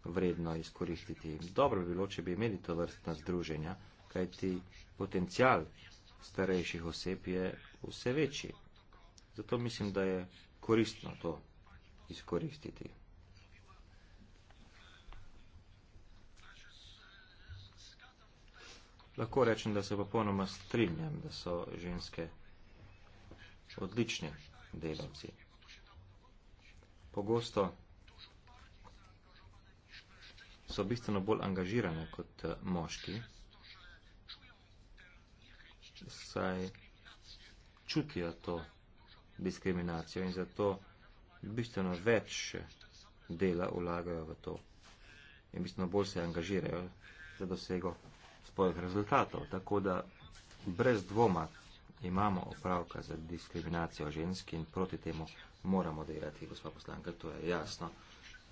vredno izkoristiti. Dobro bi bilo, če bi imeli to vrstna združenja, kajti potencial starejših oseb je vse večji. Zato mislim, da je koristno to izkoristiti. lahko rečem, da se popolnoma strinjam, da so ženske odlične delavci. Pogosto so bistveno bolj angažirane kot eh, moški, saj čutijo to diskriminacijo in zato bistveno več dela vlagajo v to in bistveno bolj se angažirajo za dosego svojih rezultatov. Tako da brez dvoma imamo opravka za diskriminacijo ženski in proti temu moramo delati, gospa poslanka, to je jasno.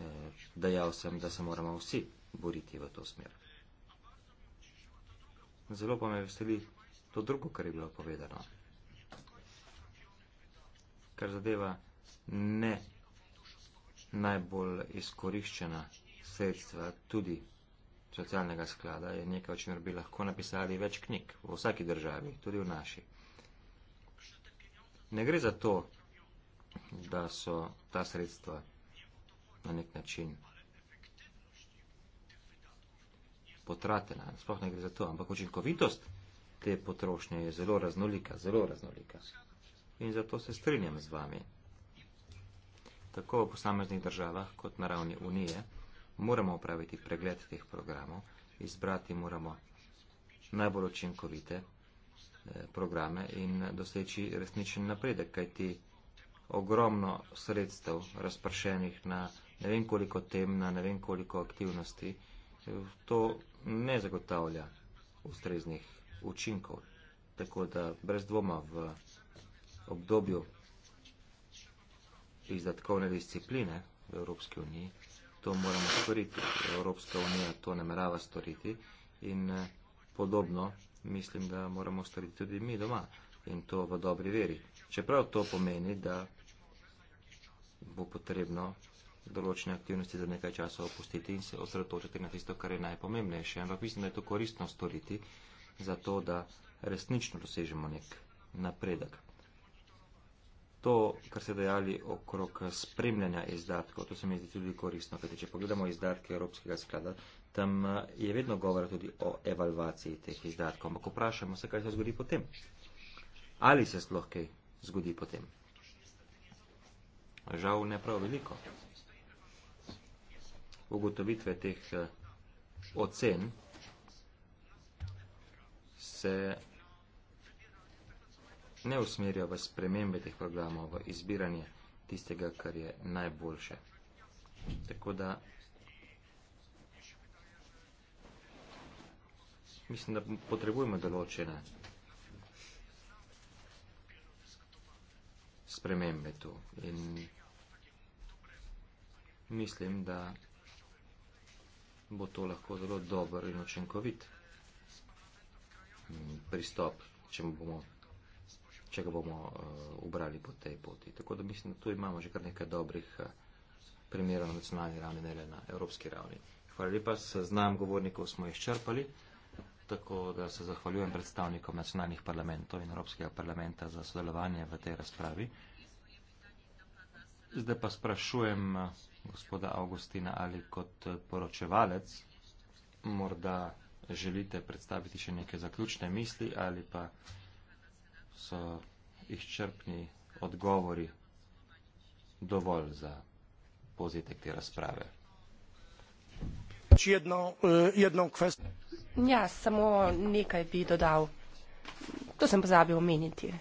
E, dejal sem, da se moramo vsi boriti v to smer. Zelo pa me veseli to drugo, kar je bilo povedano. Kar zadeva ne najbolj izkoriščena sredstva, tudi socialnega sklada je nekaj, o čemer bi lahko napisali več knjig v vsaki državi, tudi v naši. Ne gre za to, da so ta sredstva na nek način potratena, sploh ne gre za to, ampak učinkovitost te potrošnje je zelo raznolika, zelo raznolika. In zato se strinjam z vami. Tako v posameznih državah kot na ravni Unije moramo opraviti pregled teh programov, izbrati moramo najbolj učinkovite eh, programe in doseči resničen napredek, kajti ogromno sredstev razpršenih na ne vem koliko tem, na ne vem koliko aktivnosti, to ne zagotavlja ustreznih učinkov. Tako da brez dvoma v obdobju izdatkovne discipline v Evropski uniji to moramo storiti. Evropska unija to namerava storiti in eh, podobno mislim, da moramo storiti tudi mi doma in to v dobri veri. Čeprav to pomeni, da bo potrebno določene aktivnosti za nekaj časa opustiti in se osredotočiti na tisto, kar je najpomembnejše. Ampak mislim, da je to koristno storiti, zato da resnično dosežemo nek napredek to, kar ste dejali okrog spremljanja izdatkov, to se mi zdi tudi koristno, kajti če pogledamo izdatke Evropskega sklada, tam eh, je vedno govora tudi o evalvaciji teh izdatkov, ampak vprašamo se, kaj se zgodi potem. Ali se sploh kaj zgodi potem? Žal ne prav veliko. Ugotovitve teh eh, ocen se ne usmerijo v spremembe teh programov, v izbiranje tistega, kar je najboljše. Tako da mislim, da potrebujemo določene spremembe tu. In mislim, da bo to lahko zelo dober in očinkovit mm, pristop, če bomo če ga bomo uh, ubrali po tej poti. Tako da mislim, da tu imamo že kar nekaj dobrih uh, primerov na nacionalni ravni, ne le na evropski ravni. Hvala lepa, seznam govornikov smo izčrpali, tako da se zahvaljujem predstavnikom nacionalnih parlamentov in Evropskega parlamenta za sodelovanje v tej razpravi. Zdaj pa sprašujem eh, gospoda Augustina, ali kot poročevalec morda želite predstaviti še neke zaključne misli ali pa so izčrpni odgovori dovolj za pozitek te razprave. Jedno, eh, jedno ja, samo nekaj bi dodal. To sem pozabil omeniti.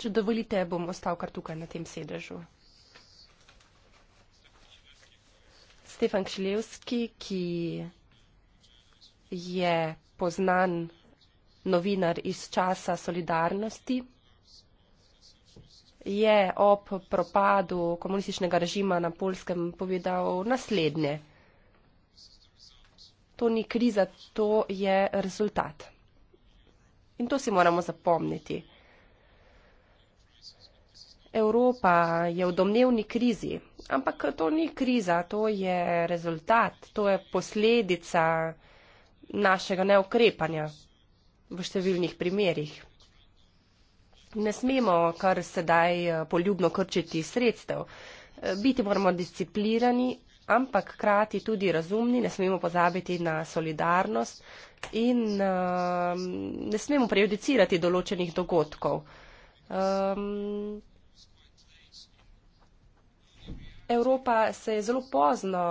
Če dovolite, bom ostal kar tukaj na tem sedežu. Stefan Kšilevski, ki je poznan novinar iz časa solidarnosti, je ob propadu komunističnega režima na Polskem povedal naslednje. To ni kriza, to je rezultat. In to si moramo zapomniti. Evropa je v domnevni krizi, ampak to ni kriza, to je rezultat, to je posledica našega neukrepanja v številnih primerjih. Ne smemo kar sedaj eh, poljubno krčiti sredstev. Eh, biti moramo disciplinirani, ampak krati tudi razumni, ne smemo pozabiti na solidarnost in ehm, ne smemo prejudicirati določenih dogodkov. Ehm, Evropa se je zelo pozno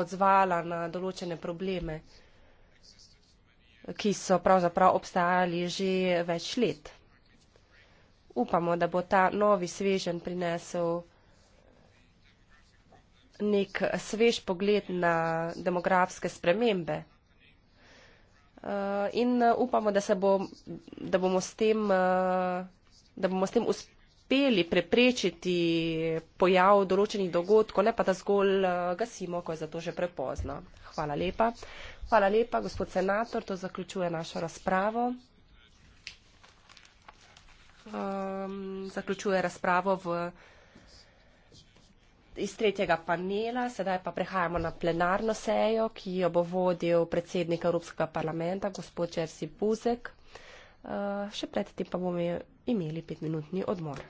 odzvala na določene probleme ki so pravzaprav obstajali že več let. Upamo, da bo ta novi svežen prinesel nek svež pogled na demografske spremembe. Eh, in eh, upamo, da, se bo, da, bomo, s tem, eh, da bomo s tem uspeli preprečiti pojav določenih dogodkov, ne pa da zgolj gasimo, ko je zato že prepozno. Hvala lepa. Hvala lepa, gospod senator, to zaključuje našo razpravo. Um, zaključuje razpravo v, iz tretjega panela, sedaj pa prehajamo na plenarno sejo, ki jo bo vodil predsednik Evropskega parlamenta, gospod Jerzy Buzek. Uh, še predtem pa bomo imeli petminutni odmor.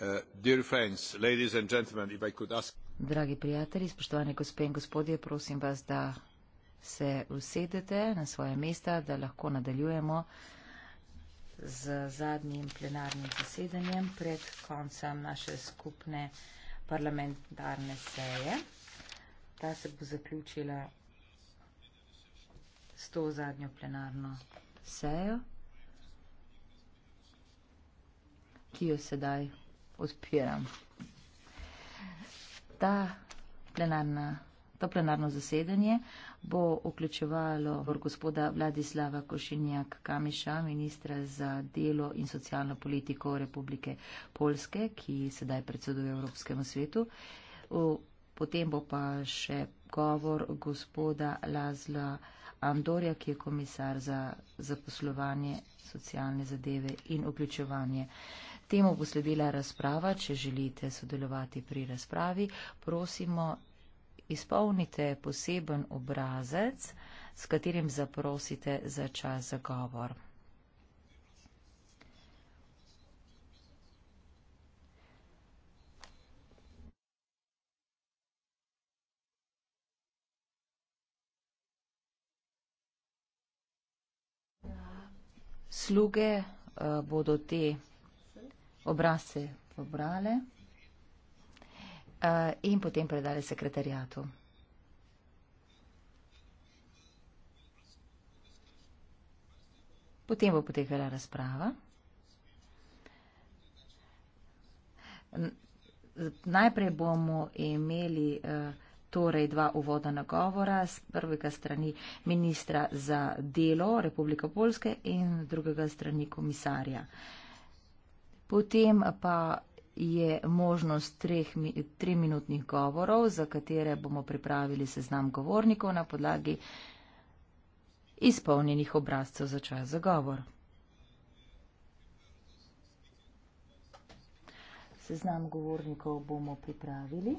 Uh, Dragi prijatelji, spoštovane gospe in gospodje, prosim vas, da se usedete na svoje mesta, da lahko nadaljujemo z zadnjim plenarnim zasedanjem pred koncem naše skupne parlamentarne seje. Ta se bo zaključila s to zadnjo plenarno sejo, ki jo sedaj odpiram. Ta plenarna. To plenarno zasedanje bo vključevalo gospoda Vladislava Košinjak Kamiša, ministra za delo in socialno politiko Republike Polske, ki sedaj predseduje Evropskemu svetu. Potem bo pa še govor gospoda Lazla Andorja, ki je komisar za zaposlovanje, socialne zadeve in vključevanje. Temu bo sledila razprava. Če želite sodelovati pri razpravi, prosimo, izpolnite poseben obrazec, s katerim zaprosite za čas za govor. Sluge uh, bodo te obrazce pobrale eh, in potem predale sekretarijatu. Potem bo potekala razprava. Najprej bomo imeli eh, torej dva uvoda na govora, z prvega strani ministra za delo Republike Polske in drugega strani komisarja. Uh, Potem pa je možnost treh, treminutnih govorov, za katere bomo pripravili seznam govornikov na podlagi izpolnjenih obrazcev za čas za govor. Seznam govornikov bomo pripravili.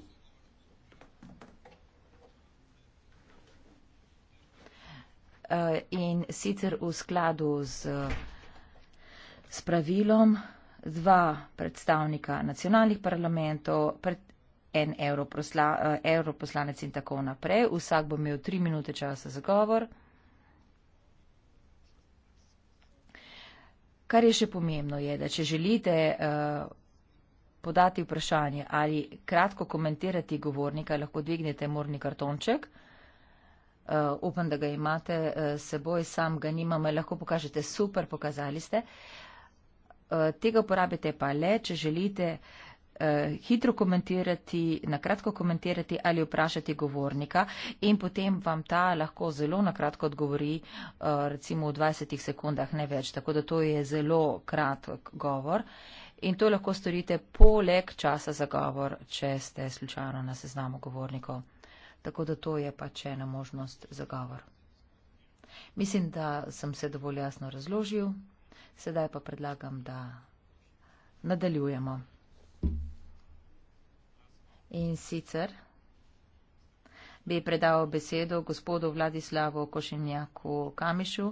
Eh, in sicer v skladu z, z pravilom, dva predstavnika nacionalnih parlamentov, pred en europrosla, uh, eh, europoslanec in tako naprej. Vsak bo imel tri minute časa za govor. Kar je še pomembno je, da če želite uh, podati vprašanje ali kratko komentirati govornika, lahko dvignete morni kartonček. Uh, upam, da ga imate uh, seboj, sam ga nimam, lahko pokažete, super, pokazali ste. Uh, Eh, tega uporabite pa le, če želite eh, hitro komentirati, nakratko komentirati ali vprašati govornika in potem vam ta lahko zelo nakratko odgovori, eh, recimo v 20 sekundah, ne več. Tako da to je zelo kratek govor in to lahko storite poleg časa za govor, če ste slučajno na seznamu govornikov. Tako da to je pač ena možnost za govor. Mislim, da sem se dovolj jasno razložil. Sedaj pa predlagam, da nadaljujemo. In sicer bi predal besedo gospodu Vladislavu Košenjaku Kamišu,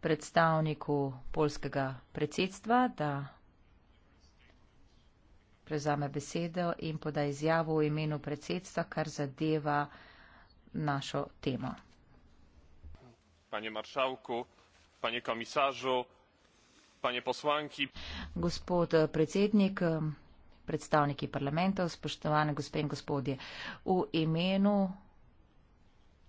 predstavniku polskega predsedstva, da prevzame besedo in poda izjavo v imenu predsedstva, kar zadeva našo temo. Panie marszałku, panie komisarzu, Gospod eh, predsednik, eh, predstavniki parlamentov, spoštovane gospe in gospodje, v imenu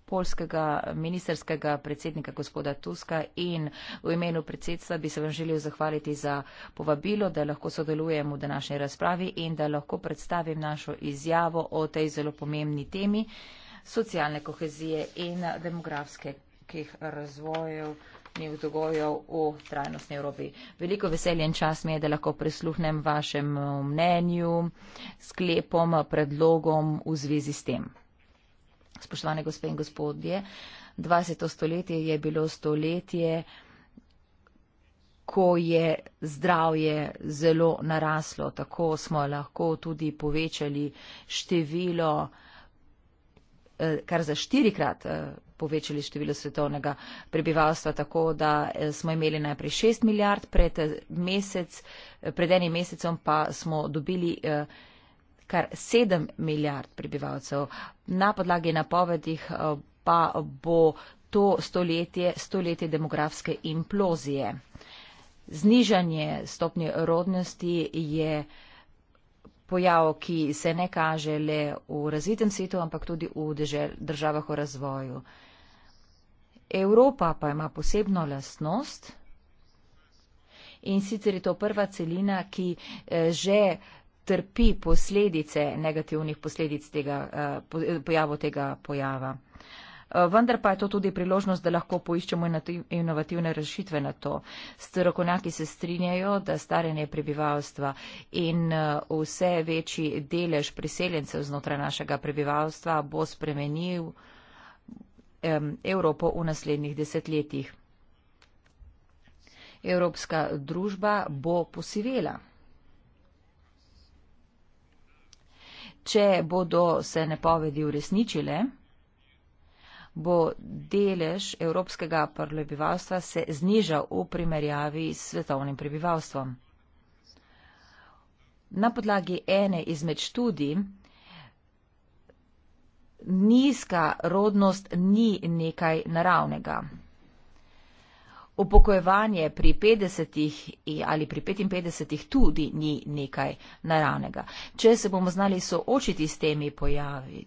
polskega ministerskega predsednika gospoda Tuska in v imenu predsedstva bi se vam želel zahvaliti za povabilo, da lahko sodelujem v današnji razpravi in da lahko predstavim našo izjavo o tej zelo pomembni temi socialne kohezije in demografskih razvojev trajnostnih dogojev v trajnostni Evropi. Veliko veselje in čas mi je, da lahko prisluhnem vašem mnenju, sklepom, predlogom v zvezi s tem. Spoštovane gospe in gospodje, 20. stoletje je bilo stoletje, ko je zdravje zelo naraslo, tako smo lahko tudi povečali število eh, kar za štirikrat eh, povečali število svetovnega prebivalstva tako, da eh, smo imeli najprej 6 milijard, pred, eh, mesec, eh, pred enim mesecem pa smo dobili kar 7 milijard prebivalcev. Na podlagi napovedih pa bo to stoletje, stoletje demografske implozije. Znižanje stopnje rodnosti je pojav, ki se ne kaže le v razvitem svetu, ampak tudi v državah v razvoju. Evropa pa ima posebno lasnost in sicer je to prva celina, ki eh, že trpi posledice negativnih posledic tega eh, eh, pojavu tega pojava. Vendar pa je to tudi priložnost, da lahko poiščemo inovativne rešitve na to. Strokovnjaki se strinjajo, da starenje prebivalstva in vse večji delež priseljencev znotraj našega prebivalstva bo spremenil Evropo v naslednjih desetletjih. Evropska družba bo posivela. Če bodo se napovedi uresničile, bo delež evropskega prebivalstva se znižal v primerjavi s svetovnim prebivalstvom. Na podlagi ene izmed študij nizka rodnost ni nekaj naravnega. Upokojevanje pri 50 ali pri 55 tudi ni nekaj naravnega. Če se bomo znali soočiti s temi pojavi,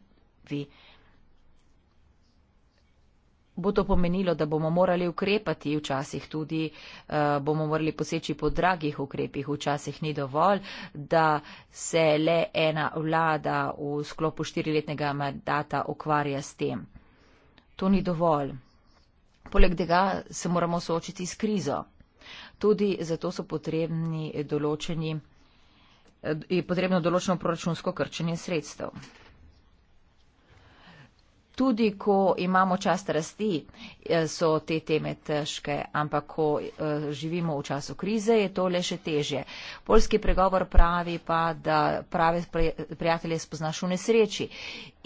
bo to pomenilo, da bomo morali ukrepati, včasih tudi uh, bomo morali poseči po dragih ukrepih, včasih ni dovolj, da se le ena vlada v sklopu štiriletnega mandata ukvarja s tem. To ni dovolj. Poleg tega se moramo soočiti s krizo. Tudi zato so potrebni določeni, eh, je potrebno določeno proračunsko krčenje sredstev tudi ko imamo čas rasti, eh, so te teme težke, ampak ko eh, živimo v času krize, je to le še težje. Polski pregovor pravi pa, da prave prijatelje spoznaš v nesreči.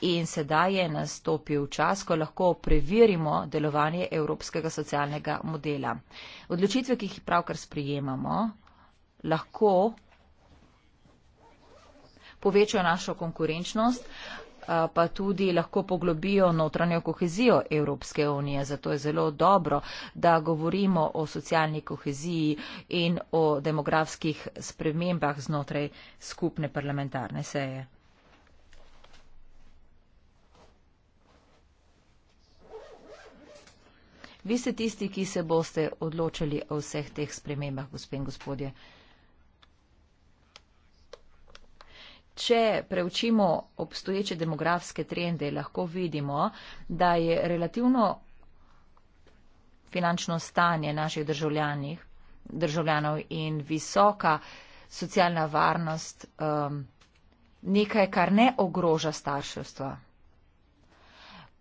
In sedaj je nastopil čas, ko lahko preverimo delovanje evropskega socialnega modela. Odločitve, ki jih pravkar sprijemamo, lahko povečajo našo konkurenčnost pa tudi lahko poglobijo notranjo kohezijo Evropske unije. Zato je zelo dobro, da govorimo o socialni koheziji in o demografskih spremembah znotraj skupne parlamentarne seje. Vi ste tisti, ki se boste odločili o vseh teh spremembah, gospod in gospodje. Če preučimo obstoječe demografske trende, lahko vidimo, da je relativno finančno stanje naših državljanov in visoka socialna varnost um, nekaj, kar ne ogroža starševstva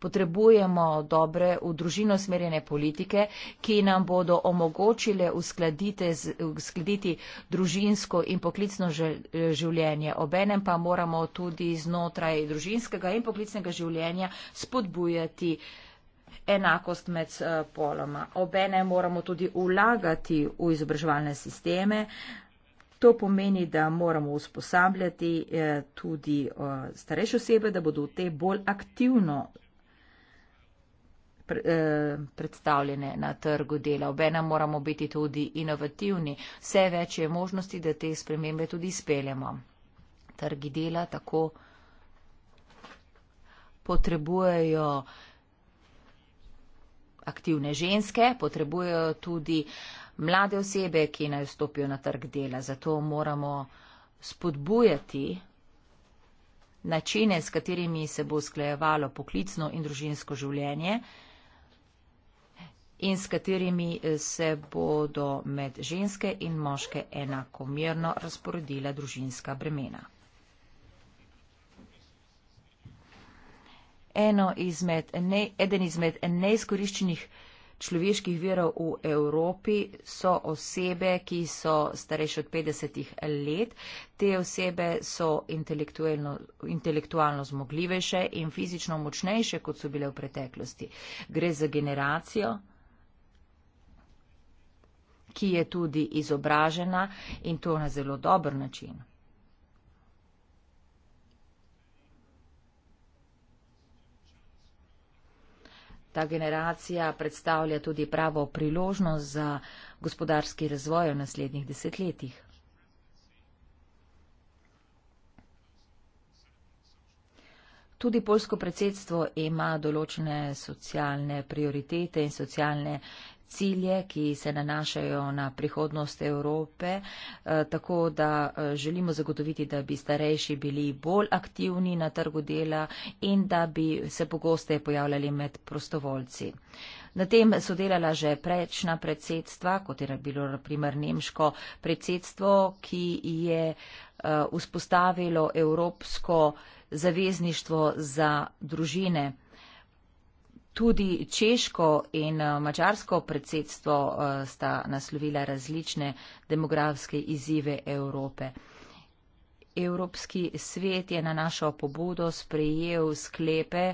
potrebujemo dobre v družino smerjene politike, ki nam bodo omogočile uskladiti družinsko in poklicno eh, življenje. Obenem pa moramo tudi znotraj družinskega in poklicnega življenja spodbujati enakost med eh, poloma. Obenem moramo tudi ulagati v izobraževalne sisteme. To pomeni, da moramo usposabljati eh, tudi starejše osebe, da bodo te bolj aktivno Eh, predstavljene na trgu dela. Obena moramo biti tudi inovativni. Vse več je možnosti, da te spremembe tudi izpeljemo. Trgi dela tako potrebujejo aktivne ženske, potrebujejo tudi mlade osebe, ki naj vstopijo na trg dela. Zato moramo spodbujati načine, s katerimi se bo sklejevalo poklicno in družinsko življenje in s katerimi eh, se bodo med ženske in moške enakomerno razporedila družinska bremena. Eno izmed, ne, eden izmed neizkoriščenih človeških verov v Evropi so osebe, ki so starejše od 50 let. Te osebe so intelektualno, intelektualno zmogljivejše in fizično močnejše, kot so bile v preteklosti. Gre za generacijo ki je tudi izobražena in to na zelo dober način. Ta generacija predstavlja tudi pravo priložnost za gospodarski razvoj v naslednjih desetletjih. Tudi polsko predsedstvo ima določene socialne prioritete in socialne cilje, ki se nanašajo na prihodnost Evrope, eh, tako da eh, želimo zagotoviti, da bi starejši bili bolj aktivni na trgu dela in da bi se pogosteje pojavljali med prostovoljci. Na tem so delala že prejšnja predsedstva, kot je bilo na primer nemško predsedstvo, ki je eh, vzpostavilo evropsko zavezništvo za družine. Tudi češko in eh, mačarsko predsedstvo eh, sta naslovila različne demografske izzive Evrope. Evropski svet je na našo pobudo sprejel sklepe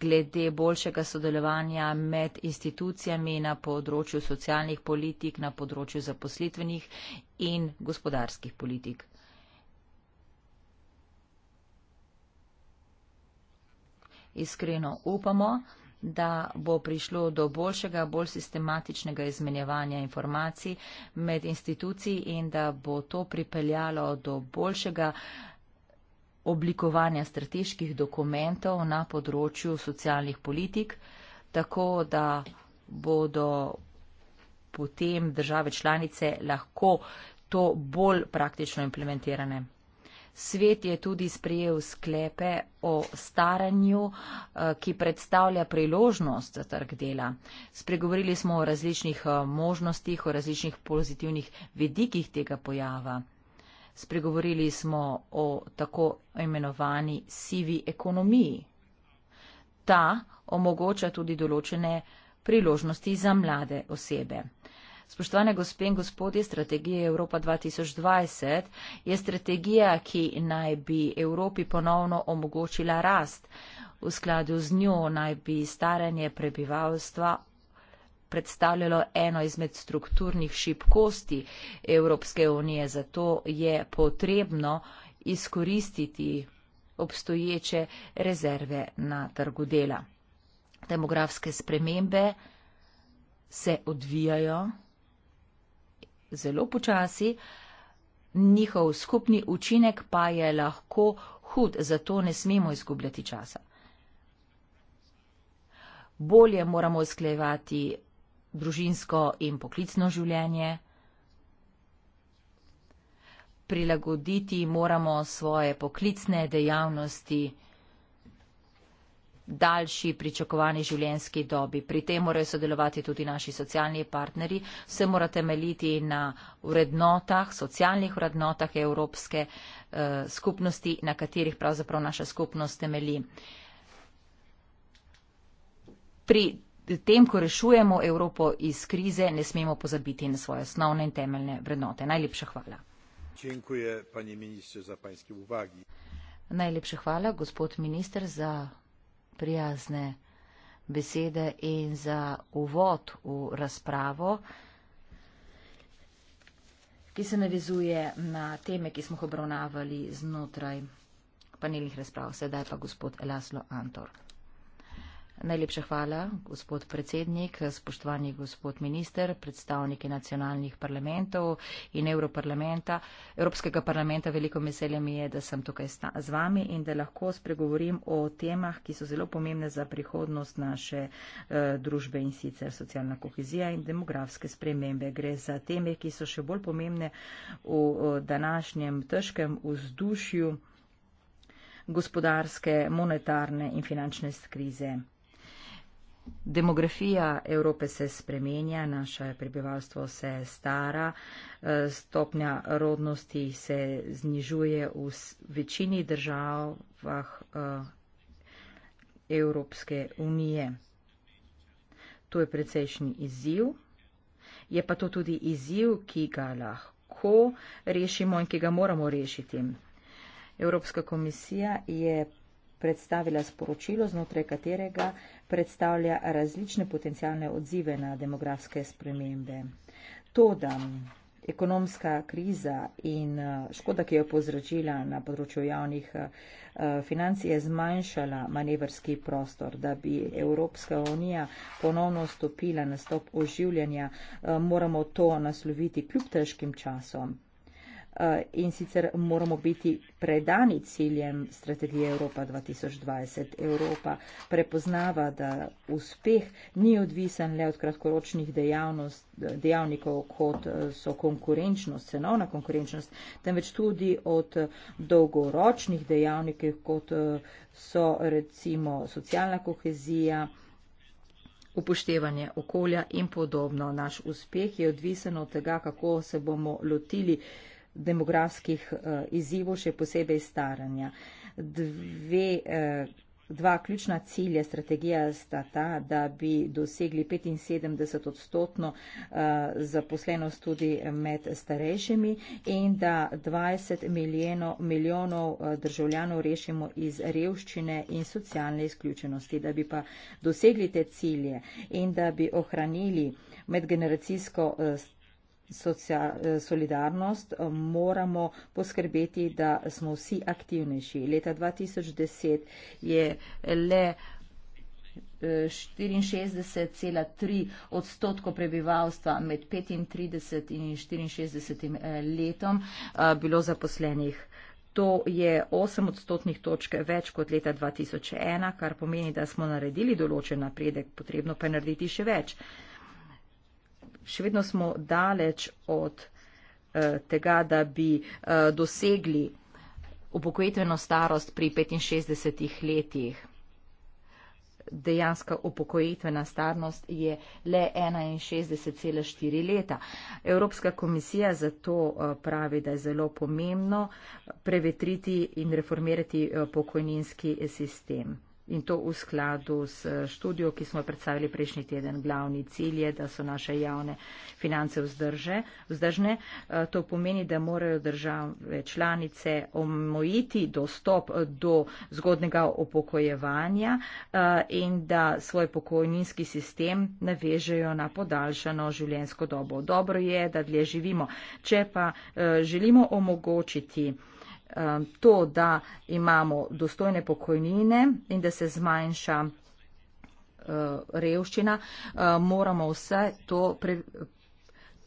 glede boljšega sodelovanja med institucijami na področju socialnih politik, na področju zaposlitvenih in gospodarskih politik. Iskreno upamo, da bo prišlo do boljšega, bolj sistematičnega izmenjevanja informacij med institucij in da bo to pripeljalo do boljšega oblikovanja strateških dokumentov na področju socialnih politik, tako da bodo potem države članice lahko to bolj praktično implementirane. Svet je tudi sprejel sklepe o staranju, eh, ki predstavlja priložnost za trg dela. Spregovorili smo o različnih eh, možnostih, o različnih pozitivnih vedikih tega pojava. Spregovorili smo o tako imenovani sivi ekonomiji. Ta omogoča tudi določene priložnosti za mlade osebe. Spoštovane gospe in gospodje, strategija Evropa 2020 je strategija, ki naj bi Evropi ponovno omogočila rast. V skladu z njo naj bi staranje prebivalstva predstavljalo eno izmed strukturnih šibkosti Evropske unije, zato je potrebno izkoristiti obstoječe rezerve na trgu dela. Demografske spremembe se odvijajo zelo počasi, njihov skupni učinek pa je lahko hud, zato ne smemo izgubljati časa. Bolje moramo sklejevati družinsko in poklicno življenje, prilagoditi moramo svoje poklicne dejavnosti, daljši pričakovani življenjski dobi. Pri tem morajo sodelovati tudi naši socialni partneri. Vse mora temeljiti na vrednotah, socialnih vrednotah Evropske eh, skupnosti, na katerih pravzaprav naša skupnost temelji. Pri tem, ko rešujemo Evropo iz krize, ne smemo pozabiti na svoje osnovne in temeljne vrednote. Najlepša hvala. Najlepša hvala, gospod minister, za prijazne besede in za uvod v razpravo, ki se navezuje na teme, ki smo jih obravnavali znotraj panelnih razprav. Sedaj pa gospod Laslo Antor. Najlepša hvala, gospod predsednik, spoštovani gospod minister, predstavniki nacionalnih parlamentov in Evroparlamenta, Evropskega parlamenta. Veliko veselje mi je, da sem tukaj z vami in da lahko spregovorim o temah, ki so zelo pomembne za prihodnost naše eh, družbe in sicer socialna kohezija in demografske spremembe. Gre za teme, ki so še bolj pomembne v današnjem težkem vzdušju gospodarske, monetarne in finančne krize. Demografija Evrope se spremenja, naše prebivalstvo se stara, eh, stopnja rodnosti se znižuje v večini državah eh, Evropske unije. To je precejšnji izziv, je pa to tudi izziv, ki ga lahko rešimo in ki ga moramo rešiti. Evropska komisija je predstavila sporočilo, znotraj katerega predstavlja različne potencijalne odzive na demografske spremembe. To, da ekonomska kriza in eh, škoda, ki jo povzročila na področju javnih eh, financ, je zmanjšala manevrski prostor, da bi Evropska unija ponovno stopila na stop oživljanja, eh, moramo to nasloviti kljub težkim časom. Eh, in sicer moramo biti predani ciljem strategije Evropa 2020. Evropa prepoznava, da uspeh ni odvisen le od kratkoročnih dejavnikov, kot eh, so konkurenčnost, cenovna konkurenčnost, temveč tudi od dolgoročnih dejavnikov, kot eh, so recimo socialna kohezija upoštevanje okolja in podobno. Naš uspeh je odvisen od tega, kako se bomo lotili uh, demografskih eh, izzivov, še posebej staranja. Dve, eh, dva ključna cilja strategija sta ta, da bi dosegli 75 odstotno eh, zaposlenost tudi med starejšimi in da 20 milijeno, milijonov državljanov rešimo iz revščine in socialne izključenosti, da bi pa dosegli te cilje in da bi ohranili medgeneracijsko starejšo socia, solidarnost, moramo poskrbeti, da smo vsi aktivnejši. Leta 2010 je le 64,3 e, odstotkov prebivalstva med 35 in 64 e, letom e, bilo zaposlenih. To je 8 odstotnih točk več kot leta 2001, kar pomeni, da smo naredili določen napredek, potrebno pa je narediti še več še vedno smo daleč od eh, tega, da bi eh, dosegli upokojitveno starost pri 65 letih. Dejanska upokojitvena starost je le 61,4 leta. Evropska komisija zato eh, pravi, da je zelo pomembno prevetriti in reformirati pokojninski sistem in to v skladu s eh, študijo, ki smo predstavili prejšnji teden. Glavni cilj je, da so naše javne finance vzdrže, vzdržne. Eh, to pomeni, da morajo države članice omojiti dostop eh, do zgodnega upokojevanja in da svoj pokojninski sistem navežejo na podaljšano življenjsko dobo. Dobro je, da dlje živimo. Če pa želimo omogočiti Um, to, da imamo dostojne pokojnine in da se zmanjša uh, revščina, uh, moramo vse to pre,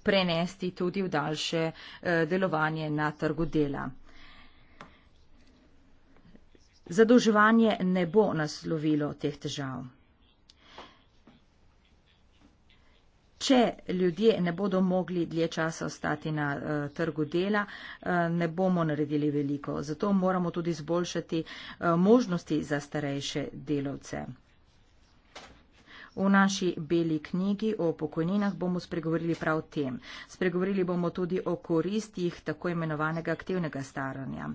prenesti tudi v daljše uh, delovanje na trgu dela. Zadolževanje ne bo naslovilo teh težav. Če ljudje ne bodo mogli dlje časa ostati na uh, trgu dela, uh, ne bomo naredili veliko. Zato moramo tudi zboljšati uh, eh, možnosti za starejše delavce. V naši beli knjigi o pokojninah bomo spregovorili prav o tem. Spregovorili bomo tudi o koristih tako imenovanega aktivnega staranja.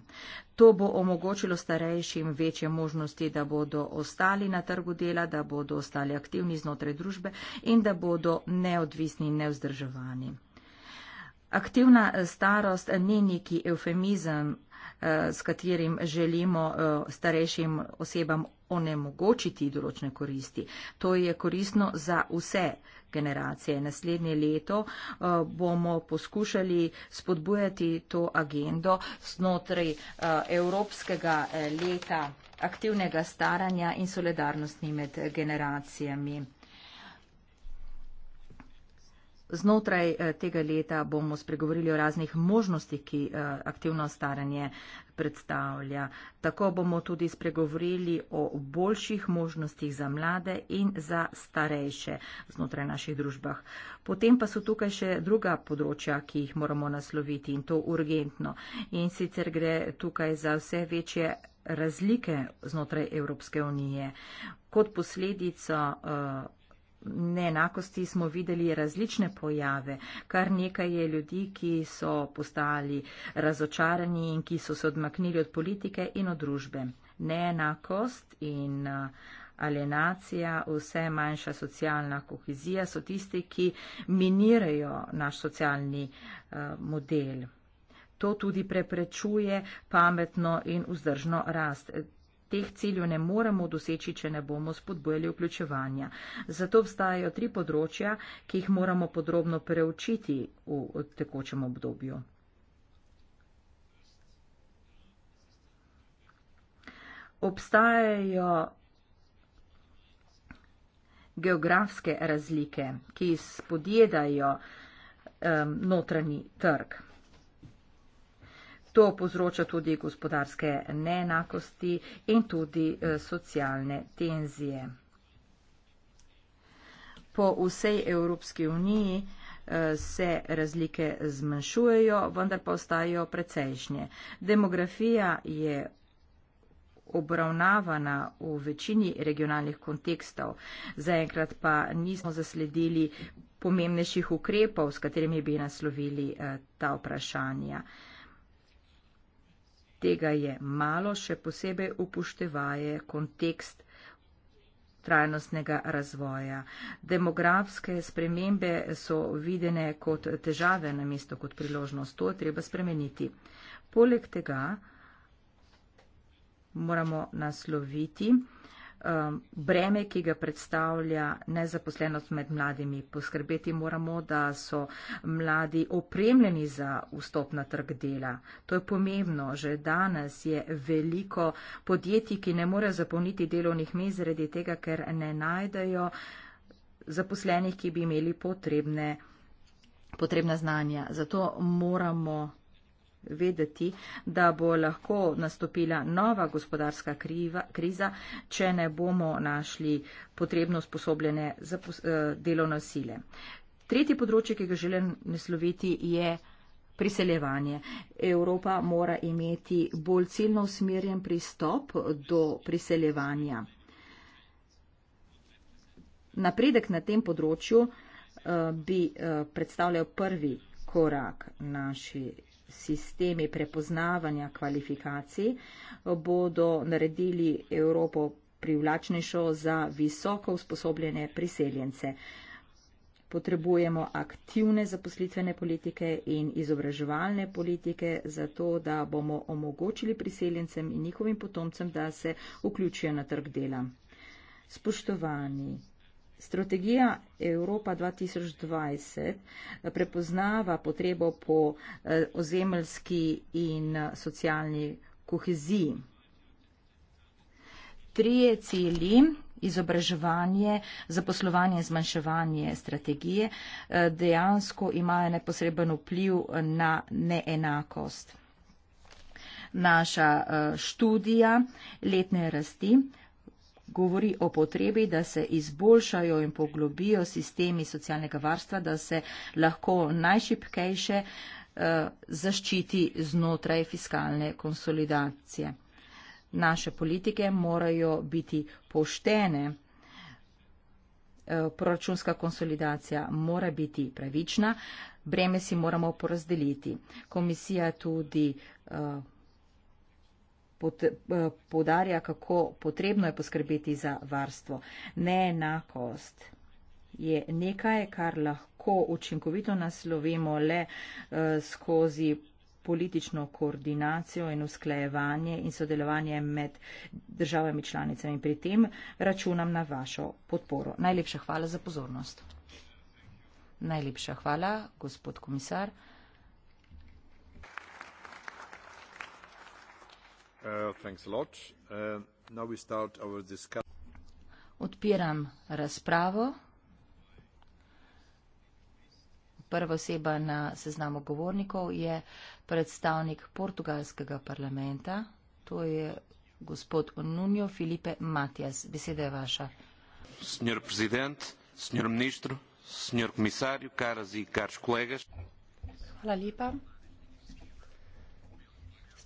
To bo omogočilo starejšim večje možnosti, da bodo ostali na trgu dela, da bodo ostali aktivni znotraj družbe in da bodo neodvisni in nevzdrževani. Aktivna starost ni neki eufemizem Eh, s katerim želimo eh, starejšim osebam onemogočiti določene koristi. To je koristno za vse generacije. Naslednje leto eh, bomo poskušali spodbujati to agendo znotraj Evropskega leta aktivnega staranja in solidarnosti med generacijami. Znotraj eh, tega leta bomo spregovorili o raznih možnostih, ki eh, aktivno staranje predstavlja. Tako bomo tudi spregovorili o boljših možnostih za mlade in za starejše znotraj naših družbah. Potem pa so tukaj še druga področja, ki jih moramo nasloviti in to urgentno. In sicer gre tukaj za vse večje razlike znotraj Evropske unije. Kot posledico. Uh, neenakosti smo videli različne pojave. Kar nekaj je ljudi, ki so postali razočarani in ki so se odmaknili od politike in od družbe. Neenakost in alienacija, vse manjša socialna kohezija so tisti, ki minirajo naš socialni model. To tudi preprečuje pametno in vzdržno rast teh ciljev ne moremo doseči, če ne bomo spodbujali vključevanja. Zato obstajajo tri področja, ki jih moramo podrobno preučiti v tekočem obdobju. Obstajajo geografske razlike, ki spodjedajo um, notranji trg. To povzroča tudi gospodarske neenakosti in tudi eh, socialne tenzije. Po vsej Evropski uniji eh, se razlike zmanjšujejo, vendar pa ostajajo precejšnje. Demografija je obravnavana v večini regionalnih kontekstov. Zaenkrat pa nismo zasledili pomembnejših ukrepov, s katerimi bi naslovili eh, ta vprašanja tega je malo, še posebej upoštevaje kontekst trajnostnega razvoja. Demografske spremembe so videne kot težave na mesto kot priložnost. To je treba spremeniti. Poleg tega moramo nasloviti um, breme, ki ga predstavlja nezaposlenost med mladimi. Poskrbeti moramo, da so mladi opremljeni za vstop na trg dela. To je pomembno. Že danes je veliko podjetij, ki ne morejo zapolniti delovnih mest zaradi tega, ker ne najdejo zaposlenih, ki bi imeli potrebne, potrebna znanja. Zato moramo vedeti, da bo lahko nastopila nova gospodarska kriva, kriza, če ne bomo našli potrebno sposobljene zapos, eh, delovne sile. Tretji področje, ki ga želim nasloviti, je priseljevanje. Evropa mora imeti bolj ciljno usmerjen pristop do priseljevanja. Napredek na tem področju uh, bi uh, predstavljal prvi korak naši sistemi prepoznavanja kvalifikacij bodo naredili Evropo privlačnejšo za visoko usposobljene priseljence. Potrebujemo aktivne zaposlitvene politike in izobraževalne politike, zato da bomo omogočili priseljencem in njihovim potomcem, da se vključijo na trg dela. Spoštovani, Strategija Evropa 2020 eh, prepoznava potrebo po eh, ozemeljski in eh, socialni koheziji. Trije cilji izobraževanje, zaposlovanje in zmanjševanje strategije dejansko imajo neposreben vpliv na neenakost. Naša študija letne rasti govori o potrebi, da se izboljšajo in poglobijo sistemi socialnega varstva, da se lahko najšipkejše eh, zaščiti znotraj fiskalne konsolidacije. Naše politike morajo biti poštene, eh, proračunska konsolidacija mora biti pravična, breme si moramo porazdeliti. Komisija tudi eh, podarja, eh, kako potrebno je poskrbeti za varstvo. Neenakost je nekaj, kar lahko učinkovito naslovimo le eh, skozi politično koordinacijo in usklajevanje in sodelovanje med državami članicami. Pri tem računam na vašo podporo. Najlepša hvala za pozornost. Najlepša hvala, gospod komisar. Uh, uh, Odpiram razpravo. Prva oseba na seznamu govornikov je predstavnik portugalskega parlamenta, to je gospod Nunjo Filipe Matjas. Beseda je vaša. Senor prezident, senor ministru, senor komisarju, karazi, karš e kolegaš. Hvala lepa.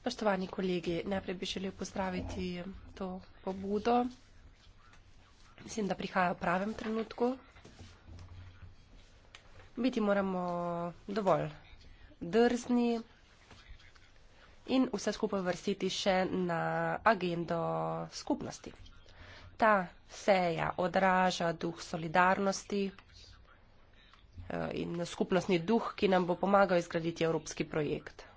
Spoštovani kolegi, najprej bi želel pozdraviti to pobudo. Mislim, da prihaja v pravem trenutku. Biti moramo dovolj drzni in vse skupaj vrstiti še na agendo skupnosti. Ta seja odraža duh solidarnosti eh, in skupnostni duh, ki nam bo pomagal izgraditi evropski projekt.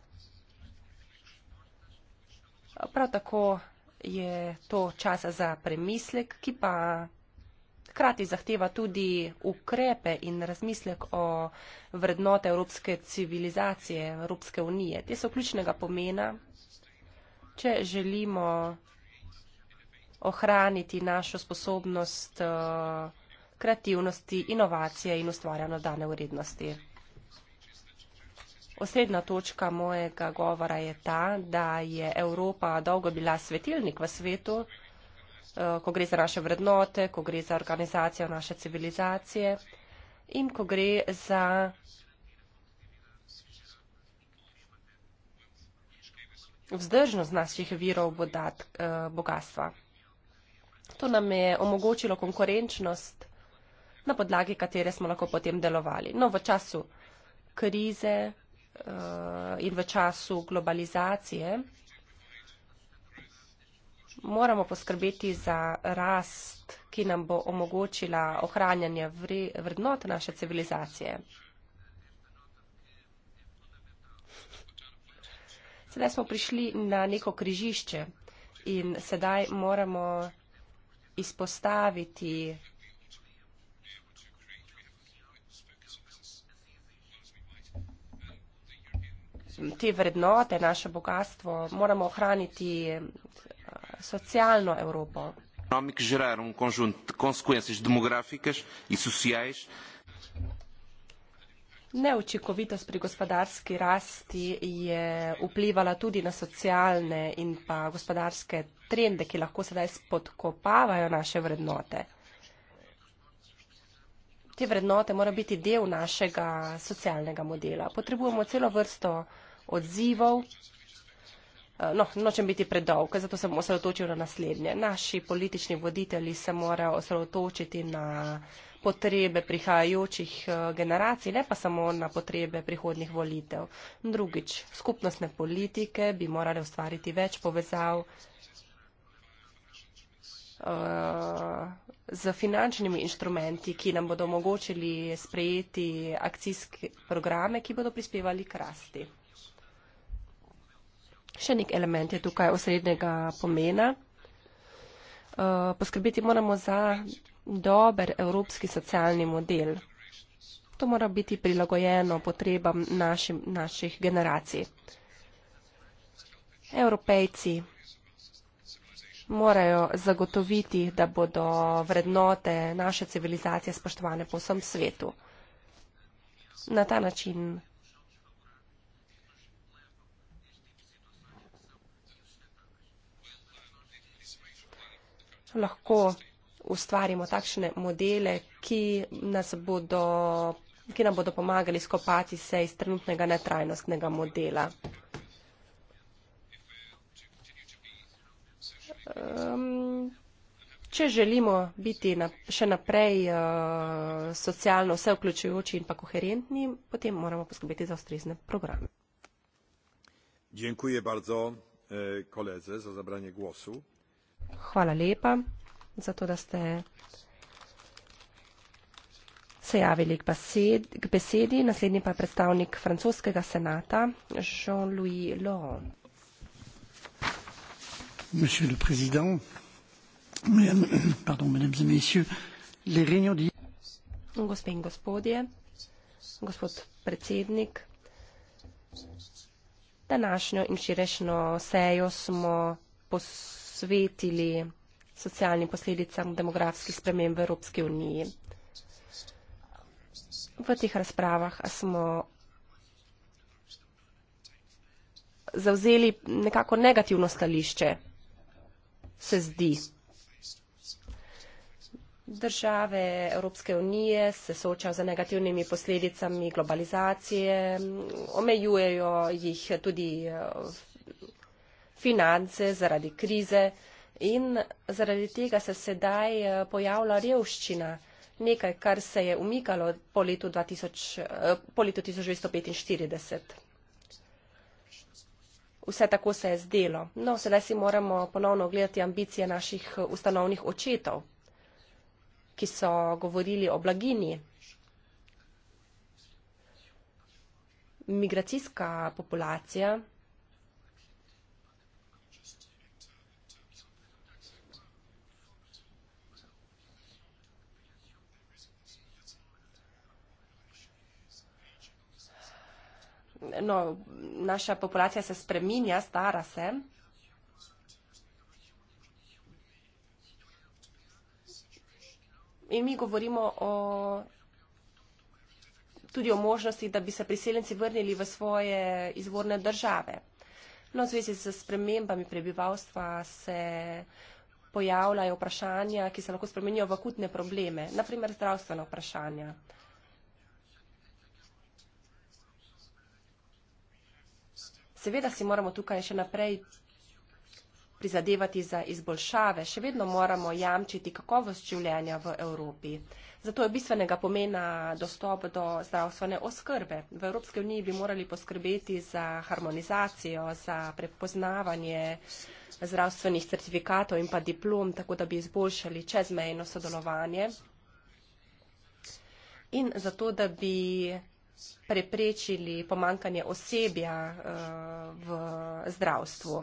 Prav tako je to časa za premislek, ki pa krati zahteva tudi ukrepe in razmislek o vrednote evropske civilizacije, Evropske unije. Te so ključnega pomena, če želimo ohraniti našo sposobnost eh, kreativnosti, inovacije in ustvarjanja dane vrednosti. Osrednja točka mojega govora je ta, da je Evropa dolgo bila svetilnik v svetu, eh, ko gre za naše vrednote, ko gre za organizacijo naše civilizacije in ko gre za vzdržnost naših virov eh, bogatstva. To nam je omogočilo konkurenčnost, na podlagi katere smo lahko potem delovali. No, v času krize Eh, in v času globalizacije moramo poskrbeti za rast, ki nam bo omogočila ohranjanje vrednot naše civilizacije. Sedaj smo prišli na neko križišče in sedaj moramo izpostaviti te vrednote, naše bogatstvo, moramo ohraniti eh, socialno Evropo. Um e Neučinkovitost pri gospodarski rasti je vplivala tudi na socialne in pa gospodarske trende, ki lahko sedaj spodkopavajo naše vrednote te vrednote morajo biti del našega socialnega modela. Potrebujemo celo vrsto odzivov. Eh, no, nočem biti predolg, zato sem osredotočil na naslednje. Naši politični voditelji se morajo osredotočiti na potrebe prihajajočih eh, generacij, ne pa samo na potrebe prihodnih volitev. Drugič, skupnostne politike bi morale ustvariti več povezav. Eh, z finančnimi inštrumenti, ki nam bodo omogočili sprejeti akcijske programe, ki bodo prispevali k rasti. Še nek element je tukaj osrednjega pomena. Eh, poskrbeti moramo za dober evropski socialni model. To mora biti prilagojeno potrebam naši, naših generacij. Evropejci morajo zagotoviti, da bodo vrednote naše civilizacije spoštovane po vsem svetu. Na ta način lahko ustvarimo takšne modele, ki nas bodo ki nam bodo pomagali skopati se iz trenutnega netrajnostnega modela. Um, če želimo biti na, še naprej uh, socialno vse vključujoči in pa koherentni, potem moramo poskrbeti za ustrezne programe. Dziękuję bardzo e, koledze za zabranie głosu. Hvala lepa za to, da ste se javili k, besed, k besedi. Naslednji pa je predstavnik francoskega senata Jean-Louis Laurent. Monsieur le Président, mesdames, pardon, mesdames et messieurs, les réunions d'hier. Gospe in gospodje, gospod predsednik, današnjo in širešnjo sejo smo posvetili socialnim posledicam demografskih sprememb v Evropski uniji. V teh razpravah smo zavzeli nekako negativno stališče se zdi. Države Evropske unije se soočajo z negativnimi posledicami globalizacije, omejujejo jih tudi eh, finance zaradi krize in zaradi tega se sedaj eh, pojavlja revščina, nekaj, kar se je umikalo po letu, 2000, eh, po letu 1945 vse tako se je zdelo. No, sedaj si moramo ponovno ogledati ambicije naših ustanovnih očetov, ki so govorili o blaginji. Migracijska populacija no, naša populacija se spreminja, stara se. In mi govorimo o, tudi o možnosti, da bi se priseljenci vrnili v svoje izvorne države. No, v zvezi s spremembami prebivalstva se pojavljajo vprašanja, ki se lahko spremenijo v akutne probleme, naprimer zdravstvena vprašanja. Seveda si moramo tukaj še naprej prizadevati za izboljšave, še vedno moramo jamčiti kakovost življenja v Evropi. Zato je bistvenega pomena dostop do zdravstvene oskrbe. V Evropske uniji bi morali poskrbeti za harmonizacijo, za prepoznavanje zdravstvenih certifikatov in pa diplom, tako da bi izboljšali čezmejno sodelovanje in zato, da bi preprečili pomankanje osebja eh, v zdravstvu.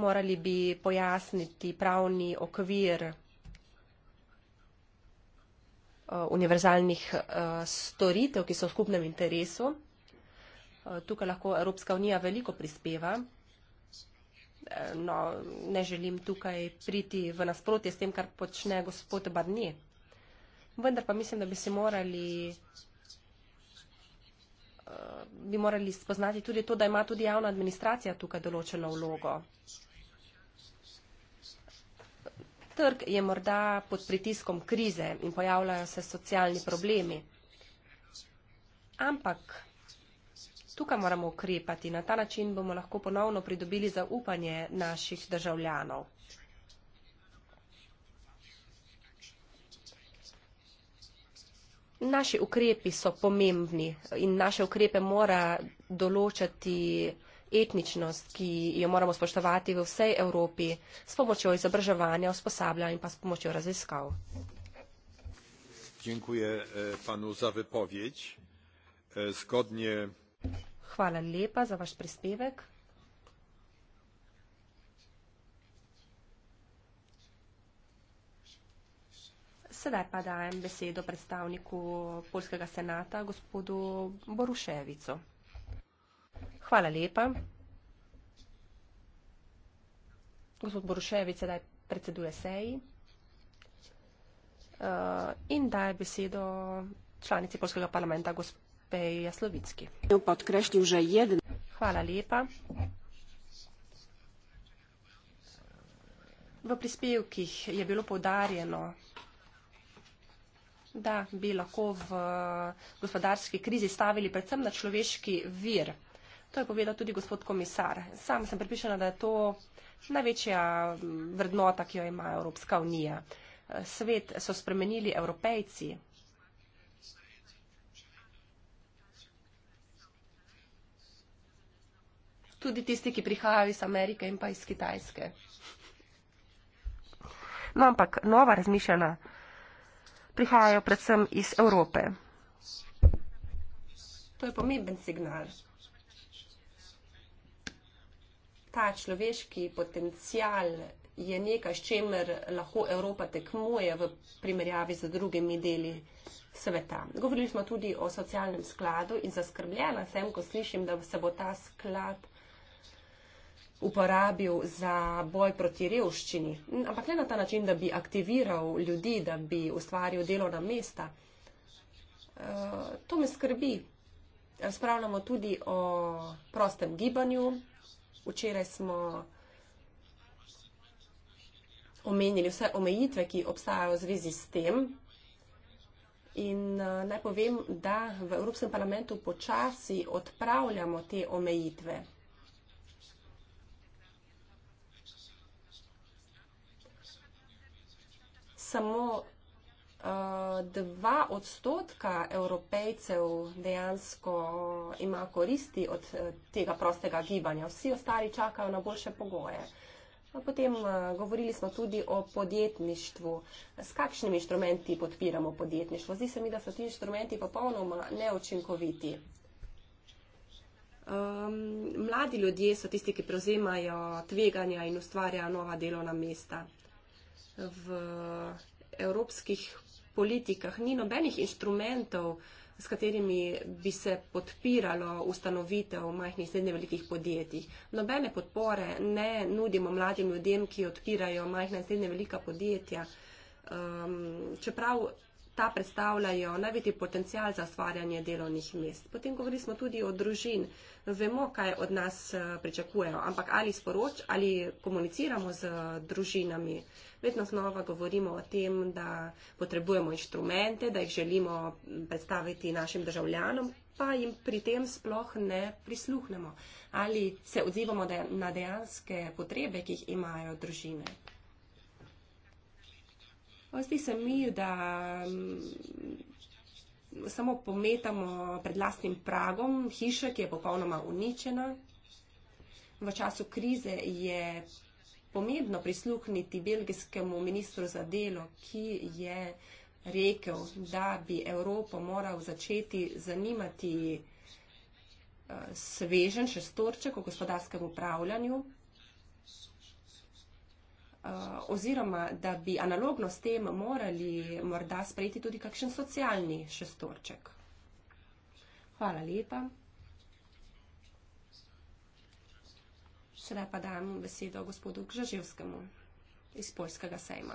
Morali bi pojasniti pravni okvir eh, univerzalnih eh, storitev, ki so v skupnem interesu. Tukaj lahko Evropska unija veliko prispeva. No, ne želim tukaj priti v nasprotje s tem, kar počne gospod Barni. Vendar pa mislim, da bi si morali Eh, bi morali spoznati tudi to, da ima tudi javna administracija tukaj določeno vlogo. Trg je morda pod pritiskom krize in pojavljajo se socialni problemi. Ampak tukaj moramo ukrepati. Na ta način bomo lahko ponovno pridobili zaupanje naših državljanov. Naši ukrepi so pomembni in naše ukrepe mora določati etničnost, ki jo moramo spoštovati v vsej Evropi s pomočjo izobraževanja, usposabljanja in pa s pomočjo raziskav. Dziękuję e, panu za wypowiedź. E, zgodnie Hvala lepa za vaš prispevek. Sedaj pa dajem besedo predstavniku Polskega senata, gospodu Boruševicu. Hvala lepa. Gospod Boruševic sedaj predseduje seji uh, in daje besedo članici Polskega parlamenta, gospe Jaslovicki. Hvala lepa. V prispevkih je bilo povdarjeno, da bi lahko v eh, gospodarski krizi stavili predvsem na človeški vir. To je povedal tudi gospod komisar. Sam sem pripišena, da je to največja mm, vrednota, ki jo ima Evropska unija. Eh, svet so spremenili evropejci. Tudi tisti, ki prihajajo iz Amerike in pa iz Kitajske. No, ampak nova razmišljena prihajajo predvsem iz Evrope. To je pomemben signal. Ta človeški potencial je nekaj, s čemer lahko Evropa tekmuje v primerjavi z drugimi deli sveta. Govorili smo tudi o socialnem skladu in zaskrbljena sem, ko slišim, da se bo ta sklad uporabil za boj proti revščini, ampak ne na ta način, da bi aktiviral ljudi, da bi ustvaril delovna mesta. E, to me skrbi. Razpravljamo tudi o prostem gibanju. Včeraj smo omenili vse omejitve, ki obstajajo v zvezi s tem. In e, naj povem, da v Evropskem parlamentu počasi odpravljamo te omejitve. samo eh, dva uh, odstotka evropejcev dejansko eh, ima koristi od eh, tega prostega gibanja. Vsi ostali čakajo na boljše pogoje. Potem govorili smo tudi o podjetništvu. S kakšnimi inštrumenti podpiramo podjetništvo? Zdi se mi, da so ti inštrumenti popolnoma neočinkoviti. Um, ehm, mladi ljudje so tisti, ki prevzemajo tveganja in ustvarjajo nova delovna mesta v evropskih politikah. Ni nobenih instrumentov, s katerimi bi se podpiralo ustanovitev majhnih in srednje velikih podjetij. Nobene podpore ne nudimo mladim ljudem, ki odpirajo majhna in srednje velika podjetja. Um, čeprav ta predstavljajo največji potencial za stvarjanje delovnih mest. Potem govorili smo tudi o družin. Vemo, kaj od nas eh, pričakujejo, ampak ali sporoč, ali komuniciramo z eh, družinami. Vedno znova govorimo o tem, da potrebujemo inštrumente, da jih želimo mm, predstaviti našim državljanom, pa jim pri tem sploh ne prisluhnemo. Ali se odzivamo na dejanske potrebe, ki jih imajo družine. Zdi se mi, da m, samo pometamo pred lastnim pragom hiše, ki je popolnoma uničena. V času krize je pomembno prisluhniti belgijskemu ministru za delo, ki je rekel, da bi Evropo moral začeti zanimati svežen šestorček o gospodarskem upravljanju. Eh, oziroma da bi analogno s tem morali morda sprejeti tudi kakšen socialni šestorček. Hvala lepa. Sedaj pa dam besedo gospodu Kžaževskemu iz Poljskega sejma.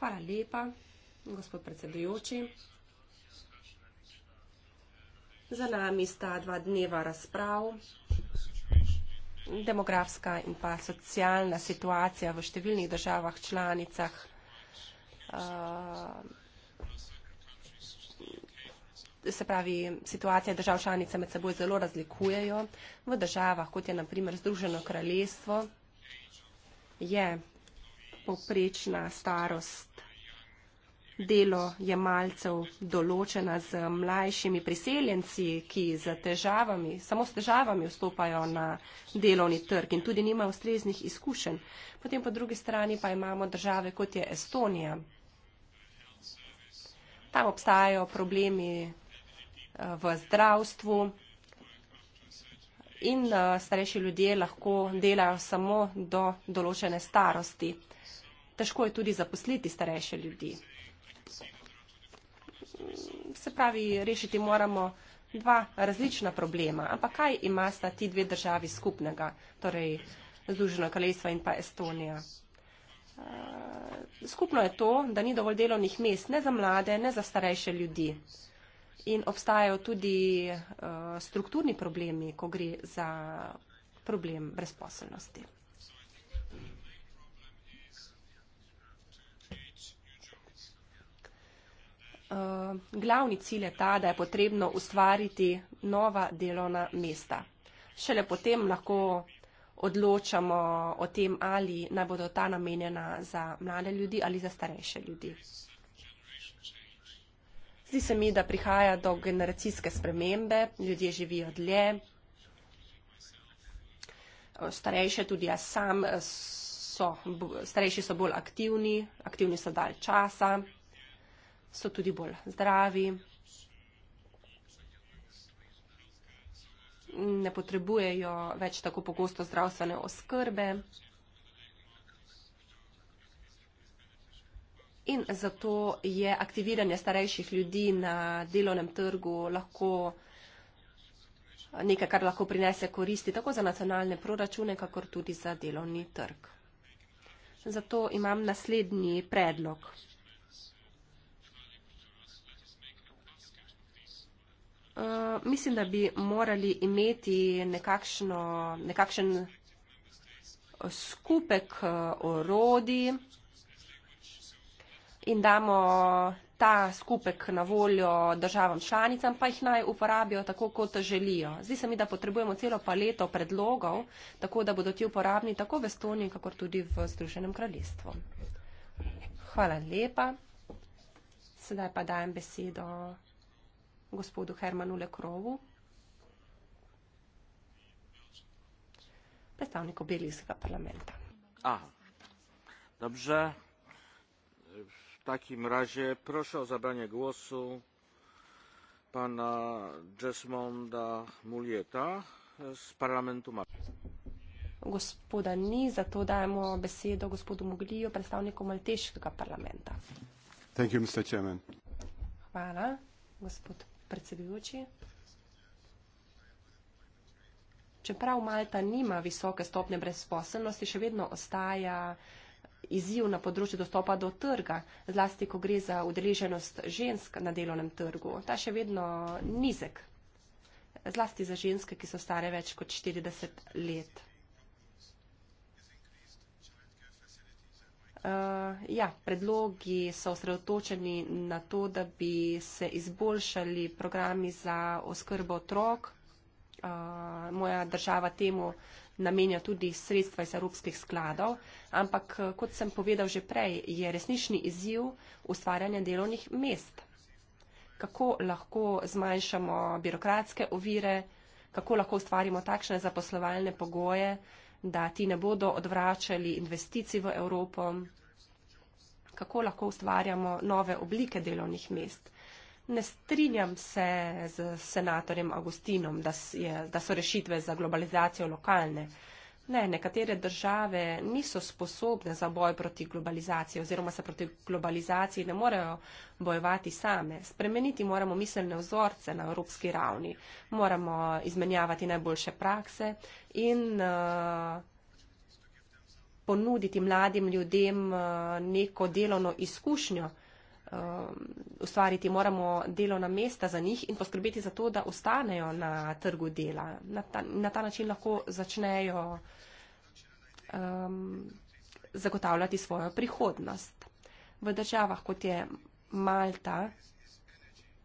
Hvala lepa, gospod predsedujoči. Za nami sta dva dneva razprav demografska in pa socialna situacija v številnih državah članicah. Uh, se pravi, situacija držav članice med seboj zelo razlikujejo. V državah, kot je naprimer Združeno kraljestvo, je poprečna starost delojemalcev določena z mlajšimi priseljenci, ki z težavami, samo s težavami vstopajo na delovni trg in tudi nimajo ustreznih izkušenj. Potem po drugi strani pa imamo države, kot je Estonija. Tam obstajajo problemi eh, v zdravstvu in eh, starejši ljudje lahko delajo samo do določene starosti. Težko je tudi zaposliti starejše ljudi se pravi, rešiti moramo dva različna problema. Ampak kaj ima sta ti dve državi skupnega, torej Združeno kraljestvo in pa Estonija? Eh, skupno je to, da ni dovolj delovnih mest ne za mlade, ne za starejše ljudi. In obstajajo tudi eh, strukturni problemi, ko gre za problem brezposelnosti. Eh, glavni cilj je ta, da je potrebno ustvariti nova delovna mesta. Šele potem lahko odločamo o tem, ali naj bodo ta namenjena za mlade ljudi ali za starejše ljudi. Zdi se mi, da prihaja do generacijske spremembe, ljudje živijo dlje, starejše tudi jaz sam, so, starejši so bolj aktivni, aktivni so dalj časa so tudi bolj zdravi. Ne potrebujejo več tako pogosto zdravstvene oskrbe. In zato je aktiviranje starejših ljudi na delovnem trgu lahko nekaj, kar lahko prinese koristi tako za nacionalne proračune, kakor tudi za delovni trg. Zato imam naslednji predlog. Eh, mislim, da bi morali imeti nekakšno, nekakšen skupek eh, orodij in damo ta skupek na voljo državam članicam, pa jih naj uporabijo tako, kot želijo. Zdi se mi, da potrebujemo celo paleto predlogov, tako da bodo ti uporabni tako v Estoniji, kakor tudi v Združenem kraljestvu. Hvala lepa. Sedaj pa dajem besedo gospodu Hermanu Lekrovu, predstavniku Belgijskega parlamenta. Aha. Dobrze. W takim razie proszę o zabranie głosu pana Jesmonda Mulieta z parlamentu Malty. Gospoda ni, zato dajemo besedo gospodu Mugliju, predstavniku Malteškega parlamenta. Thank you, Mr. Chairman. Hvala, gospod predsedujoči. Čeprav Malta nima visoke stopnje brezposelnosti, še vedno ostaja izziv na področju dostopa do trga, zlasti ko gre za udeleženost žensk na delovnem trgu. Ta še vedno nizek, zlasti za ženske, ki so stare več kot 40 let. uh, ja, predlogi so osredotočeni na to, da bi se izboljšali programi za oskrbo otrok. Uh, moja država temu namenja tudi sredstva iz evropskih skladov, ampak eh, kot sem povedal že prej, je resnični izziv ustvarjanje delovnih mest. Kako lahko zmanjšamo birokratske ovire, kako lahko ustvarimo takšne zaposlovalne pogoje, uh, da ti ne bodo odvračali investicij v Evropo, kako lahko ustvarjamo nove oblike delovnih mest. Ne strinjam se z senatorjem Agustinom, da, je, da so rešitve za globalizacijo lokalne. Ne, nekatere države niso sposobne za boj proti globalizaciji oziroma se proti globalizaciji ne morejo bojevati same. Spremeniti moramo miselne vzorce na evropski ravni, moramo izmenjavati najboljše prakse in uh, ponuditi mladim ljudem uh, neko delovno izkušnjo, uh, Um, ustvariti, moramo delovna mesta za njih in poskrbeti za to, da ostanejo na trgu dela. Na ta, na ta način lahko začnejo um, zagotavljati svojo prihodnost. V državah, kot je Malta,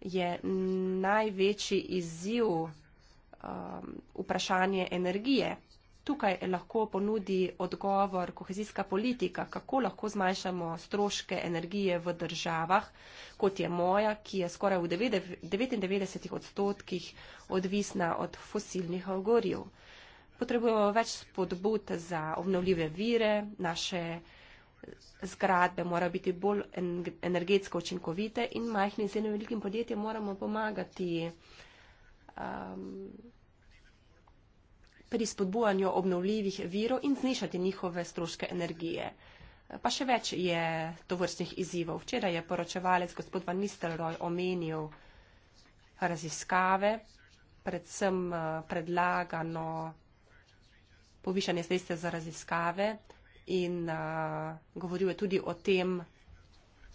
je največji izziv um, vprašanje energije tukaj lahko ponudi odgovor kohezijska politika, kako lahko zmanjšamo stroške energije v državah, kot je moja, ki je skoraj v 99 odstotkih odvisna od fosilnih goriv. Potrebujemo več spodbud za obnovljive vire, naše zgradbe morajo biti bolj energetsko učinkovite in majhnim in velikim podjetjem moramo pomagati. Um, pri spodbujanju obnovljivih virov in znišati njihove stroške energije. Pa še več je to vrstnih izzivov. Včeraj je poročevalec gospod Van Nistelrooy omenil raziskave, predvsem eh, predlagano povišanje sredstev za raziskave in eh, govoril je tudi o tem,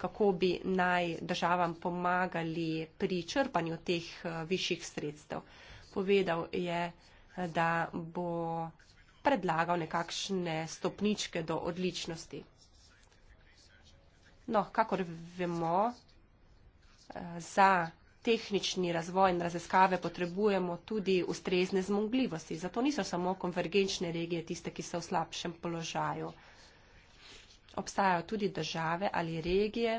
kako bi naj državam pomagali pri črpanju teh eh, višjih sredstev. Povedal je, da da bo predlagal nekakšne stopničke do odličnosti. No, kakor vemo, eh, za tehnični razvoj in raziskave potrebujemo tudi ustrezne zmogljivosti. Zato niso samo konvergenčne regije tiste, ki so v slabšem položaju. Obstajajo tudi države ali regije,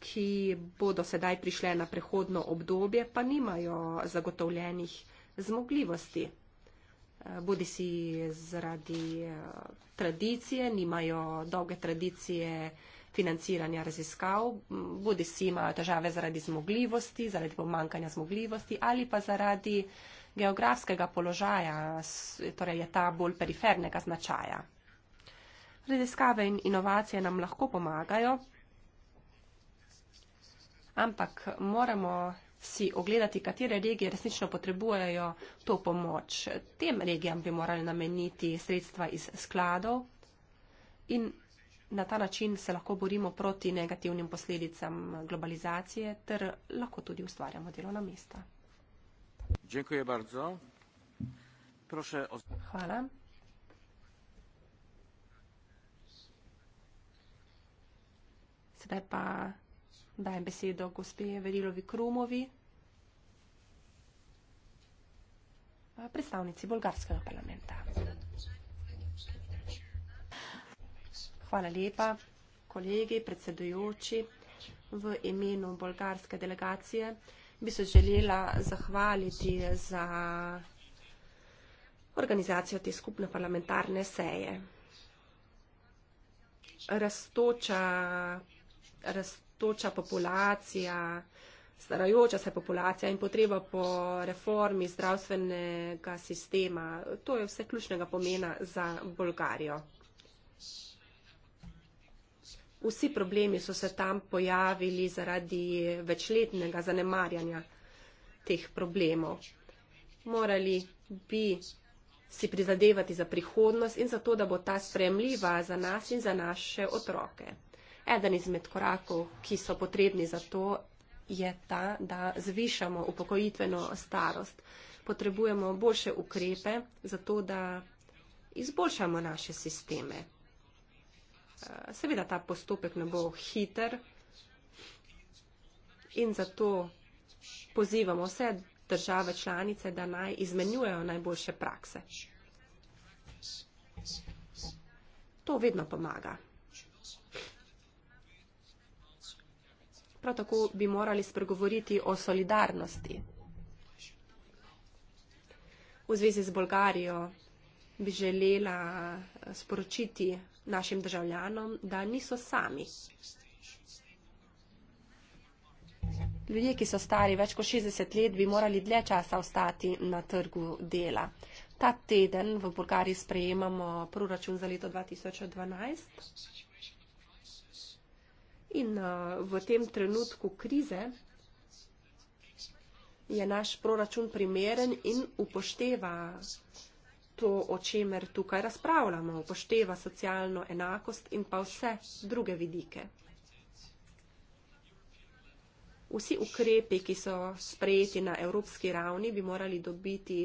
ki bodo sedaj prišle na prehodno obdobje, pa nimajo zagotovljenih zmogljivosti. Bodi si zaradi eh, tradicije, nimajo dolge tradicije financiranja raziskav, bodi si imajo težave zaradi zmogljivosti, zaradi pomankanja zmogljivosti ali pa zaradi geografskega položaja, torej je ta bolj perifernega značaja. Raziskave in inovacije nam lahko pomagajo, ampak moramo si ogledati, katere regije resnično potrebujejo to pomoč. Tem regijam bi morali nameniti sredstva iz skladov in na ta način se lahko borimo proti negativnim posledicam globalizacije ter lahko tudi ustvarjamo delovna mesta. Hvala. Sedaj pa Dajem besedo gospe Verilovi Krumovi, predstavnici bolgarskega parlamenta. Hvala lepa, kolegi, predsedujoči. V imenu bolgarske delegacije bi se želela zahvaliti za organizacijo te skupne parlamentarne seje. Rastoča, rast, toča populacija, starajoča se populacija in potreba po reformi zdravstvenega sistema. To je vse ključnega pomena za Bolgarijo. Vsi problemi so se tam pojavili zaradi večletnega zanemarjanja teh problemov. Morali bi si prizadevati za prihodnost in za to, da bo ta spremljiva za nas in za naše otroke. Eden izmed korakov, ki so potrebni za to, je ta, da zvišamo upokojitveno starost. Potrebujemo boljše ukrepe za to, da izboljšamo naše sisteme. Eh, seveda ta postopek ne bo hiter in zato pozivamo vse države članice, da naj izmenjujejo najboljše prakse. To vedno pomaga. Prav tako bi morali spregovoriti o solidarnosti. V zvezi z Bolgarijo bi želela eh, sporočiti našim državljanom, da niso sami. Ljudje, ki so stari več kot 60 let, bi morali dlje časa ostati na trgu dela. Ta teden v Bolgariji sprejemamo proračun za leto 2012. In uh, v tem trenutku krize je naš proračun primeren in upošteva to, o čemer tukaj razpravljamo, upošteva socialno enakost in pa vse druge vidike. Vsi ukrepi, ki so sprejeti na evropski ravni, bi morali dobiti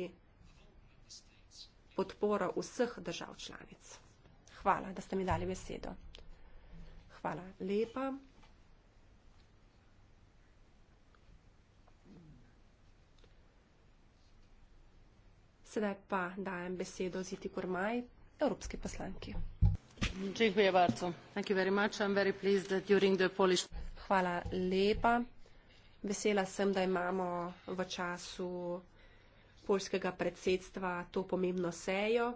podporo vseh držav članic. Hvala, da ste mi dali besedo. Hvala lepa. Sedaj pa dajem besedo Ziti Kormaj, evropski poslanki. Hvala lepa. Vesela sem, da imamo v času polskega predsedstva to pomembno sejo.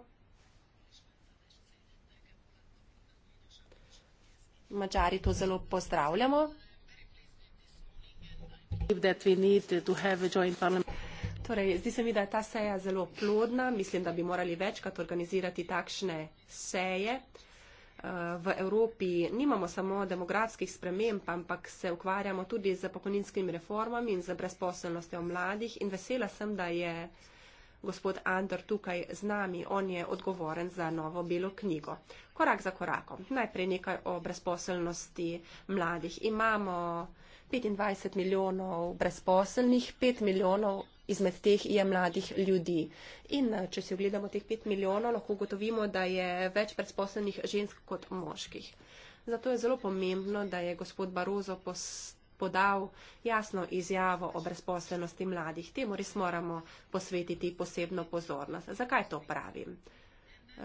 Mačari to zelo pozdravljamo. Torej, zdi se mi, da je ta seja zelo plodna. Mislim, da bi morali večkrat organizirati takšne seje. Eh, v Evropi nimamo samo demografskih sprememb, ampak se ukvarjamo tudi z pokojninskimi reformami in z brezposelnostjo mladih. In vesela sem, da je gospod Andr tukaj z nami, on je odgovoren za novo belo knjigo. Korak za korakom. Najprej nekaj o brezposelnosti mladih. Imamo 25 milijonov brezposelnih, 5 milijonov izmed teh je mladih ljudi. In če si ogledamo teh 5 milijonov, lahko ugotovimo, da je več brezposelnih žensk kot moških. Zato je zelo pomembno, da je gospod Barozo postavil podal jasno izjavo o brezposelnosti mladih. Temu res moramo posvetiti posebno pozornost. Zakaj to pravim?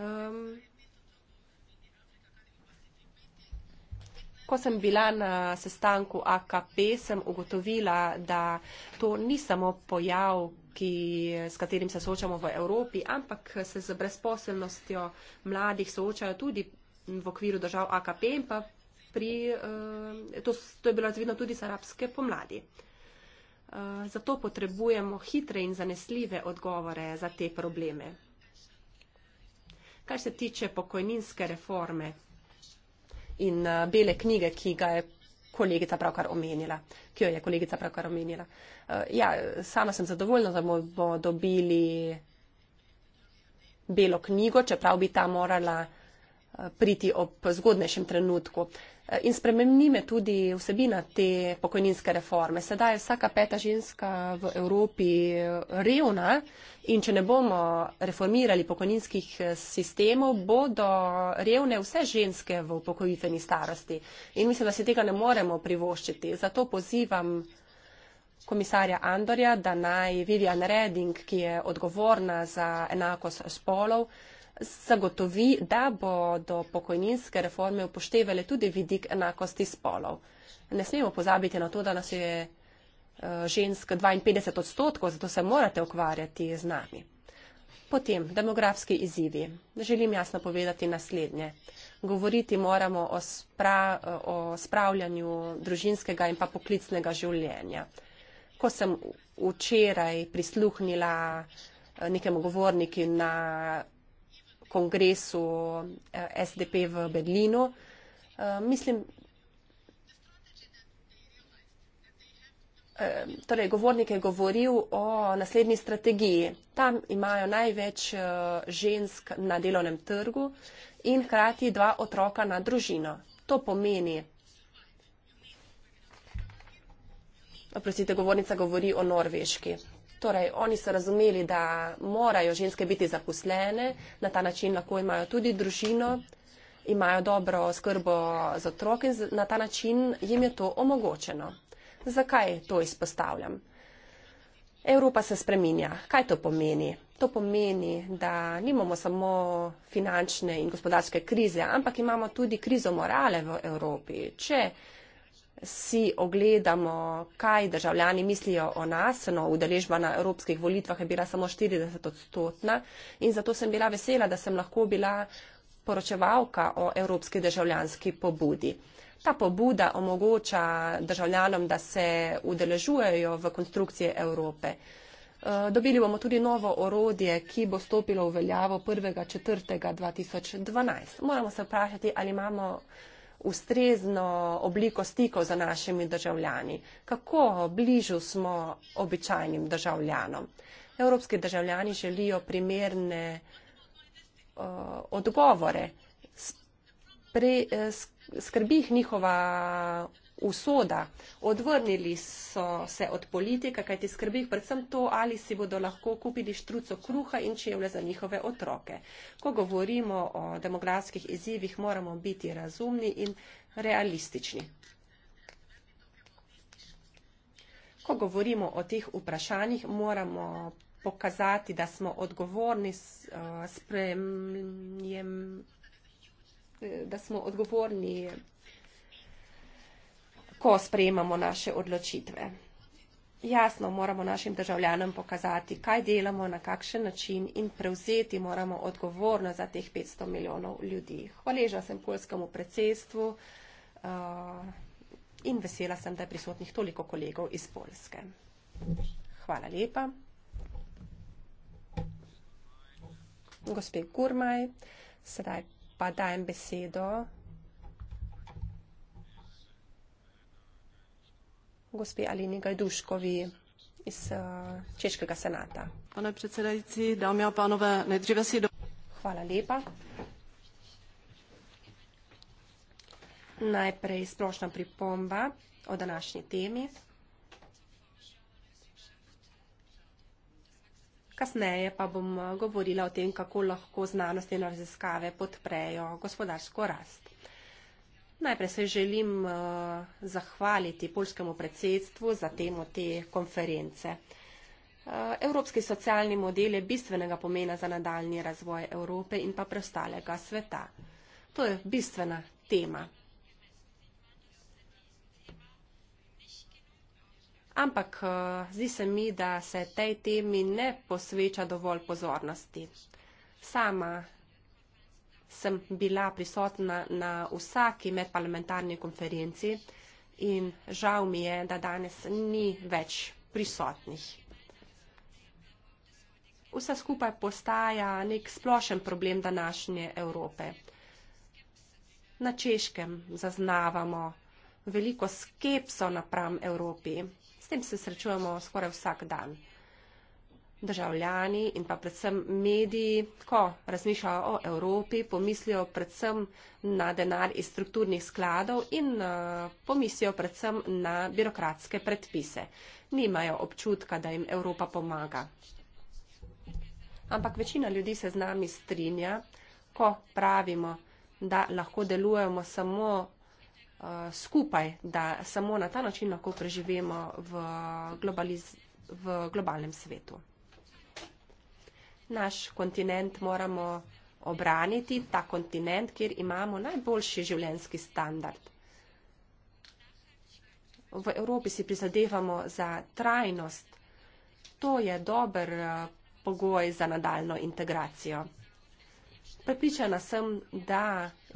Um, Ko sem bila na sestanku AKP, sem ugotovila, da to ni samo pojav, ki, s katerim se soočamo v Evropi, ampak se z brezposelnostjo mladih soočajo tudi v okviru držav AKP in pa pri, eh, to, to je bilo razvidno tudi iz arabske pomladi. Eh, zato potrebujemo hitre in zanesljive odgovore za te probleme. Kar se tiče pokojninske reforme in eh, bele knjige, ki ga je kolegica pravkar omenila, ki jo je kolegica pravkar omenila. Ja, sama sem zadovoljna, da bomo dobili belo knjigo, čeprav bi ta morala priti ob zgodnejšem trenutku. Eh, in spremenime tudi vsebina te pokojninske reforme. Sedaj je vsaka peta ženska v Evropi eh, revna in če ne bomo reformirali pokojninskih eh, sistemov, bodo revne vse ženske v upokojitveni starosti. In mislim, da si tega ne moremo privoščiti. Zato pozivam komisarja Andorja, da naj Vivian Reding, ki je odgovorna za enakost spolov, zagotovi, da bo do pokojninske reforme upoštevali tudi vidik enakosti spolov. Ne smemo pozabiti na to, da nas je eh, žensk 52 odstotkov, zato se morate ukvarjati z nami. Potem, demografski izzivi. Želim jasno povedati naslednje. Govoriti moramo o, spra, o spravljanju družinskega in pa poklicnega življenja. Ko sem včeraj prisluhnila eh, nekemu govorniki na kongresu eh, SDP v Berlinu. Eh, mislim, eh, torej, govornik je govoril o naslednji strategiji. Tam imajo največ žensk na delovnem trgu in hkrati dva otroka na družino. To pomeni, oprostite, govornica govori o norveški. Torej, oni so razumeli, da morajo ženske biti zaposlene, na ta način lahko imajo tudi družino, imajo dobro skrbo z otroki in na ta način jim je to omogočeno. Zakaj to izpostavljam? Evropa se spreminja. Kaj to pomeni? To pomeni, da nimamo samo finančne in gospodarske krize, ampak imamo tudi krizo morale v Evropi. Če si ogledamo, kaj državljani mislijo o nas. No, udeležba na evropskih volitvah je bila samo 40 odstotna in zato sem bila vesela, da sem lahko bila poročevalka o evropski državljanski pobudi. Ta pobuda omogoča državljanom, da se udeležujejo v konstrukcije Evrope. Eh, dobili bomo tudi novo orodje, ki bo stopilo v veljavo 1.4.2012. Moramo se vprašati, ali imamo ustrezno obliko stikov za našimi državljani, kako bližu smo običajnim državljanom. Evropski državljani želijo primerne uh, odgovore, Pre, uh, eh, skrbi jih njihova usoda. Odvrnili so se od politika, kaj ti skrbi predvsem to, ali si bodo lahko kupili štruco kruha in čevlje za njihove otroke. Ko govorimo o demografskih izzivih, moramo biti razumni in realistični. Ko govorimo o teh vprašanjih, moramo pokazati, da smo odgovorni eh, sprejem, eh, da smo odgovorni ko sprejemamo naše odločitve. Jasno, moramo našim državljanom pokazati, kaj delamo, na kakšen način in prevzeti moramo odgovorno za teh 500 milijonov ljudi. Hvaležna sem polskemu predsedstvu uh, in vesela sem, da je prisotnih toliko kolegov iz Polske. Hvala lepa. Gospe Gurmaj, sedaj pa dajem besedo gospe Alini Gajduškovi iz eh, Češkega senata. Pane predsedajci, dámy a pánové, nejdříve si do... Hvala lepa. Najprej splošna pripomba o današnji temi. Kasneje pa bom govorila o tem, kako lahko znanost in raziskave podprejo gospodarsko rast. Najprej se želim uh, zahvaliti polskemu predsedstvu za temo te konference. Uh, Evropski socialni model je bistvenega pomena za nadaljni razvoj Evrope in pa preostalega sveta. To je bistvena tema. Ampak eh, zdi se mi, da se tej temi ne posveča dovolj pozornosti. Sama sem bila prisotna na vsaki medparlamentarni konferenci in žal mi je, da danes ni več prisotnih. Vse skupaj postaja nek splošen problem današnje Evrope. Na Češkem zaznavamo veliko skepso napram Evropi. S tem se srečujemo skoraj vsak dan državljani in pa predvsem mediji, ko razmišljajo o Evropi, pomislijo predvsem na denar iz strukturnih skladov in eh, pomislijo predvsem na birokratske predpise. Nimajo občutka, da jim Evropa pomaga. Ampak večina ljudi se z nami strinja, ko pravimo, da lahko delujemo samo eh, skupaj, da samo na ta način lahko preživemo v, globaliz v globalnem svetu naš kontinent moramo obraniti, ta kontinent, kjer imamo najboljši življenjski standard. V Evropi si prizadevamo za trajnost. To je dober eh, pogoj za nadaljno integracijo. Prepričana sem, da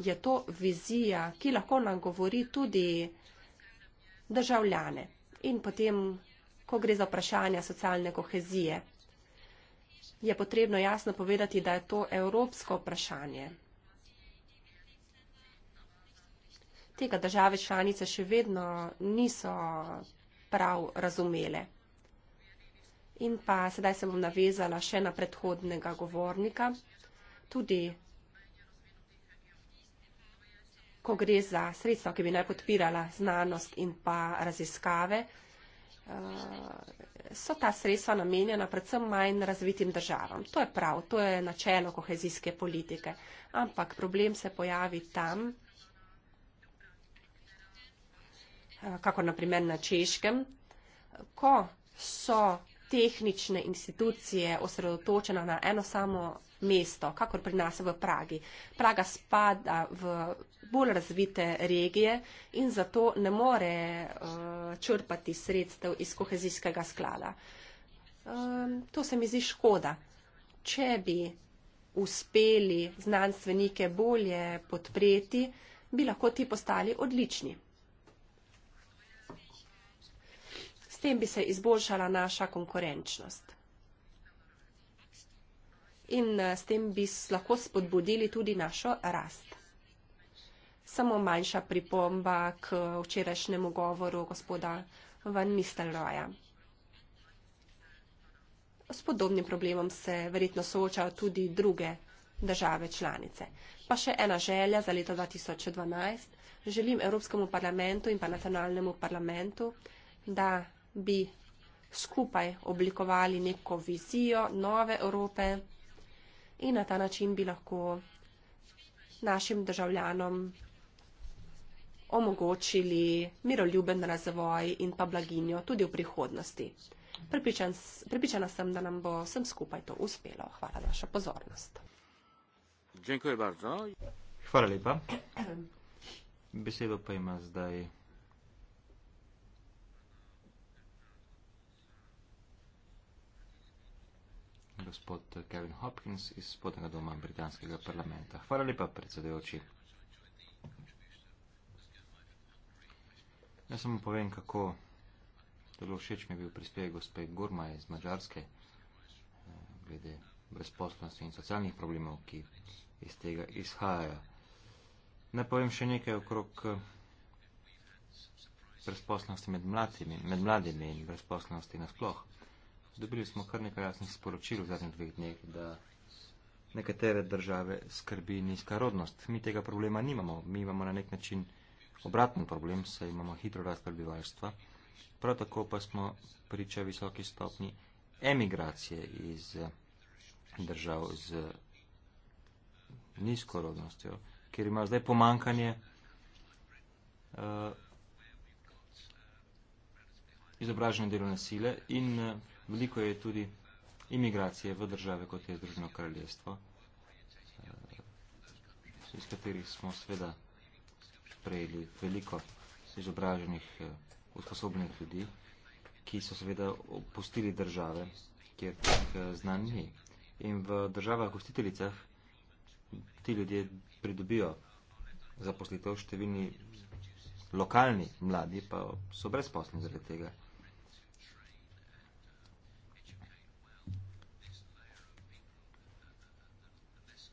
je to vizija, ki lahko nagovori tudi državljane in potem, ko gre za vprašanja socialne kohezije je potrebno jasno povedati, da je to evropsko vprašanje. Tega države članice še vedno niso prav razumele. In pa sedaj se bom navezala še na predhodnega govornika. Tudi, ko gre za sredstva, ki bi naj podpirala znanost in pa raziskave, so ta sredstva namenjena predvsem manj razvitim državam. To je prav, to je načelo kohezijske politike. Ampak problem se pojavi tam, eh, kako naprimer na Češkem, ko so tehnične institucije osredotočena na eno samo mesto, kakor pri nas v Pragi. Praga spada v bolj razvite regije in zato ne more uh, črpati sredstev iz kohezijskega sklada. Um, to se mi zdi škoda. Če bi uspeli znanstvenike bolje podpreti, bi lahko ti postali odlični. S tem bi se izboljšala naša konkurenčnost in eh, s tem bi lahko spodbudili tudi našo rast. Samo manjša pripomba k eh, včerajšnjemu govoru gospoda Van Mistelroja. S podobnim problemom se verjetno soočajo tudi druge države članice. Pa še ena želja za leto 2012. Želim Evropskemu parlamentu in pa nacionalnemu parlamentu, da bi skupaj oblikovali neko vizijo nove Evrope in na ta način bi lahko našim državljanom omogočili miroljuben razvoj in pa blaginjo tudi v prihodnosti. Pripričan, pripričana sem, da nam bo vsem skupaj to uspelo. Hvala za vašo pozornost. Hvala lepa. Besedo pa ima zdaj. gospod Kevin Hopkins iz spodnega doma britanskega parlamenta. Hvala lepa, predsedujoči. Ja samo povem, kako zelo všeč mi je bil prispevek gospe Gurma iz Mačarske eh, glede brezposlenosti in socialnih problemov, ki iz tega izhajajo. Naj povem še nekaj okrog eh, brezposlenosti med mladimi, med mladimi in brezposlenosti nasploh dobili smo kar nekaj jasnih sporočil v zadnjih dveh dneh, da nekatere države skrbi nizka rodnost. Mi tega problema nimamo, mi imamo na nek način obraten problem, saj imamo hitro rast prebivalstva. Prav tako pa smo priča visoki stopni emigracije iz držav z nizko rodnostjo, kjer ima zdaj pomankanje uh, izobražene delovne sile in eh, veliko je tudi imigracije v države, kot je Združeno kraljestvo, eh, iz katerih smo sveda prejeli veliko izobraženih, eh, usposobljenih ljudi, ki so seveda opustili države, kjer teh znanj ni. In v državah gostiteljicah ti ljudje pridobijo zaposlitev, številni lokalni mladi pa so brezposlni zaradi tega.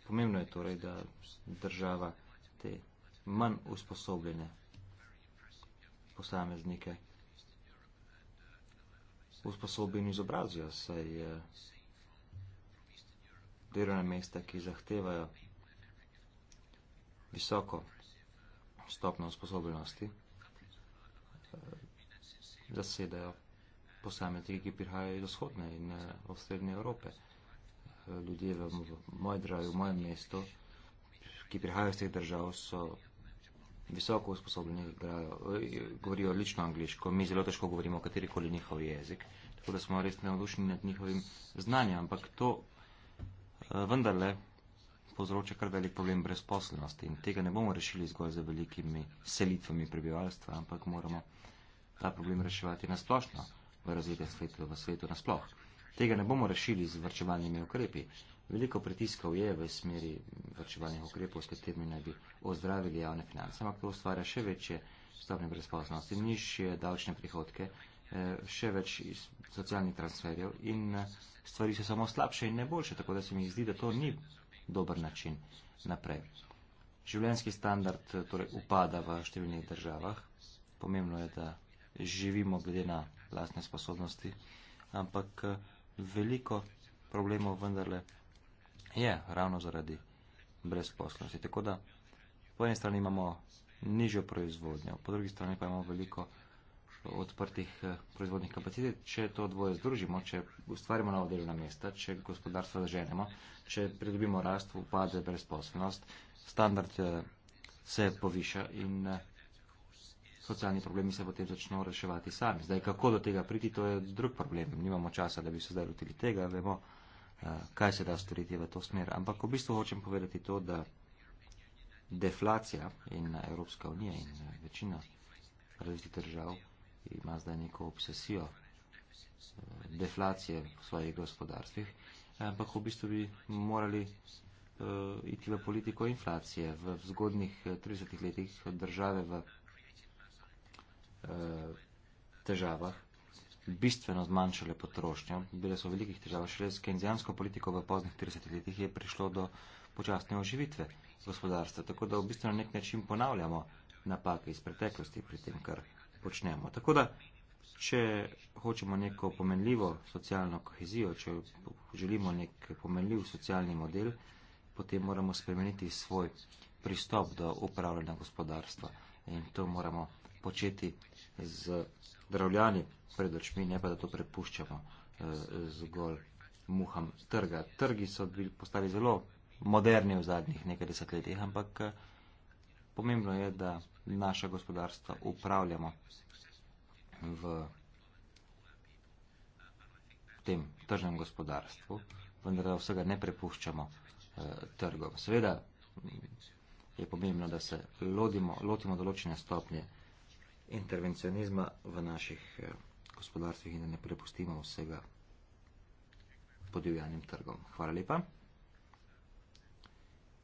Pomembno je torej, da država te manj usposobljene posameznike usposobljeni izobrazijo, saj eh, delovne mesta, ki zahtevajo visoko stopno usposobljenosti, eh, zasedajo posamezniki, ki prihajajo iz vzhodne in eh, osrednje Evrope ljudje v moji državi, v mojem mestu, ki prihajajo iz teh držav, so visoko usposobljeni, govorijo odlično angliško, mi zelo težko govorimo katerikoli njihov jezik, tako da smo res navdušeni nad njihovim znanjem, ampak to eh, vendarle povzroča kar velik problem brezposlenosti in tega ne bomo rešili zgolj z velikimi selitvami prebivalstva, ampak moramo ta problem reševati nasplošno v razvitem svetu, v svetu nasplošno. Tega ne bomo rešili z vrčevalnimi ukrepi. Veliko pritiskov je v smeri vrčevalnih ukrepov, s katerimi naj bi ozdravili javne finance, ampak to ustvarja še večje stopnje brezposobnosti, nižje davčne prihodke, eh, še več socialnih transferjev in eh, stvari so samo slabše in ne boljše, tako da se mi zdi, da to ni dober način naprej. Življenski standard eh, torej, upada v številnih državah. Pomembno je, da živimo glede na lastne sposobnosti, ampak veliko problemov vendarle je ravno zaradi brezposlenosti. Tako da po eni strani imamo nižjo proizvodnjo, po drugi strani pa imamo veliko odprtih eh, proizvodnih kapacitet. Če to dvoje združimo, če ustvarimo nova delovna mesta, če gospodarstvo zaženemo, če pridobimo rast, upade brezposlenost, standard eh, se poviša in eh, socialni problemi se potem začnejo reševati sami. Zdaj, kako do tega priti, to je drug problem. Nimamo časa, da bi se zdaj lotili tega, vemo, eh, kaj se da storiti v to smer. Ampak v bistvu hočem povedati to, da deflacija in Evropska unija in eh, večina različnih držav ima zdaj neko obsesijo eh, deflacije v svojih gospodarstvih, ampak v bistvu bi morali uh, iti v politiko inflacije. V zgodnih 30 letih države v Eh, težavah, bistveno zmanjšale potrošnjo, bile so velikih težav. Šele s kenzijansko politiko v poznih 30 letih je prišlo do počasne oživitve gospodarstva. Tako da v bistvu na nek način ponavljamo napake iz preteklosti pri tem, kar počnemo. Tako da, če hočemo neko pomenljivo socialno kohezijo, če želimo nek pomenljiv socialni model, potem moramo spremeniti svoj pristop do upravljanja gospodarstva. In to moramo početi z državljani pred očmi, ne pa da to prepuščamo eh, zgolj muham trga. Trgi so bili postali zelo moderni v zadnjih nekaj desetletjih, ampak eh, pomembno je, da naša gospodarstva upravljamo v tem tržnem gospodarstvu, vendar da vsega ne prepuščamo eh, trgom. Seveda mm, je pomembno, da se lotimo določene stopnje eh, intervencionizma v naših eh, gospodarstvih in da ne prepustimo vsega podivjanim trgom. Hvala lepa.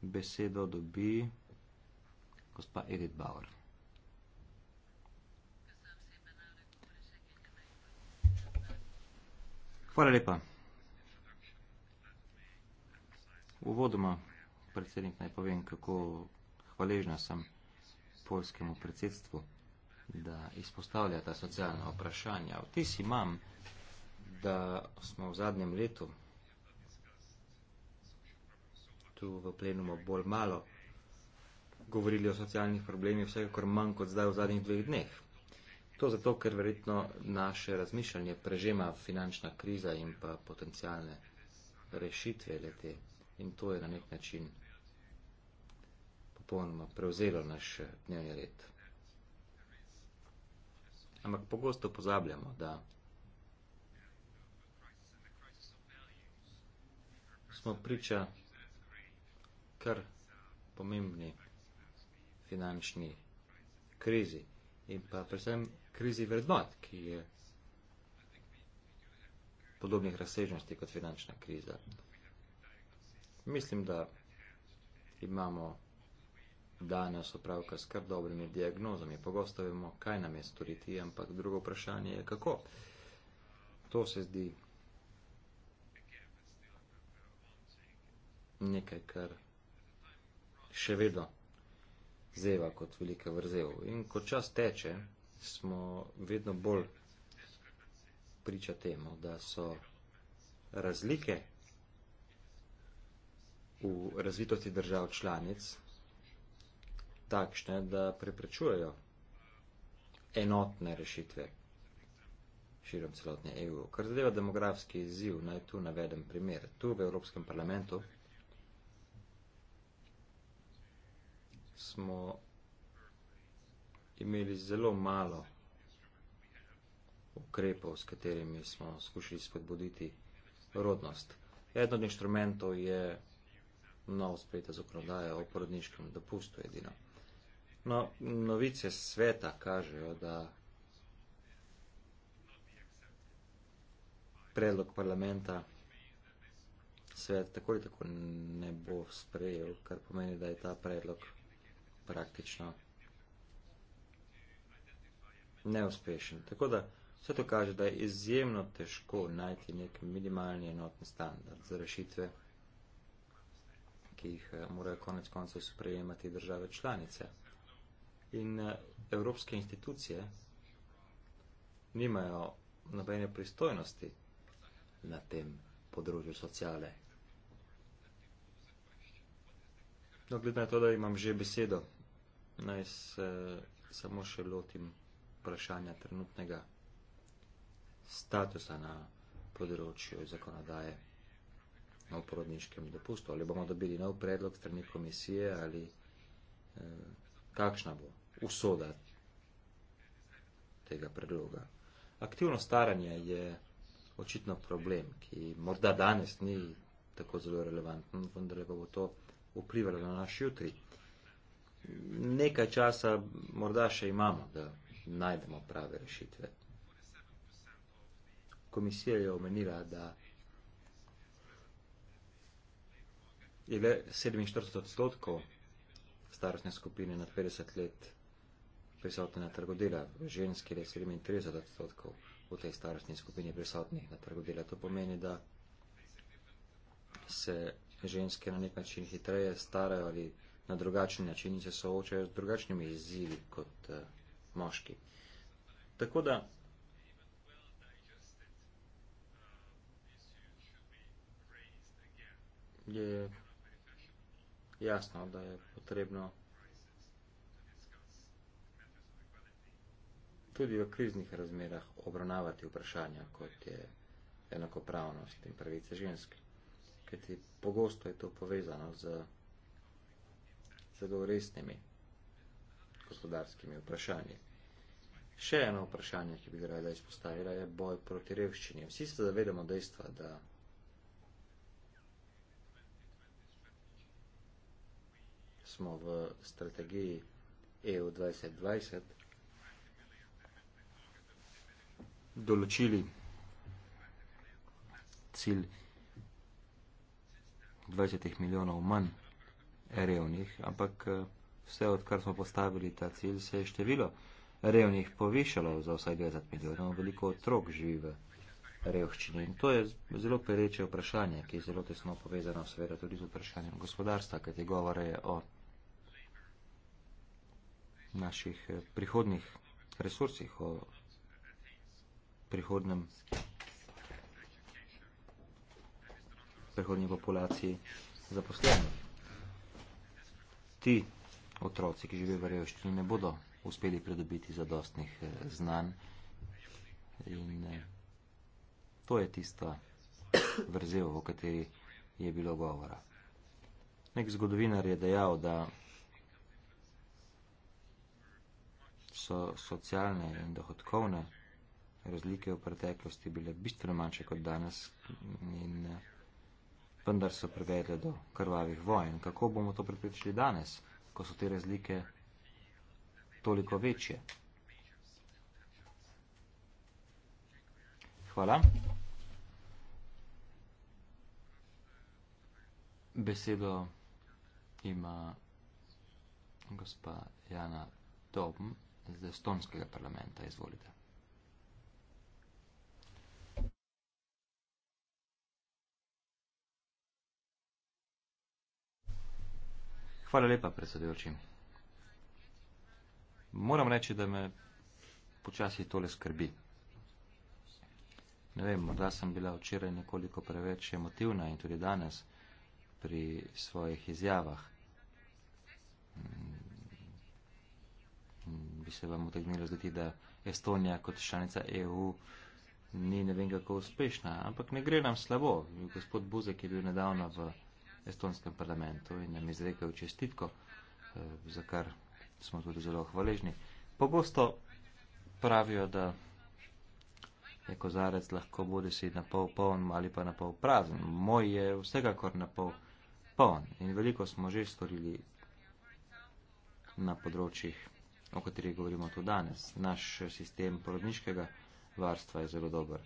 Besedo dobi gospa Edith Bauer. Hvala lepa. Uvodoma, predsednik, naj povem, kako hvaležna sem polskemu predsedstvu da izpostavlja ta socialna vprašanja. Vtis imam, da smo v zadnjem letu tu v plenumu bolj malo govorili o socialnih problemih, vsekakor manj kot zdaj v zadnjih dveh dneh. To zato, ker verjetno naše razmišljanje prežema finančna kriza in pa potencijalne rešitve lete. In to je na nek način popolnoma prevzelo naš dnevni red. Ampak pogosto pozabljamo, da smo priča kar pomembni finančni krizi in pa predvsem krizi vrednot, ki je podobnih razsežnosti kot finančna kriza. Mislim, da imamo Danes opravka s kar dobrimi diagnozami. Pogosto vemo, kaj nam je storiti, ampak drugo vprašanje je, kako. To se zdi nekaj, kar še vedno zeva kot velika vrzel. In ko čas teče, smo vedno bolj priča temu, da so razlike v razvitosti držav članic takšne, da preprečujejo enotne rešitve širom celotne EU. Kar zadeva demografski izziv, naj tu navedem primer. Tu v Evropskem parlamentu smo imeli zelo malo ukrepov, s katerimi smo skušali spodbuditi rodnost. Eden od inštrumentov je nov sprejeta zakonodaja o porodniškem dopustu edino. No, novice sveta kažejo, da predlog parlamenta svet tako ali tako ne bo sprejel, kar pomeni, da je ta predlog praktično neuspešen. Tako da vse to kaže, da je izjemno težko najti nek minimalni enotni standard za rešitve, ki jih eh, morajo konec koncev sprejemati države članice. In eh, evropske institucije nimajo nobene pristojnosti na tem področju sociale. No, glede na to, da imam že besedo, naj se eh, samo še lotim vprašanja trenutnega statusa na področju zakonodaje o porodniškem dopustu. Ali bomo dobili nov predlog strani komisije ali eh, kakšna bo usoda tega predloga. Aktivno staranje je očitno problem, ki morda danes ni tako zelo relevanten, vendar pa bo to vplivalo na naš jutri. Nekaj časa morda še imamo, da najdemo prave rešitve. Komisija je omenila, da je le 47 odstotkov starostne skupine nad 50 let prisotni na trgu dela. Ženski je 37 odstotkov v tej starostni skupini prisotnih na trgu dela. To pomeni, da se ženske na nek način hitreje starajo ali na drugačen način se soočajo z drugačnimi izzivi kot uh, moški. Tako da je jasno, da je potrebno tudi v kriznih razmerah obravnavati vprašanja, kot je enakopravnost in pravice ženske. Kajti pogosto je to povezano z zelo resnimi gospodarskimi vprašanji. Še eno vprašanje, ki bi ga rada izpostavila, je boj proti revščini. Vsi se zavedamo dejstva, da smo v strategiji EU 2020 določili cilj 20 milijonov manj revnih, ampak eh, vse odkar smo postavili ta cilj, se je število revnih povišalo za vsaj 20 milijonov, veliko otrok živi v revščini. In to je zelo pereče vprašanje, ki je zelo tesno povezano seveda tudi z vprašanjem gospodarstva, kaj te govore o naših eh, prihodnih resursih, o prihodnem, prihodnji populaciji zaposlenih. Ti otroci, ki živejo v revščini, ne bodo uspeli pridobiti zadostnih eh, znanj. In eh, to je tista vrzel, o kateri je bilo govora. Nek zgodovinar je dejal, da so socialne in dohodkovne razlike v preteklosti bile bistveno manjše kot danes in eh, vendar so privedle do krvavih vojen. Kako bomo to preprečili danes, ko so te razlike toliko večje? Hvala. Besedo ima gospa Jana Dobm z estonskega parlamenta. Izvolite. Hvala lepa, predsedujoči. Moram reči, da me počasi tole skrbi. Ne vem, morda sem bila včeraj nekoliko preveč emotivna in tudi danes pri svojih izjavah. Bi se vam utegnilo zdeti, da Estonija kot članica EU ni ne vem kako uspešna, ampak ne gre nam slabo. Gospod Buzek je bil nedavno v estonskem parlamentu in nam izrekel čestitko, eh, za kar smo tudi zelo hvaležni. Pogosto pravijo, da je kozarec lahko bodi si na pol poln ali pa na pol prazen. Moj je vsekakor na pol poln in veliko smo že storili na področjih, o katerih govorimo tu danes. Naš sistem porodniškega varstva je zelo dober.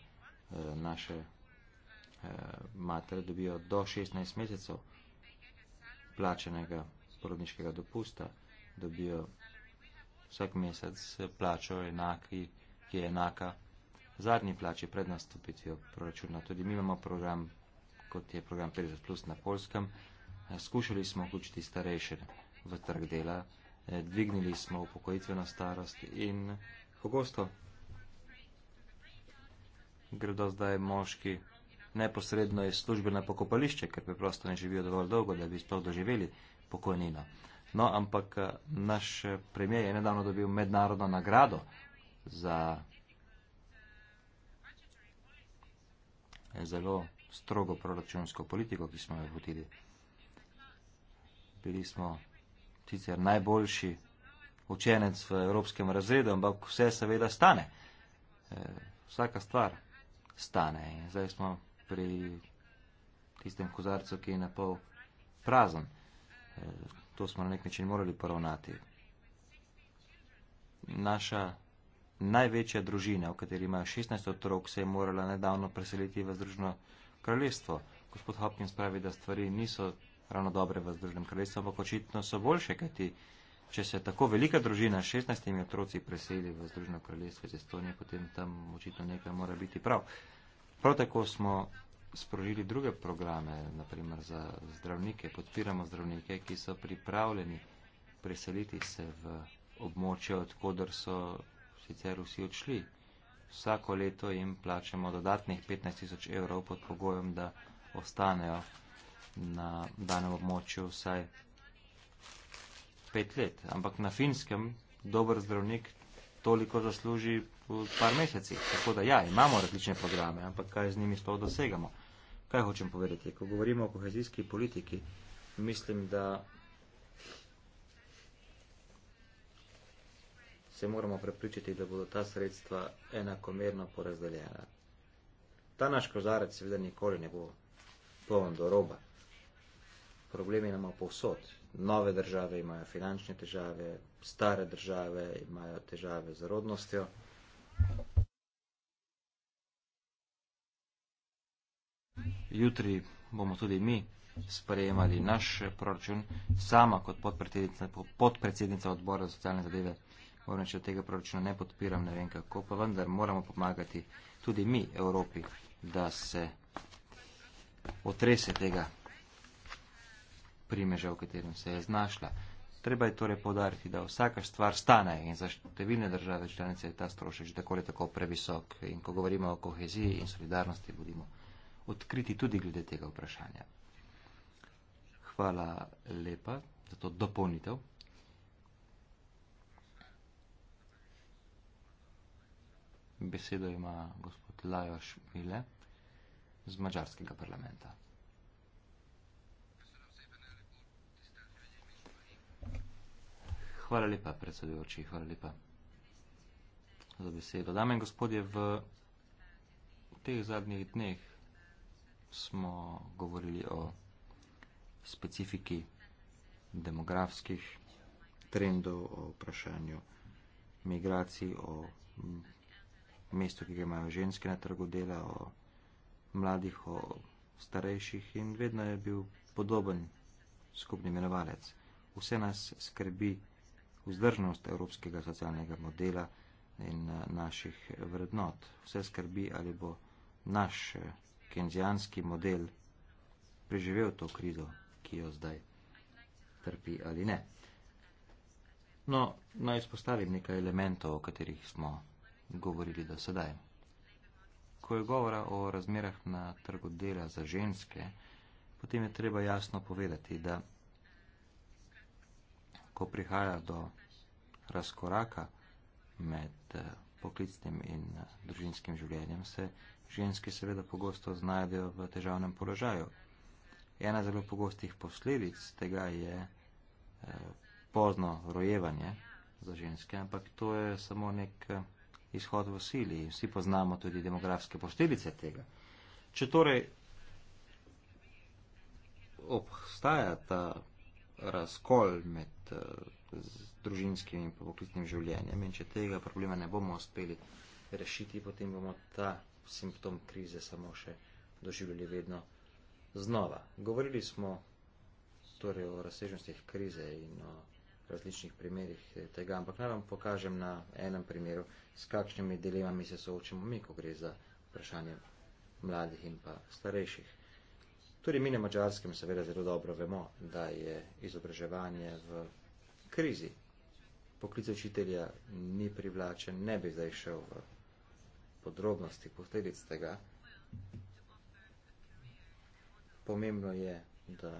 Eh, naše Eh, matere dobijo do 16 mesecev plačenega porodniškega dopusta, dobijo vsak mesec plačo enaki, ki je enaka zadnji plači pred nastopitvijo proračuna. Tudi mi imamo program, kot je program 50 plus na Polskem, eh, skušali smo vključiti starejše v trg dela, eh, dvignili smo upokojitveno starost in pogosto gredo zdaj moški neposredno iz službe na pokopališče, ker preprosto ne živijo dovolj dolgo, da bi sploh doživeli pokojnino. No, ampak eh, naš eh, premijer je nedavno dobil mednarodno nagrado za zelo strogo proračunsko politiko, ki smo jo vodili. Bili smo sicer najboljši učenec v evropskem razredu, ampak vse seveda stane. Eh, vsaka stvar stane. In zdaj smo pri tistem kozarcu, ki je na pol prazen. E, to smo na nek način morali poravnati. Naša največja družina, v kateri ima 16 otrok, se je morala nedavno preseliti v Združeno kraljestvo. Gospod Hopkins pravi, da stvari niso ravno dobre v Združenem kraljestvu, ampak očitno so boljše, kajti če se tako velika družina s 16 otroci preseli v Združeno kraljestvo iz Estonije, potem tam očitno nekaj mora biti prav. Uh, Prav tako smo sprožili druge programe, naprimer za zdravnike. Podpiramo zdravnike, ki so pripravljeni preseliti se v območje, odkudor so sicer vsi odšli. Vsako leto jim plačamo dodatnih 15 tisoč evrov pod pogojem, da ostanejo na danem območju vsaj pet let. Ampak na finskem dober zdravnik toliko zasluži par mesecih. Tako da ja, imamo različne programe, ampak kaj z njimi sploh dosegamo? Kaj hočem povedati? Ko govorimo o kohezijski politiki, mislim, da se moramo prepričati, da bodo ta sredstva enakomerno porazdeljena. Ta naš kozarec seveda nikoli ne bo poln do roba. Problemi imamo povsod. Nove države imajo finančne težave, stare države imajo težave z rodnostjo. Jutri bomo tudi mi sprejemali naš proračun. Sama kot podpredsednica, podpredsednica odbora za socialne zadeve moram reči, da tega proračuna ne podpiram, ne vem kako, pa vendar moramo pomagati tudi mi Evropi, da se otrese tega primeža, v katerem se je znašla. Treba je torej podariti, da vsaka stvar stane in za številne države članice je ta strošek že tako ali tako previsok. In ko govorimo o koheziji in solidarnosti, bodimo odkriti tudi glede tega vprašanja. Hvala lepa za to dopolnitev. Besedo ima gospod Lajoš Mile z Mačarskega parlamenta. Hvala lepa, predsedujoči, hvala lepa za besedo. Dame in gospodje, v teh zadnjih dneh smo govorili o specifiki demografskih trendov, o vprašanju migracij, o mestu, ki ga imajo ženske na trgu dela, o mladih, o starejših in vedno je bil podoben skupni imenovalec. Vse nas skrbi vzdržnost evropskega socialnega modela in eh, naših vrednot. Vse skrbi, ali bo naš eh, kenzijanski model preživel to krizo, ki jo zdaj trpi ali ne. No, naj izpostavim nekaj elementov, o katerih smo govorili do sedaj. Ko je govora o razmerah na trgu dela za ženske, potem je treba jasno povedati, da ko prihaja do razkoraka med eh, poklicnim in eh, družinskim življenjem, se ženske seveda pogosto znajdejo v težavnem položaju. Ena zelo pogostih posledic tega je eh, pozno rojevanje za ženske, ampak to je samo nek izhod v sili. Vsi poznamo tudi demografske posledice tega. Če torej obstaja ta razkol med eh, družinskim in poklicnim življenjem. In če tega problema ne bomo uspeli rešiti, potem bomo ta simptom krize samo še doživljali vedno znova. Govorili smo torej o razsežnostih krize in o različnih primerih eh, tega, ampak naj vam pokažem na enem primeru, s kakšnimi dilemami se soočimo mi, ko gre za vprašanje mladih in pa starejših. Tudi mi na mačarskem seveda zelo dobro vemo, da je izobraževanje v krizi. Poklic učitelja ni privlačen, ne bi zdaj šel v podrobnosti posledic tega. Pomembno je, da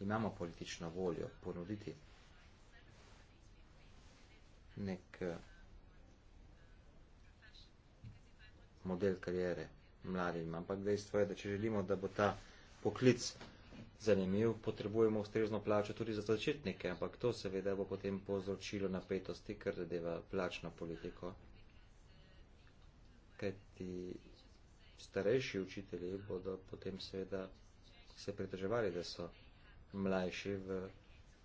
imamo politično voljo ponuditi nek eh, model karijere mladim. Ampak dejstvo je, da če želimo, da bo ta poklic zanimiv, potrebujemo ustrezno plačo tudi za začetnike. Ampak to seveda bo potem povzročilo napetosti, ker zadeva plačno politiko. Kaj ti starejši učitelji bodo potem seveda se pritoževali, da so mlajši v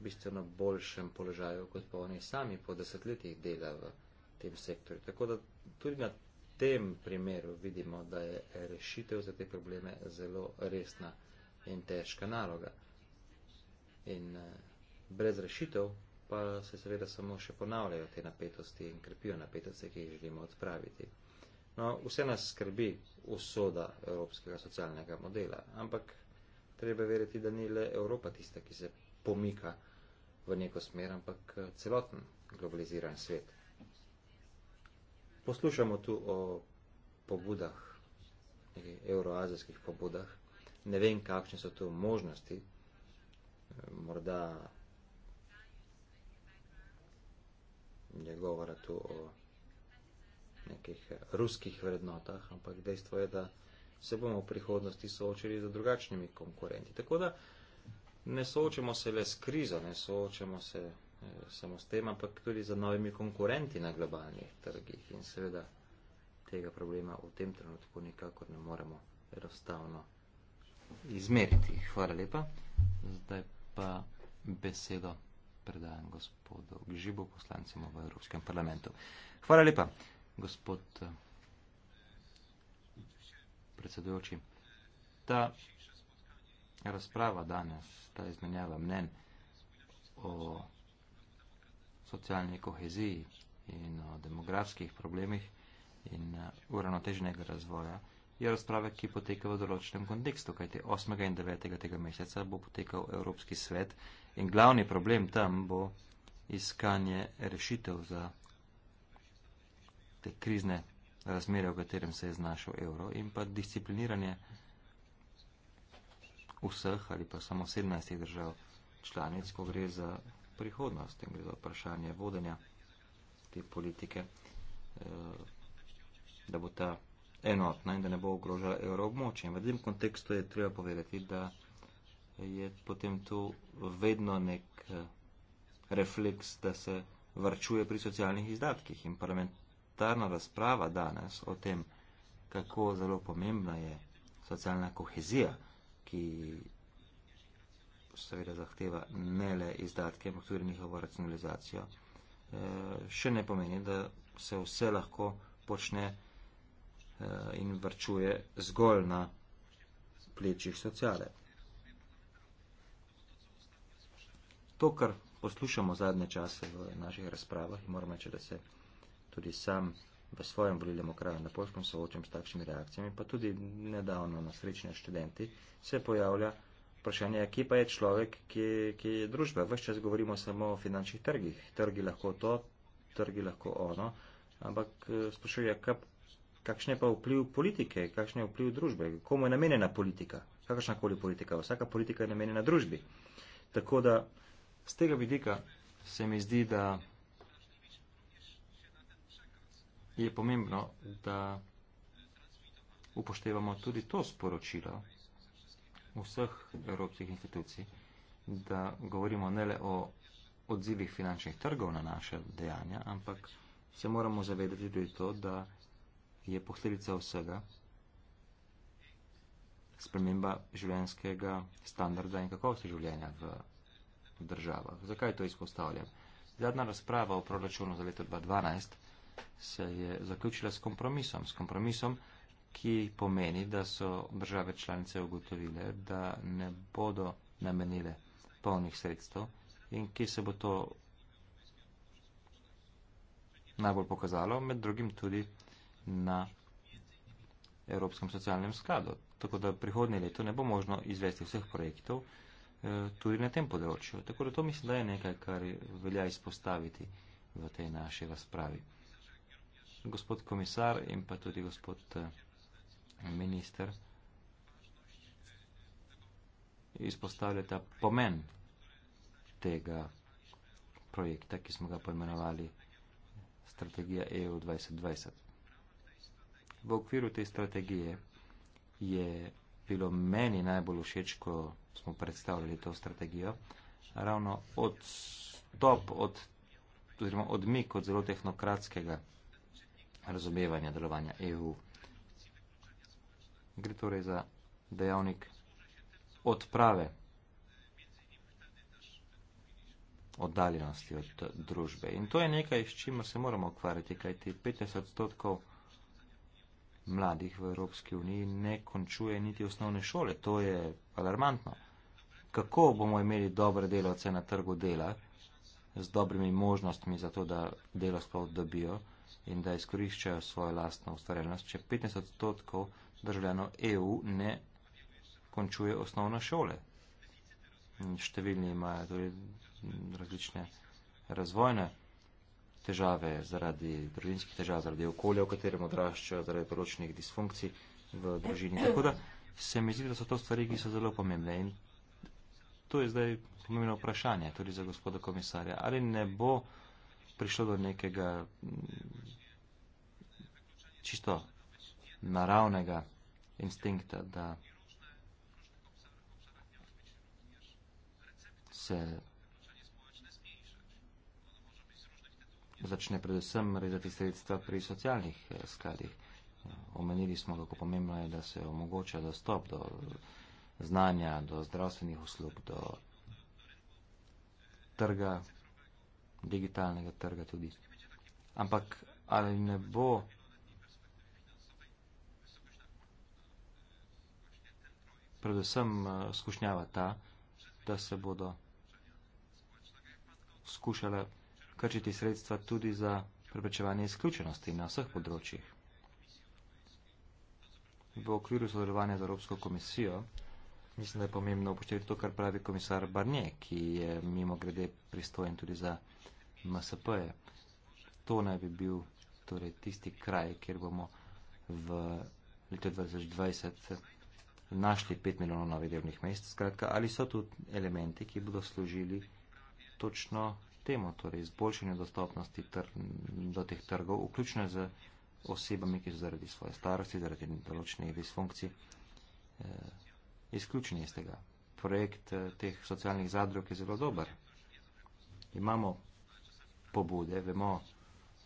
bistveno boljšem položaju, kot pa oni sami po desetletjih dela v tem sektorju. Tako da tudi na tem primeru vidimo, da je rešitev za te probleme zelo resna in težka naloga. In eh, brez rešitev pa se seveda samo še ponavljajo te napetosti in krepijo napetosti, ki jih želimo odpraviti. No, vse nas skrbi usoda evropskega socialnega modela, ampak treba veriti, da ni le Evropa tista, ki se pomika v neko smer, ampak eh, celoten globaliziran svet. Poslušamo tu o pobudah, euroazijskih pobudah. Ne vem, kakšne so tu možnosti. E, morda je govora tu o nekih ruskih vrednotah, ampak dejstvo je, da se bomo v prihodnosti soočili z drugačnimi konkurenti. Tako da ne soočamo se le s krizo, ne soočamo se Eh, samo s tem, ampak tudi za novimi konkurenti na globalnih trgih. In seveda tega problema v tem trenutku nikakor ne moremo enostavno izmeriti. Hvala lepa. Zdaj pa besedo predajam gospodu Gžibu, poslancem v Evropskem parlamentu. Hvala lepa, gospod eh, predsedujoči. Ta razprava danes, ta izmenjava mnen o socialni koheziji in o demografskih problemih in eh, uravnoteženega razvoja, je razprava, ki poteka v določenem kontekstu, kajte 8. in 9. tega meseca bo potekal Evropski svet in glavni problem tam bo iskanje rešitev za te krizne razmere, v katerem se je znašel evro in pa discipliniranje vseh ali pa samo 17 držav članic, ko gre za prihodnost, tem gre za vprašanje vodenja te politike, eh, da bo ta enotna in da ne bo ogrožala evroobmočje. In v tem kontekstu je treba povedati, da je potem tu vedno nek eh, refleks, da se vrčuje pri socialnih izdatkih in parlamentarna razprava danes o tem, kako zelo pomembna je socialna kohezija, ki seveda zahteva ne le izdatke, ampak tudi njihovo racionalizacijo. E, še ne pomeni, da se vse lahko počne e, in vrčuje zgolj na plečih sociale. To, kar poslušamo zadnje čase v naših razpravah, moram reči, da se tudi sam v svojem volilnem okraju na Polskem soočam s takšnimi reakcijami, pa tudi nedavno na srečne študenti, se pojavlja vprašanje, kje pa je človek, kje, kje je družba. Ves čas govorimo samo o finančnih trgih. Trgi lahko to, trgi lahko ono. Ampak eh, sprašuje, kakšen je pa vpliv politike, kakšen je vpliv družbe, komu je namenjena politika, kakršnakoli politika. Vsaka politika je namenjena družbi. Tako da z tega vidika se mi zdi, da je pomembno, da upoštevamo tudi to sporočilo vseh evropskih institucij, da govorimo ne le o odzivih finančnih trgov na naše dejanja, ampak se moramo zavedati tudi to, da je posledica vsega sprememba življenjskega standarda in kakovosti življenja v državah. Zakaj to izpostavljam? Zadnja razprava o proračunu za leto 2012 se je zaključila s kompromisom, s kompromisom, ki pomeni, da so države članice ugotovile, da ne bodo namenile polnih sredstev in ki se bo to najbolj pokazalo, med drugim tudi na Evropskem socialnem skladu. Tako da prihodnje leto ne bo možno izvesti vseh projektov eh, tudi na tem področju. Tako da to mislim, da je nekaj, kar velja izpostaviti v tej naši razpravi. Gospod komisar in pa tudi gospod eh, minister izpostavljata pomen tega projekta, ki smo ga poimenovali strategija EU 2020. V okviru te strategije je bilo meni najbolj všeč, ko smo predstavljali to strategijo, ravno odstop od, oziroma odmik od zelo tehnokratskega razumevanja delovanja EU gre torej za dejavnik odprave oddaljenosti od družbe. In to je nekaj, s čimer se moramo ukvarjati, kajti 50 odstotkov mladih v Evropski uniji ne končuje niti osnovne šole. To je alarmantno. Kako bomo imeli dobre delavce na trgu dela z dobrimi možnostmi za to, da delo sploh dobijo in da izkoriščajo svojo lastno ustvarjalnost, če 15 odstotkov državljanov EU ne končuje osnovne šole. Številni imajo tudi različne razvojne težave zaradi družinskih težav, zaradi okolja, v katerem odraščajo, zaradi poročnih disfunkcij v družini. Tako da se mi zdi, da so to stvari, ki so zelo pomembne. In to je zdaj pomembno vprašanje tudi za gospoda komisarja. Ali ne bo prišlo do nekega mm, čisto naravnega instinkta, da se začne predvsem rezati sredstva pri socialnih eh, skladih. Omenili smo, kako pomembno je, da se omogoča dostop do znanja, do zdravstvenih uslug, do trga, digitalnega trga tudi. Ampak ali ne bo predvsem eh, skušnjava ta, da se bodo skušale krčiti sredstva tudi za preprečevanje izključenosti na vseh področjih. V okviru sodelovanja z Evropsko komisijo mislim, da je pomembno upoštevati to, kar pravi komisar Barnje, ki je mimo grede pristojen tudi za MSP-je. To naj bi bil torej, tisti kraj, kjer bomo v letu 2020 našli 5 milijonov novih delovnih mest, skratka, ali so tu elementi, ki bodo služili točno temu, torej izboljšanju dostopnosti do teh trgov, vključno z osebami, ki so zaradi svoje starosti, zaradi določenih disfunkcij, eh, izključeni iz tega. Projekt eh, teh socialnih zadrug je zelo dober. Imamo pobude, vemo,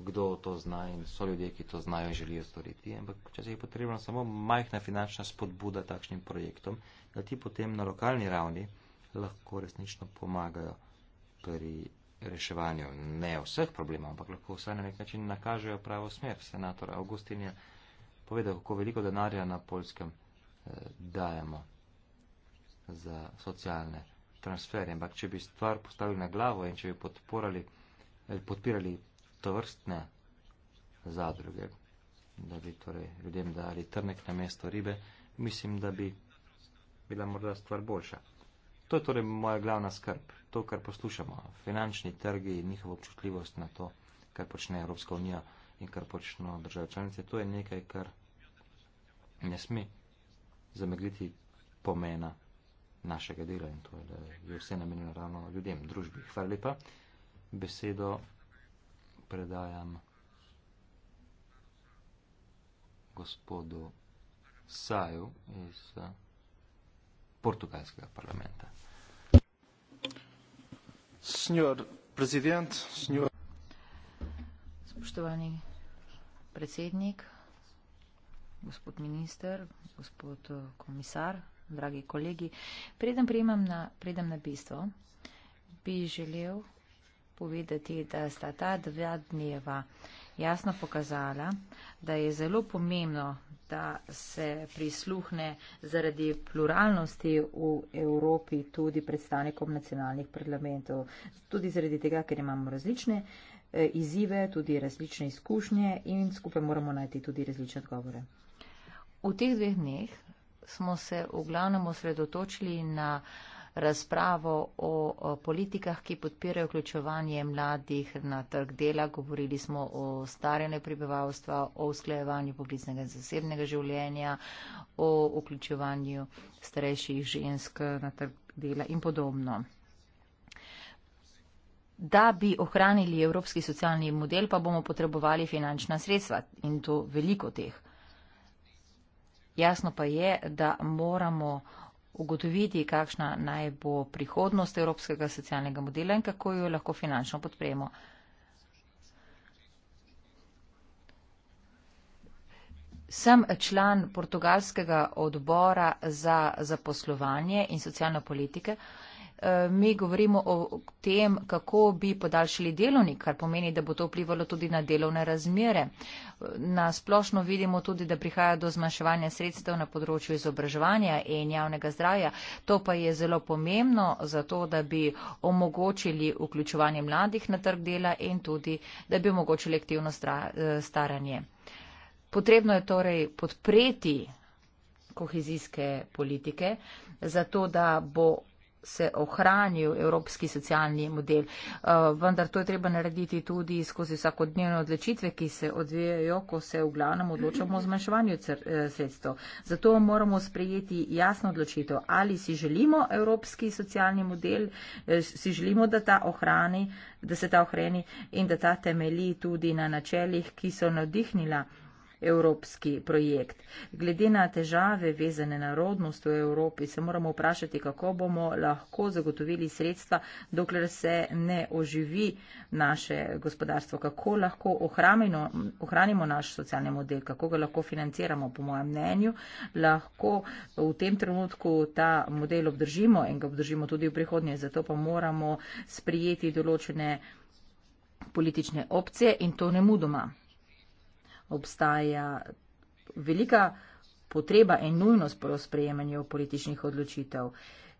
kdo to zna in so ljudje, ki to znajo in želijo storiti. Ampak včasih je potrebna samo majhna finančna spodbuda takšnim projektom, da ti potem na lokalni ravni lahko resnično pomagajo pri reševanju ne vseh problemov, ampak lahko vsaj na nek način nakažejo pravo smer. Senator Augustin je povedal, kako veliko denarja na polskem eh, dajemo za socialne transferje. Ampak če bi stvar postavili na glavo in če bi podporali, eh, podpirali to vrstne zadruge, da bi torej ljudem dali trnek na mesto ribe, mislim, da bi bila morda stvar boljša. To je torej moja glavna skrb, to, kar poslušamo, finančni trgi in njihova občutljivost na to, kar počne Evropska unija in kar počne države članice, to je nekaj, kar ne sme zamegliti pomena našega dela in to je, da je vse namenjeno ravno ljudem, družbi. Hvala lepa. Besedo predajam gospodu Saju iz eh, portugalskega parlamenta. Senjor prezident, senjor... Spoštovani predsednik, gospod minister, gospod eh, komisar, dragi kolegi, predem prejemam na, predem na bistvo, bi želel povedati, da sta ta dva dneva jasno pokazala, da je zelo pomembno, da se prisluhne zaradi pluralnosti v Evropi tudi predstavnikom nacionalnih parlamentov. Tudi zaradi tega, ker imamo različne eh, izzive, tudi različne izkušnje in skupaj moramo najti tudi različne odgovore. V teh dveh dneh smo se v glavnem osredotočili na razpravo o politikah, ki podpirajo vključevanje mladih na trg dela. Govorili smo o staranju prebivalstva, o usklajevanju poklicnega in zasebnega življenja, o vključevanju starejših žensk na trg dela in podobno. Da bi ohranili evropski socialni model, pa bomo potrebovali finančna sredstva in to veliko teh. Jasno pa je, da moramo ugotoviti, kakšna naj bo prihodnost evropskega socialnega modela in kako jo lahko finančno podpremo. Sem član portugalskega odbora za zaposlovanje in socialno politike. Eh, mi govorimo o tem, kako bi podaljšali delovnik, kar pomeni, da bo to vplivalo tudi na delovne razmere. Na splošno vidimo tudi, da prihaja do zmanjševanja sredstev na področju izobraževanja in javnega zdravja. To pa je zelo pomembno za to, da bi omogočili vključevanje mladih na trg dela in tudi, da bi omogočili aktivno eh, staranje. Potrebno je torej podpreti kohezijske politike, zato da bo se ohranil evropski socialni model. Eh, vendar to je treba narediti tudi skozi vsakodnevne odločitve, ki se odvijajo, ko se v glavnem odločamo o zmanjševanju eh, sredstev. Zato moramo sprejeti jasno odločitev, ali si želimo evropski socialni model, eh, si želimo, da, ta ohrani, da se ta ohrani in da ta temelji tudi na načeljih, ki so navdihnila evropski projekt. Glede na težave vezane na rodnost v Evropi se moramo vprašati, kako bomo lahko zagotovili sredstva, dokler se ne oživi naše gospodarstvo, kako lahko ohranimo, ohranimo naš socialni model, kako ga lahko financiramo. Po mojem mnenju, lahko v tem trenutku ta model obdržimo in ga obdržimo tudi v prihodnje, zato pa moramo sprijeti določene politične opcije in to ne mudoma obstaja velika potreba in nujnost po sprejemanju političnih odločitev.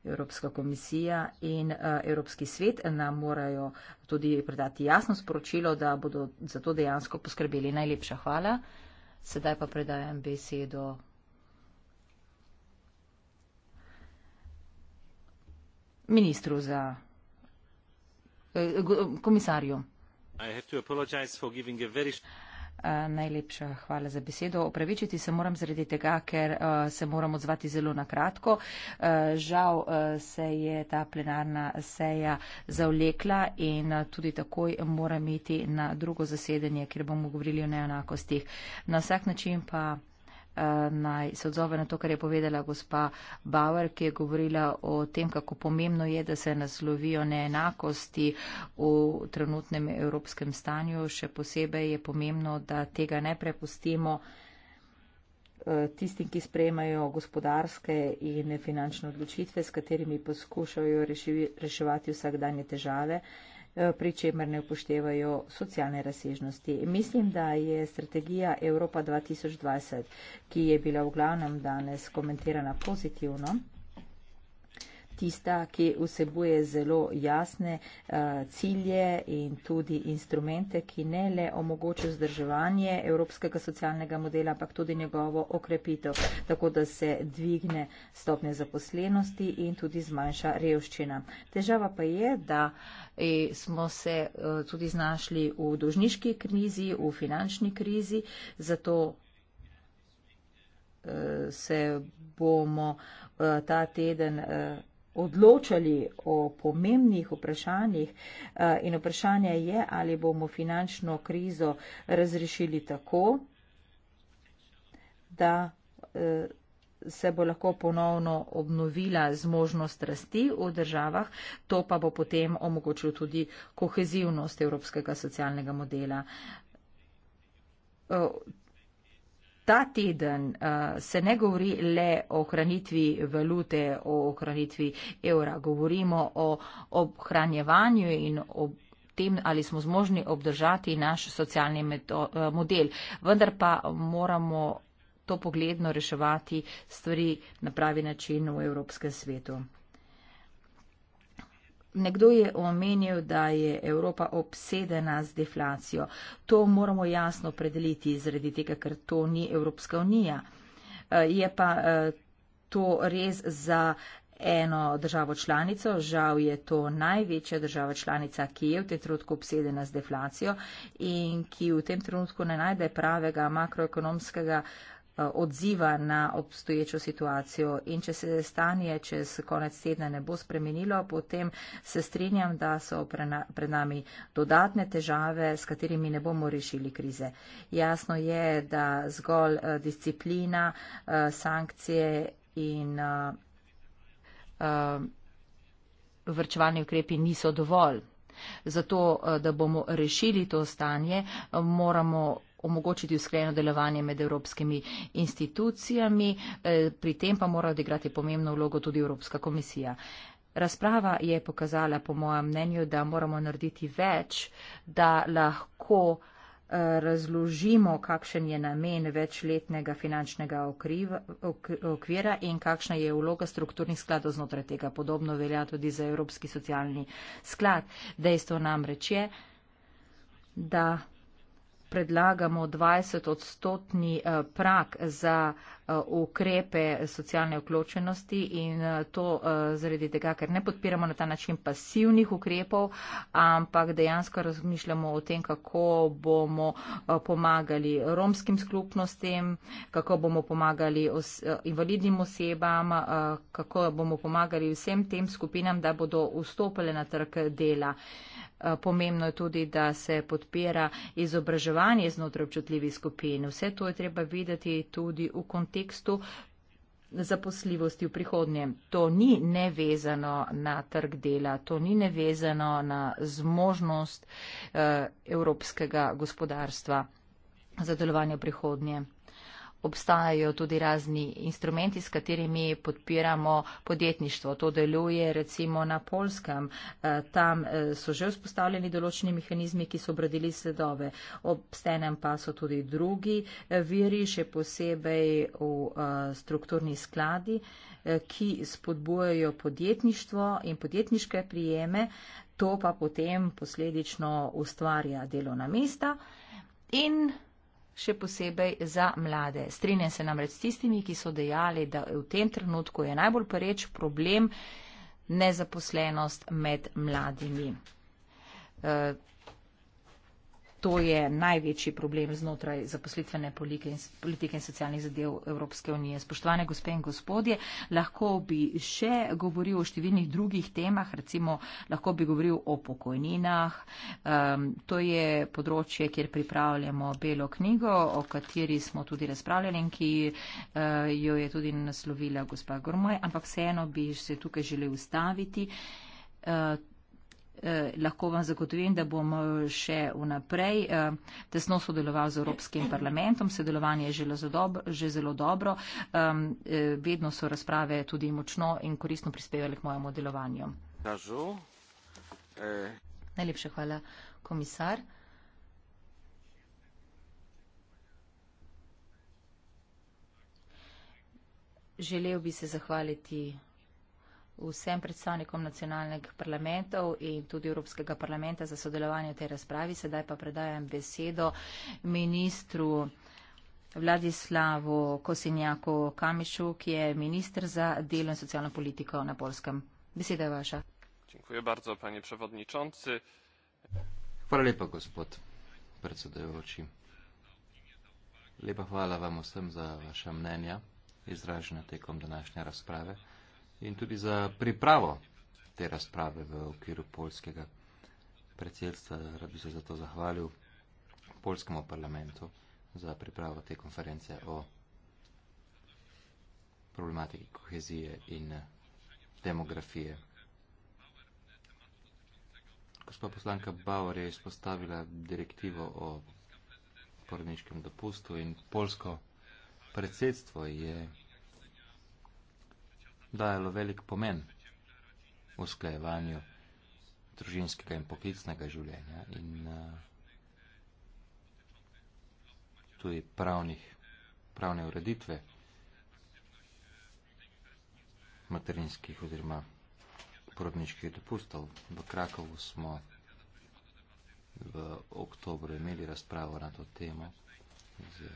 Evropska komisija in eh, Evropski svet nam morajo tudi predati jasno sporočilo, da bodo za to dejansko poskrbeli. Najlepša hvala. Sedaj pa predajam besedo. Ministru za eh, komisarju. Very... Eh, najlepša hvala za besedo. Opravičiti se moram zaradi tega, ker uh, se moram odzvati zelo na kratko. Uh, žal uh, se je ta plenarna seja zavlekla in uh, tudi takoj moram iti na drugo zasedanje, kjer bomo govorili o neenakostih. Na vsak način pa. Eh, naj se odzove na to, kar je povedala gospa Bauer, ki je govorila o tem, kako pomembno je, da se naslovijo neenakosti v trenutnem evropskem stanju. Še posebej je pomembno, da tega ne prepustimo eh, tistim, ki sprejmajo gospodarske in finančne odločitve, s katerimi poskušajo reševati vsakdanje težave. Eh, pri čemer ne upoštevajo socialne razsežnosti. Mislim, da je strategija Evropa 2020, ki je bila v glavnem danes komentirana pozitivno, tista, ki vsebuje zelo jasne eh, cilje in tudi instrumente, ki ne le omogočajo zdrževanje evropskega socialnega modela, ampak tudi njegovo okrepitev, tako da se dvigne stopne zaposlenosti in tudi zmanjša revščina. Težava pa je, da e, smo se e, tudi znašli v dožniški krizi, v finančni krizi, zato e, se bomo ta teden odločali o pomembnih vprašanjih eh, in vprašanje je, ali bomo finančno krizo razrešili tako, da eh, se bo lahko ponovno obnovila zmožnost rasti v državah, to pa bo potem omogočilo tudi kohezivnost evropskega socialnega modela. Eh, Ta teden uh, se ne govori le o ohranitvi valute, o ohranitvi evra, govorimo o ohranjevanju in o tem, ali smo zmožni obdržati naš socialni meto, uh, model. Vendar pa moramo to pogledno reševati stvari na pravi način v Evropskem svetu. Nekdo je omenil, da je Evropa obsedena z deflacijo. To moramo jasno predeliti, zredi tega, ker to ni Evropska unija. Eh, je pa eh, to res za eno državo članico. Žal je to največja država članica, ki je v tem trenutku obsedena z deflacijo in ki v tem trenutku ne najde pravega makroekonomskega uh, Eh, odziva na obstoječo situacijo. In če se stanje čez konec tedna ne bo spremenilo, potem se strinjam, da so pred nami dodatne težave, s katerimi ne bomo rešili krize. Jasno je, da zgolj eh, disciplina, eh, sankcije in vrčevalni ukrepi niso dovolj. Zato, da bomo rešili to stanje, moramo omogočiti usklajeno delovanje med evropskimi institucijami, eh, pri tem pa mora odigrati pomembno vlogo tudi Evropska komisija. Razprava je pokazala, po mojem mnenju, da moramo narediti več, da lahko eh, razložimo, kakšen je namen večletnega finančnega okvira in kakšna je vloga strukturnih skladov znotraj tega. Podobno velja tudi za Evropski socialni sklad. Dejstvo namreč je, da predlagamo 20-odstotni eh, prak za ukrepe socialne vključenosti in eh, to eh, zaradi tega, ker ne podpiramo na ta način pasivnih ukrepov, ampak dejansko razmišljamo o tem, kako bomo eh, pomagali romskim skupnostim, kako bomo pomagali os invalidnim osebam, kako bomo pomagali vsem tem skupinam, da bodo vstopile na trg dela. Pomembno je tudi, da se podpira izobraževanje znotraj občutljivih skupin. Vse to je treba videti tudi v kontekstu kontekstu zaposljivosti v prihodnje. To ni nevezano na trg dela, to ni nevezano na zmožnost uh, evropskega gospodarstva za delovanje v prihodnje obstajajo tudi razni instrumenti, s katerimi podpiramo podjetništvo. To deluje recimo na Polskem. Eh, tam eh, so že vzpostavljeni določeni mehanizmi, ki so obradili sledove. Obstenem pa so tudi drugi eh, viri, še posebej v strukturni skladi, ki spodbujajo podjetništvo in podjetniške prijeme. To pa potem posledično ustvarja delovna mesta. In še posebej za mlade. Strenjam se namreč s tistimi, ki so dejali, da v tem trenutku je najbolj pereč problem nezaposlenost med mladimi. Eh, To je največji problem znotraj zaposlitvene politike in socialnih zadev Evropske unije. Spoštovane gospe in gospodje, lahko bi še govoril o številnih drugih temah, recimo lahko bi govoril o pokojninah. Um, to je področje, kjer pripravljamo belo knjigo, o kateri smo tudi razpravljali in ki uh, jo je tudi naslovila gospa Gormaj, ampak vseeno bi se tukaj želel ustaviti. Uh, Eh, lahko vam zagotovim, da bom eh, še vnaprej eh, tesno sodeloval z Evropskim parlamentom. Sodelovanje je že zelo dobro. Ehm, vedno so razprave tudi močno in koristno prispevali k mojemu delovanju. Najlepša hvala, komisar. Želel bi se zahvaliti vsem predstavnikom nacionalnih parlamentov in tudi Evropskega parlamenta za sodelovanje v tej razpravi. Sedaj pa predajam besedo ministru Vladislavu Kosinjaku Kamišu, ki je ministr za delo in socialno politiko na Polskem. Beseda je vaša. Dziękuję bardzo, panie przewodniczący. Hvala lepa, gospod predsedujoči. Lepa hvala vam vsem za vaše mnenja, izražene tekom današnje razprave in tudi za pripravo te razprave v okviru polskega predsedstva. Rad bi se zato zahvalil polskemu parlamentu za pripravo te konference o problematiki kohezije in eh, demografije. Gospa poslanka Bauer je izpostavila direktivo o porodniškem dopustu in polsko predsedstvo je dajalo velik pomen v sklajevanju družinskega in poklicnega življenja in uh, tudi pravnih, pravne ureditve materinskih oziroma porodniških dopustov. V Krakovu smo v oktobru imeli razpravo na to temo z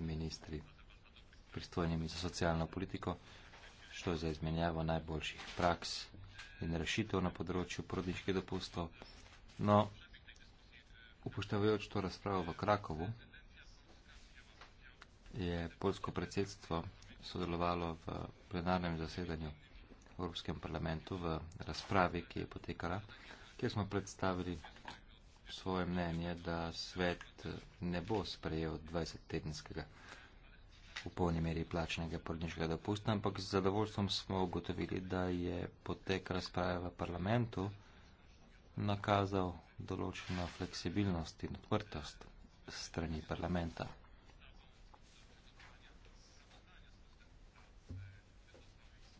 ministri pristojnimi za socialno politiko sredstev za izmenjavo najboljših praks in rešitev na področju porodniških dopustov. No, upoštevajoč to razpravo v Krakovu, je polsko predsedstvo sodelovalo v plenarnem zasedanju v Evropskem parlamentu v razpravi, ki je potekala, kjer smo predstavili svoje mnenje, da svet ne bo sprejel 20-tedenskega v polni meri plačnega porodniškega dopusta, ampak z zadovoljstvom smo ugotovili, da je potek razprave v parlamentu nakazal določeno fleksibilnost in odprtost strani parlamenta.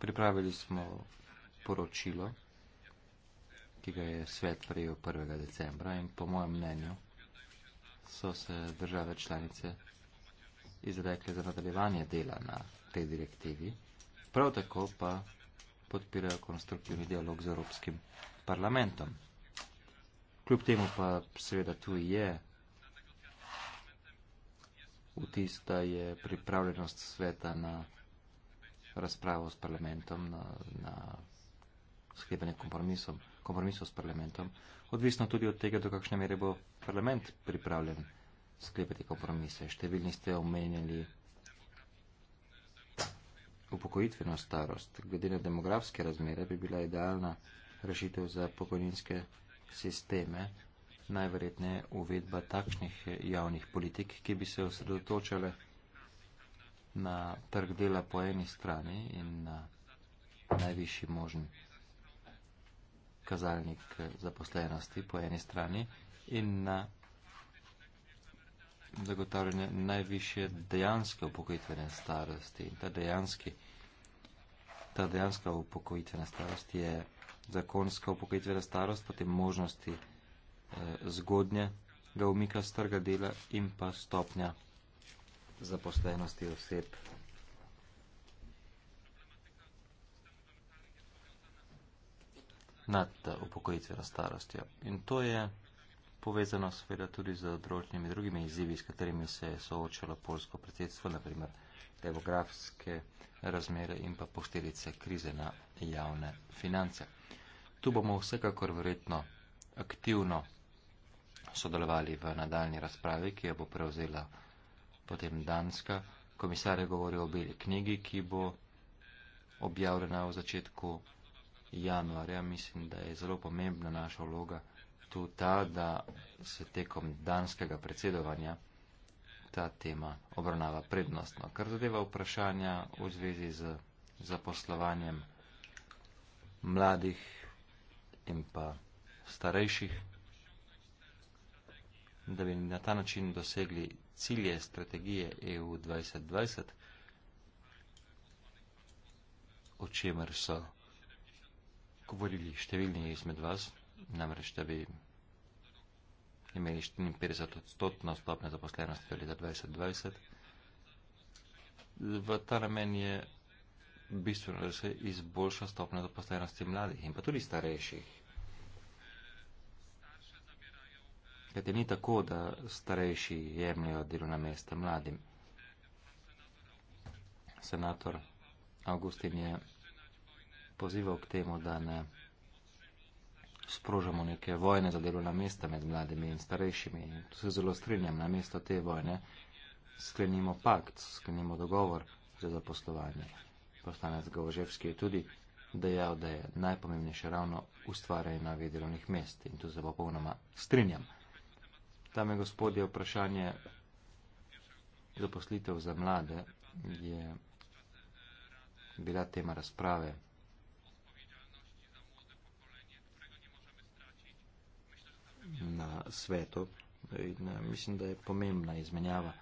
Pripravili smo poročilo, ki ga je svet prejel 1. decembra in po mojem mnenju so se države članice izrekli za nadaljevanje dela na tej direktivi, prav tako pa podpirajo konstruktivni dialog z Evropskim parlamentom. Kljub temu pa seveda tu je vtis, da je pripravljenost sveta na razpravo s parlamentom, na, na sklepanje kompromisov s parlamentom, odvisno tudi od tega, do kakšne mere bo parlament pripravljen sklepati kompromise. Številni ste omenjali upokojitveno starost. Glede na demografske razmere bi bila idealna rešitev za pokojninske sisteme najverjetneje uvedba takšnih javnih politik, ki bi se osredotočale na trg dela po eni strani in na najvišji možen kazalnik zaposlenosti po eni strani in na zagotavljanje najviše dejanske upokojitvene starosti. Ta, dejanski, ta dejanska upokojitvena starost je zakonska upokojitvena starost, potem možnosti eh, zgodnje ga umika z trga dela in pa stopnja zaposlenosti oseb. nad eh, upokojitveno starostjo. In to je povezano seveda tudi z odročnimi drugimi izzivi, s katerimi se je soočalo polsko predsedstvo, naprimer demografske razmere in pa posledice krize na javne finance. Tu bomo vsekakor verjetno aktivno sodelovali v nadaljni razpravi, ki jo bo prevzela potem Danska. Komisar je govoril o beli knjigi, ki bo objavljena v začetku januarja. Mislim, da je zelo pomembna naša vloga tu ta, da se tekom danskega predsedovanja ta tema obravnava prednostno. Kar zadeva vprašanja v zvezi z zaposlovanjem mladih in pa starejših, da bi na ta način dosegli cilje strategije EU 2020, o čemer so govorili številni izmed vas namreč, da bi imeli 54 odstotno stopne zaposlenosti do leta 2020. V ta namen je bistveno, da se izboljša stopne zaposlenosti mladih in pa tudi starejših. Kajte ni tako, da starejši jemljajo delo na mesta mladim. Senator Augustin je pozival k temu, da ne sprožamo neke vojne za delovna mesta med mladimi in starejšimi. In tu se zelo strinjam, na mesto te vojne sklenimo pakt, sklenimo dogovor za zaposlovanje. Poslanec Govoževski je tudi dejal, da je najpomembnejše ravno ustvarjanje novih delovnih mest in tu se popolnoma strinjam. Tam je gospodje vprašanje zaposlitev za mlade, je bila tema razprave na svetu in eh, mislim, da je pomembna izmenjava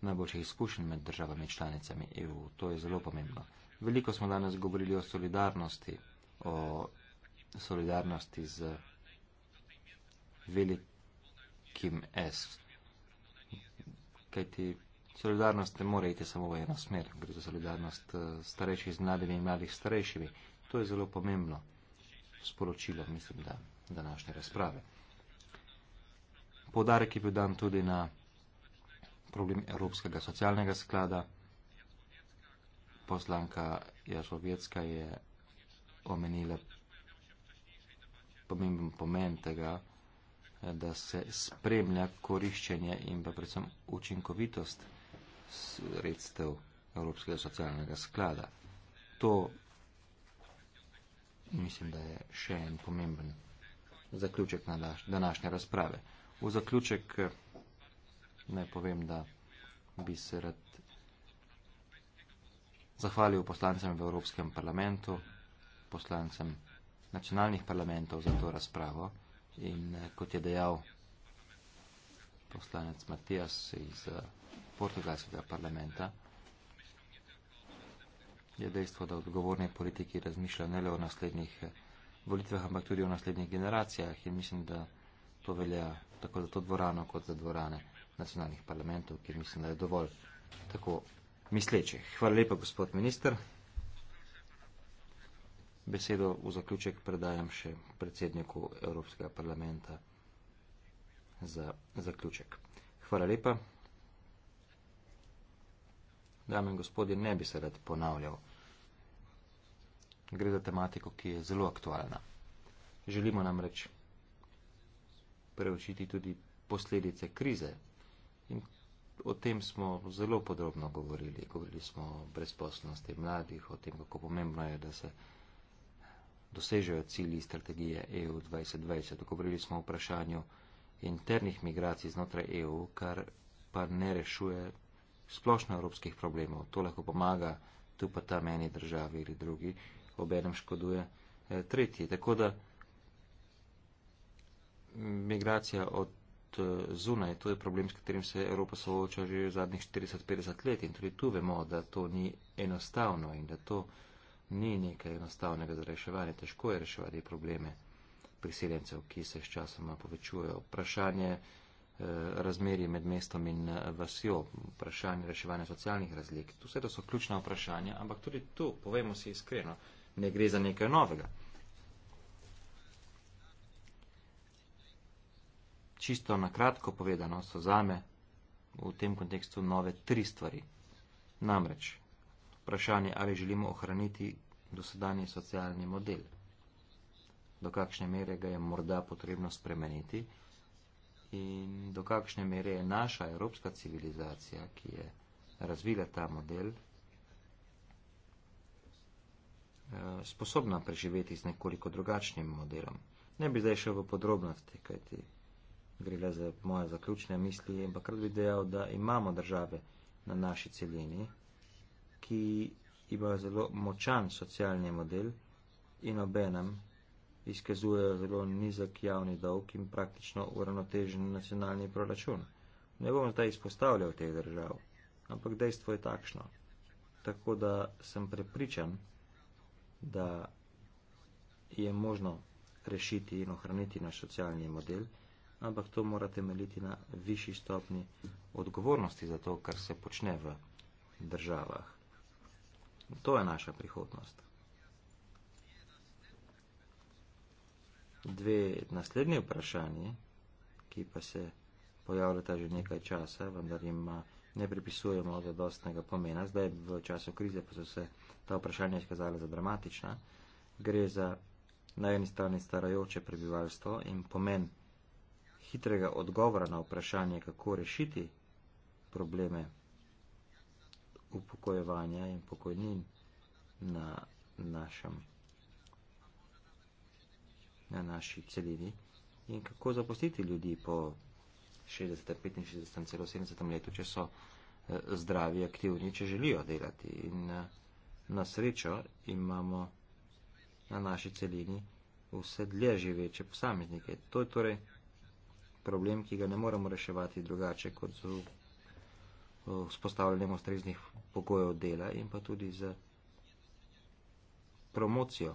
najboljših izkušenj med državami članicami EU. To je zelo pomembno. Veliko smo danes govorili o solidarnosti, o solidarnosti z velikim S. Kajti solidarnost ne more iti samo v eno smer. Gre za solidarnost eh, starejših z mladimi in mladih starejšimi. To je zelo pomembno sporočilo, mislim, da današnje razprave. Podarek je bil dan tudi na problem Evropskega socialnega sklada. Poslanka Jažovjetska je omenila pomemben pomen tega, da se spremlja koriščenje in pa predvsem učinkovitost sredstev Evropskega socialnega sklada. To mislim, da je še en pomemben pomen zaključek na današnje razprave. V zaključek eh, naj povem, da bi se rad zahvalil poslancem v Evropskem parlamentu, poslancem nacionalnih parlamentov za to razpravo in eh, kot je dejal poslanec Matijas iz eh, portugalskega parlamenta, je dejstvo, da odgovorni politiki razmišljajo ne le o naslednjih volitvah, ampak tudi v naslednjih generacijah. In mislim, da to velja tako za to dvorano, kot za dvorane nacionalnih parlamentov, kjer mislim, da je dovolj tako misleče. Hvala lepa, gospod minister. Besedo v zaključek predajam še predsedniku Evropskega parlamenta za zaključek. Hvala lepa. Dame in gospodje, ne bi se rad ponavljal gre za tematiko, ki je zelo aktualna. Želimo namreč preučiti tudi posledice krize in o tem smo zelo podrobno govorili. Govorili smo o brezposobnosti mladih, o tem, kako pomembno je, da se dosežejo cilji strategije EU 2020. Govorili smo o vprašanju internih migracij znotraj EU, kar pa ne rešuje splošno evropskih problemov. To lahko pomaga tu pa tam eni državi ali drugi, obenem škoduje eh, tretji. Tako da migracija od eh, zunaj, to je problem, s katerim se Evropa sooča že v zadnjih 40-50 let in tudi tu vemo, da to ni enostavno in da to ni nekaj enostavnega za reševanje. Težko je reševati probleme priseljencev, ki se s časoma povečujejo. Vprašanje eh, razmerje med mestom in vasjo, vprašanje reševanja socialnih razlik. Vse to so ključna vprašanja, ampak tudi tu, povemo si iskreno, ne gre za nekaj novega. Čisto na kratko povedano so zame v tem kontekstu nove tri stvari. Namreč, vprašanje, ali želimo ohraniti dosedanji socialni model, do kakšne mere ga je morda potrebno spremeniti in do kakšne mere je naša evropska civilizacija, ki je razvila ta model, Eh, sposobna preživeti z nekoliko drugačnim modelom. Ne bi zdaj šel v podrobnosti, kajti gre le za moje zaključne misli, ampak rad bi dejal, da imamo države na naši celini, ki imajo zelo močan socialni model in obenem izkazujejo zelo nizek javni dolg in praktično uravnotežen nacionalni proračun. Ne bom zdaj izpostavljal teh držav, ampak dejstvo je takšno. Tako da sem prepričan, da je možno rešiti in ohraniti naš socialni model, ampak to mora temeljiti na višji stopni odgovornosti za to, kar se počne v državah. To je naša prihodnost. Dve naslednji vprašanji, ki pa se pojavljata že nekaj časa, vendar ima ne pripisujemo zadostnega pomena. Zdaj v času krize pa so se ta vprašanja izkazala za dramatična. Gre za na eni strani starajoče prebivalstvo in pomen hitrega odgovora na vprašanje, kako rešiti probleme upokojevanja in pokojnin na našem na naši celini in kako zapustiti ljudi po 60, 65, celo 70 letu, če so eh, zdravi, aktivni, če želijo delati. In eh, na srečo imamo na naši celini vse dlje živeče posameznike. To je torej problem, ki ga ne moremo reševati drugače kot z vzpostavljanjem ustreznih pogojev dela in pa tudi z promocijo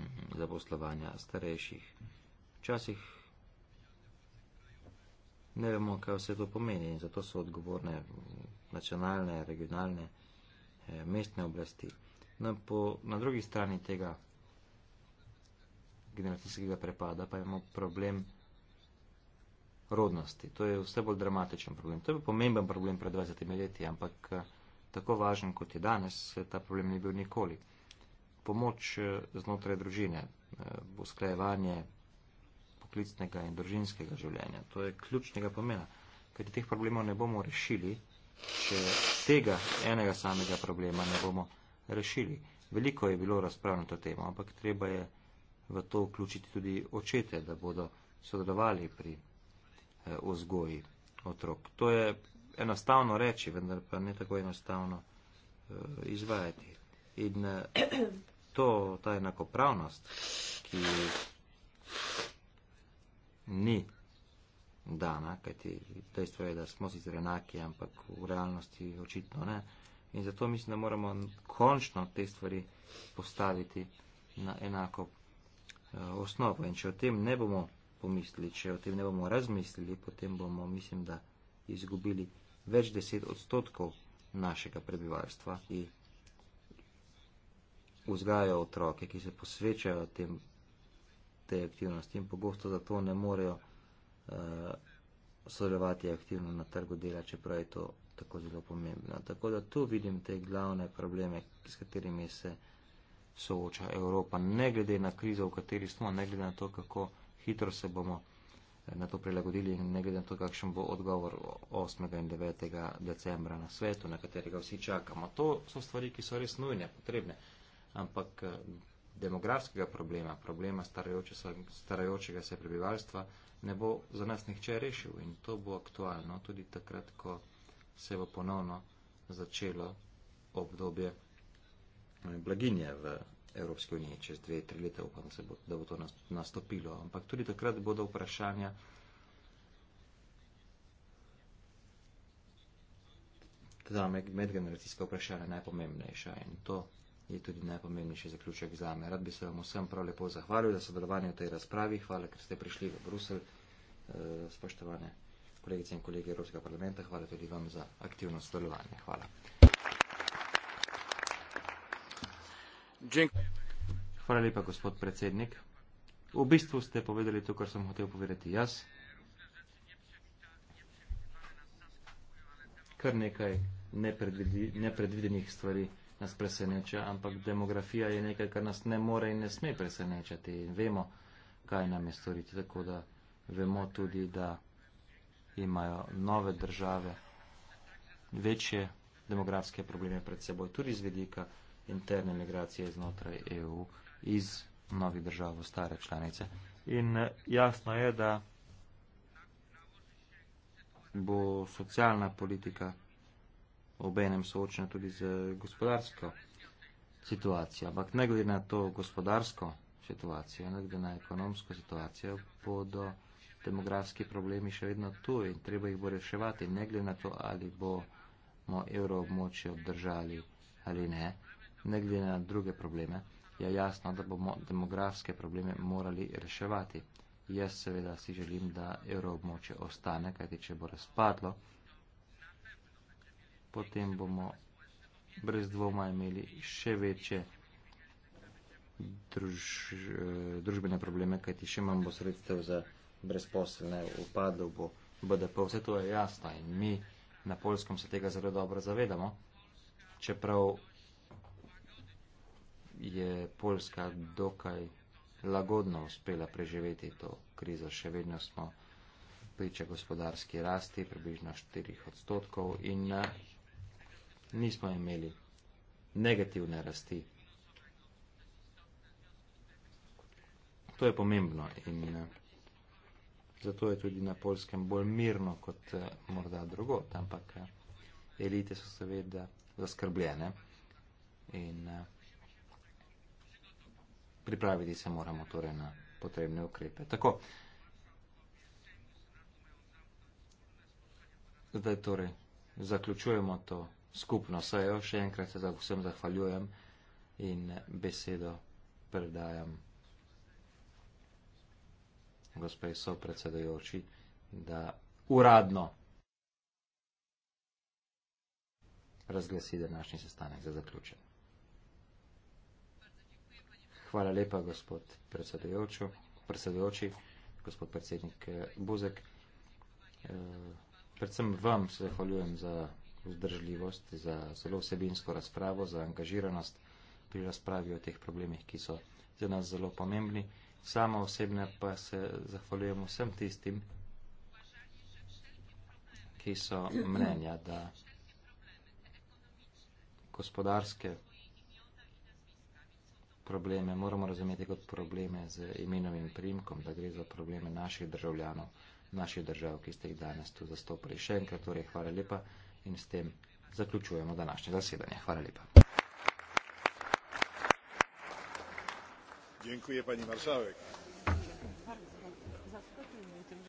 mhm, zaposlovanja starejših. Včasih ne vemo, kaj vse to pomeni in zato so odgovorne nacionalne, regionalne, eh, mestne oblasti. Na, po, na drugi strani tega generacijskega prepada pa imamo problem rodnosti. To je vse bolj dramatičen problem. To je bil pomemben problem pred 20 leti, ampak eh, tako važen kot je danes, eh, ta problem ni bil nikoli. Pomoč znotraj družine, usklajevanje, poklicnega in družinskega življenja. To je ključnega pomena, ker teh problemov ne bomo rešili, če tega enega samega problema ne bomo rešili. Veliko je bilo razprav na to temo, ampak treba je v to vključiti tudi očete, da bodo sodelovali pri eh, vzgoji otrok. To je enostavno reči, vendar pa ne tako enostavno eh, izvajati. In eh, to, ta enakopravnost, ki ni dana, kajti dejstvo je, da smo sicer enaki, ampak v realnosti očitno ne. In zato mislim, da moramo končno te stvari postaviti na enako uh, osnovo. In če o tem ne bomo pomislili, če o tem ne bomo razmislili, potem bomo, mislim, da izgubili več deset odstotkov našega prebivalstva in vzgajajo otroke, ki se posvečajo tem te aktivnosti in pogosto zato ne morejo uh, sodelovati aktivno na trgu dela, čeprav je to tako zelo pomembno. Tako da tu vidim te glavne probleme, s katerimi se sooča Evropa, ne glede na krizo, v kateri smo, ne glede na to, kako hitro se bomo eh, na to prilagodili in ne glede na to, kakšen bo odgovor 8. in 9. decembra na svetu, na katerega vsi čakamo. To so stvari, ki so res nujne, potrebne, ampak eh, demografskega problema, problema starajoče se, starajočega se prebivalstva, ne bo za nas nihče rešil in to bo aktualno tudi takrat, ko se bo ponovno začelo obdobje eh, blaginje v Evropski uniji. Čez dve, tri leta upam, se bo, da bo to nastopilo. Ampak tudi takrat bodo vprašanja da medgeneracijska vprašanja najpomembnejša in to je tudi najpomembnejši zaključek za me. Rad bi se vam vsem prav lepo zahvalil za sodelovanje v tej razpravi. Hvala, ker ste prišli v Brusel, eh, spoštovane kolegice in kolege Evropskega parlamenta. Hvala tudi vam za aktivno sodelovanje. Hvala. Hvala lepa, gospod predsednik. V bistvu ste povedali to, kar sem hotel povedati jaz. Kar nekaj nepredvidenih stvari nas preseneča, ampak demografija je nekaj, kar nas ne more in ne sme presenečati in vemo, kaj nam je storiti. Tako da vemo tudi, da imajo nove države večje demografske probleme pred seboj, tudi z vedika interne migracije znotraj EU iz novih držav v stare članice. In eh, jasno je, da bo socialna politika obenem soočena tudi z gospodarsko situacijo. Ampak ne glede na to gospodarsko situacijo, ne glede na ekonomsko situacijo, bodo demografski problemi še vedno tu in treba jih bo reševati, ne glede na to, ali bomo evroobmočje obdržali ali ne, ne glede na druge probleme, je jasno, da bomo demografske probleme morali reševati. Jaz seveda si želim, da evroobmočje ostane, kajti če bo razpadlo, potem bomo brez dvoma imeli še večje druž, družbene probleme, kajti še manj bo sredstev za brezposelne, upadlo bo BDP. Vse to je jasno in mi na polskem se tega zelo dobro zavedamo, čeprav je Poljska dokaj lagodno uspela preživeti to krizo. Še vedno smo priča gospodarski rasti približno 4 odstotkov in nismo imeli negativne rasti. To je pomembno in eh, zato je tudi na Polskem bolj mirno kot eh, morda drugo, ampak eh, elite so seveda zaskrbljene in pripraviti se moramo torej na potrebne ukrepe. Tako, zdaj torej zaključujemo to skupno sejo. Še enkrat se za vsem zahvaljujem in besedo predajam gospej so predsedojoči, da uradno razglasi današnji sestanek za zaključen. Hvala lepa, gospod predsedojoči, gospod predsednik eh, Buzek. Eh, predvsem vam se zahvaljujem za vzdržljivost, za zelo vsebinsko razpravo, za angažiranost pri razpravi o teh problemih, ki so za nas zelo pomembni. Sama osebna pa se zahvaljujem vsem tistim, ki so mnenja, da gospodarske probleme moramo razumeti kot probleme z imenom in primkom, da gre za probleme naših državljanov, naših držav, ki ste jih danes tu zastopili. Še enkrat torej hvala lepa in s tem zaključujemo današnje zasedanje. Hvala lepa. Dziękuję pani marszałek.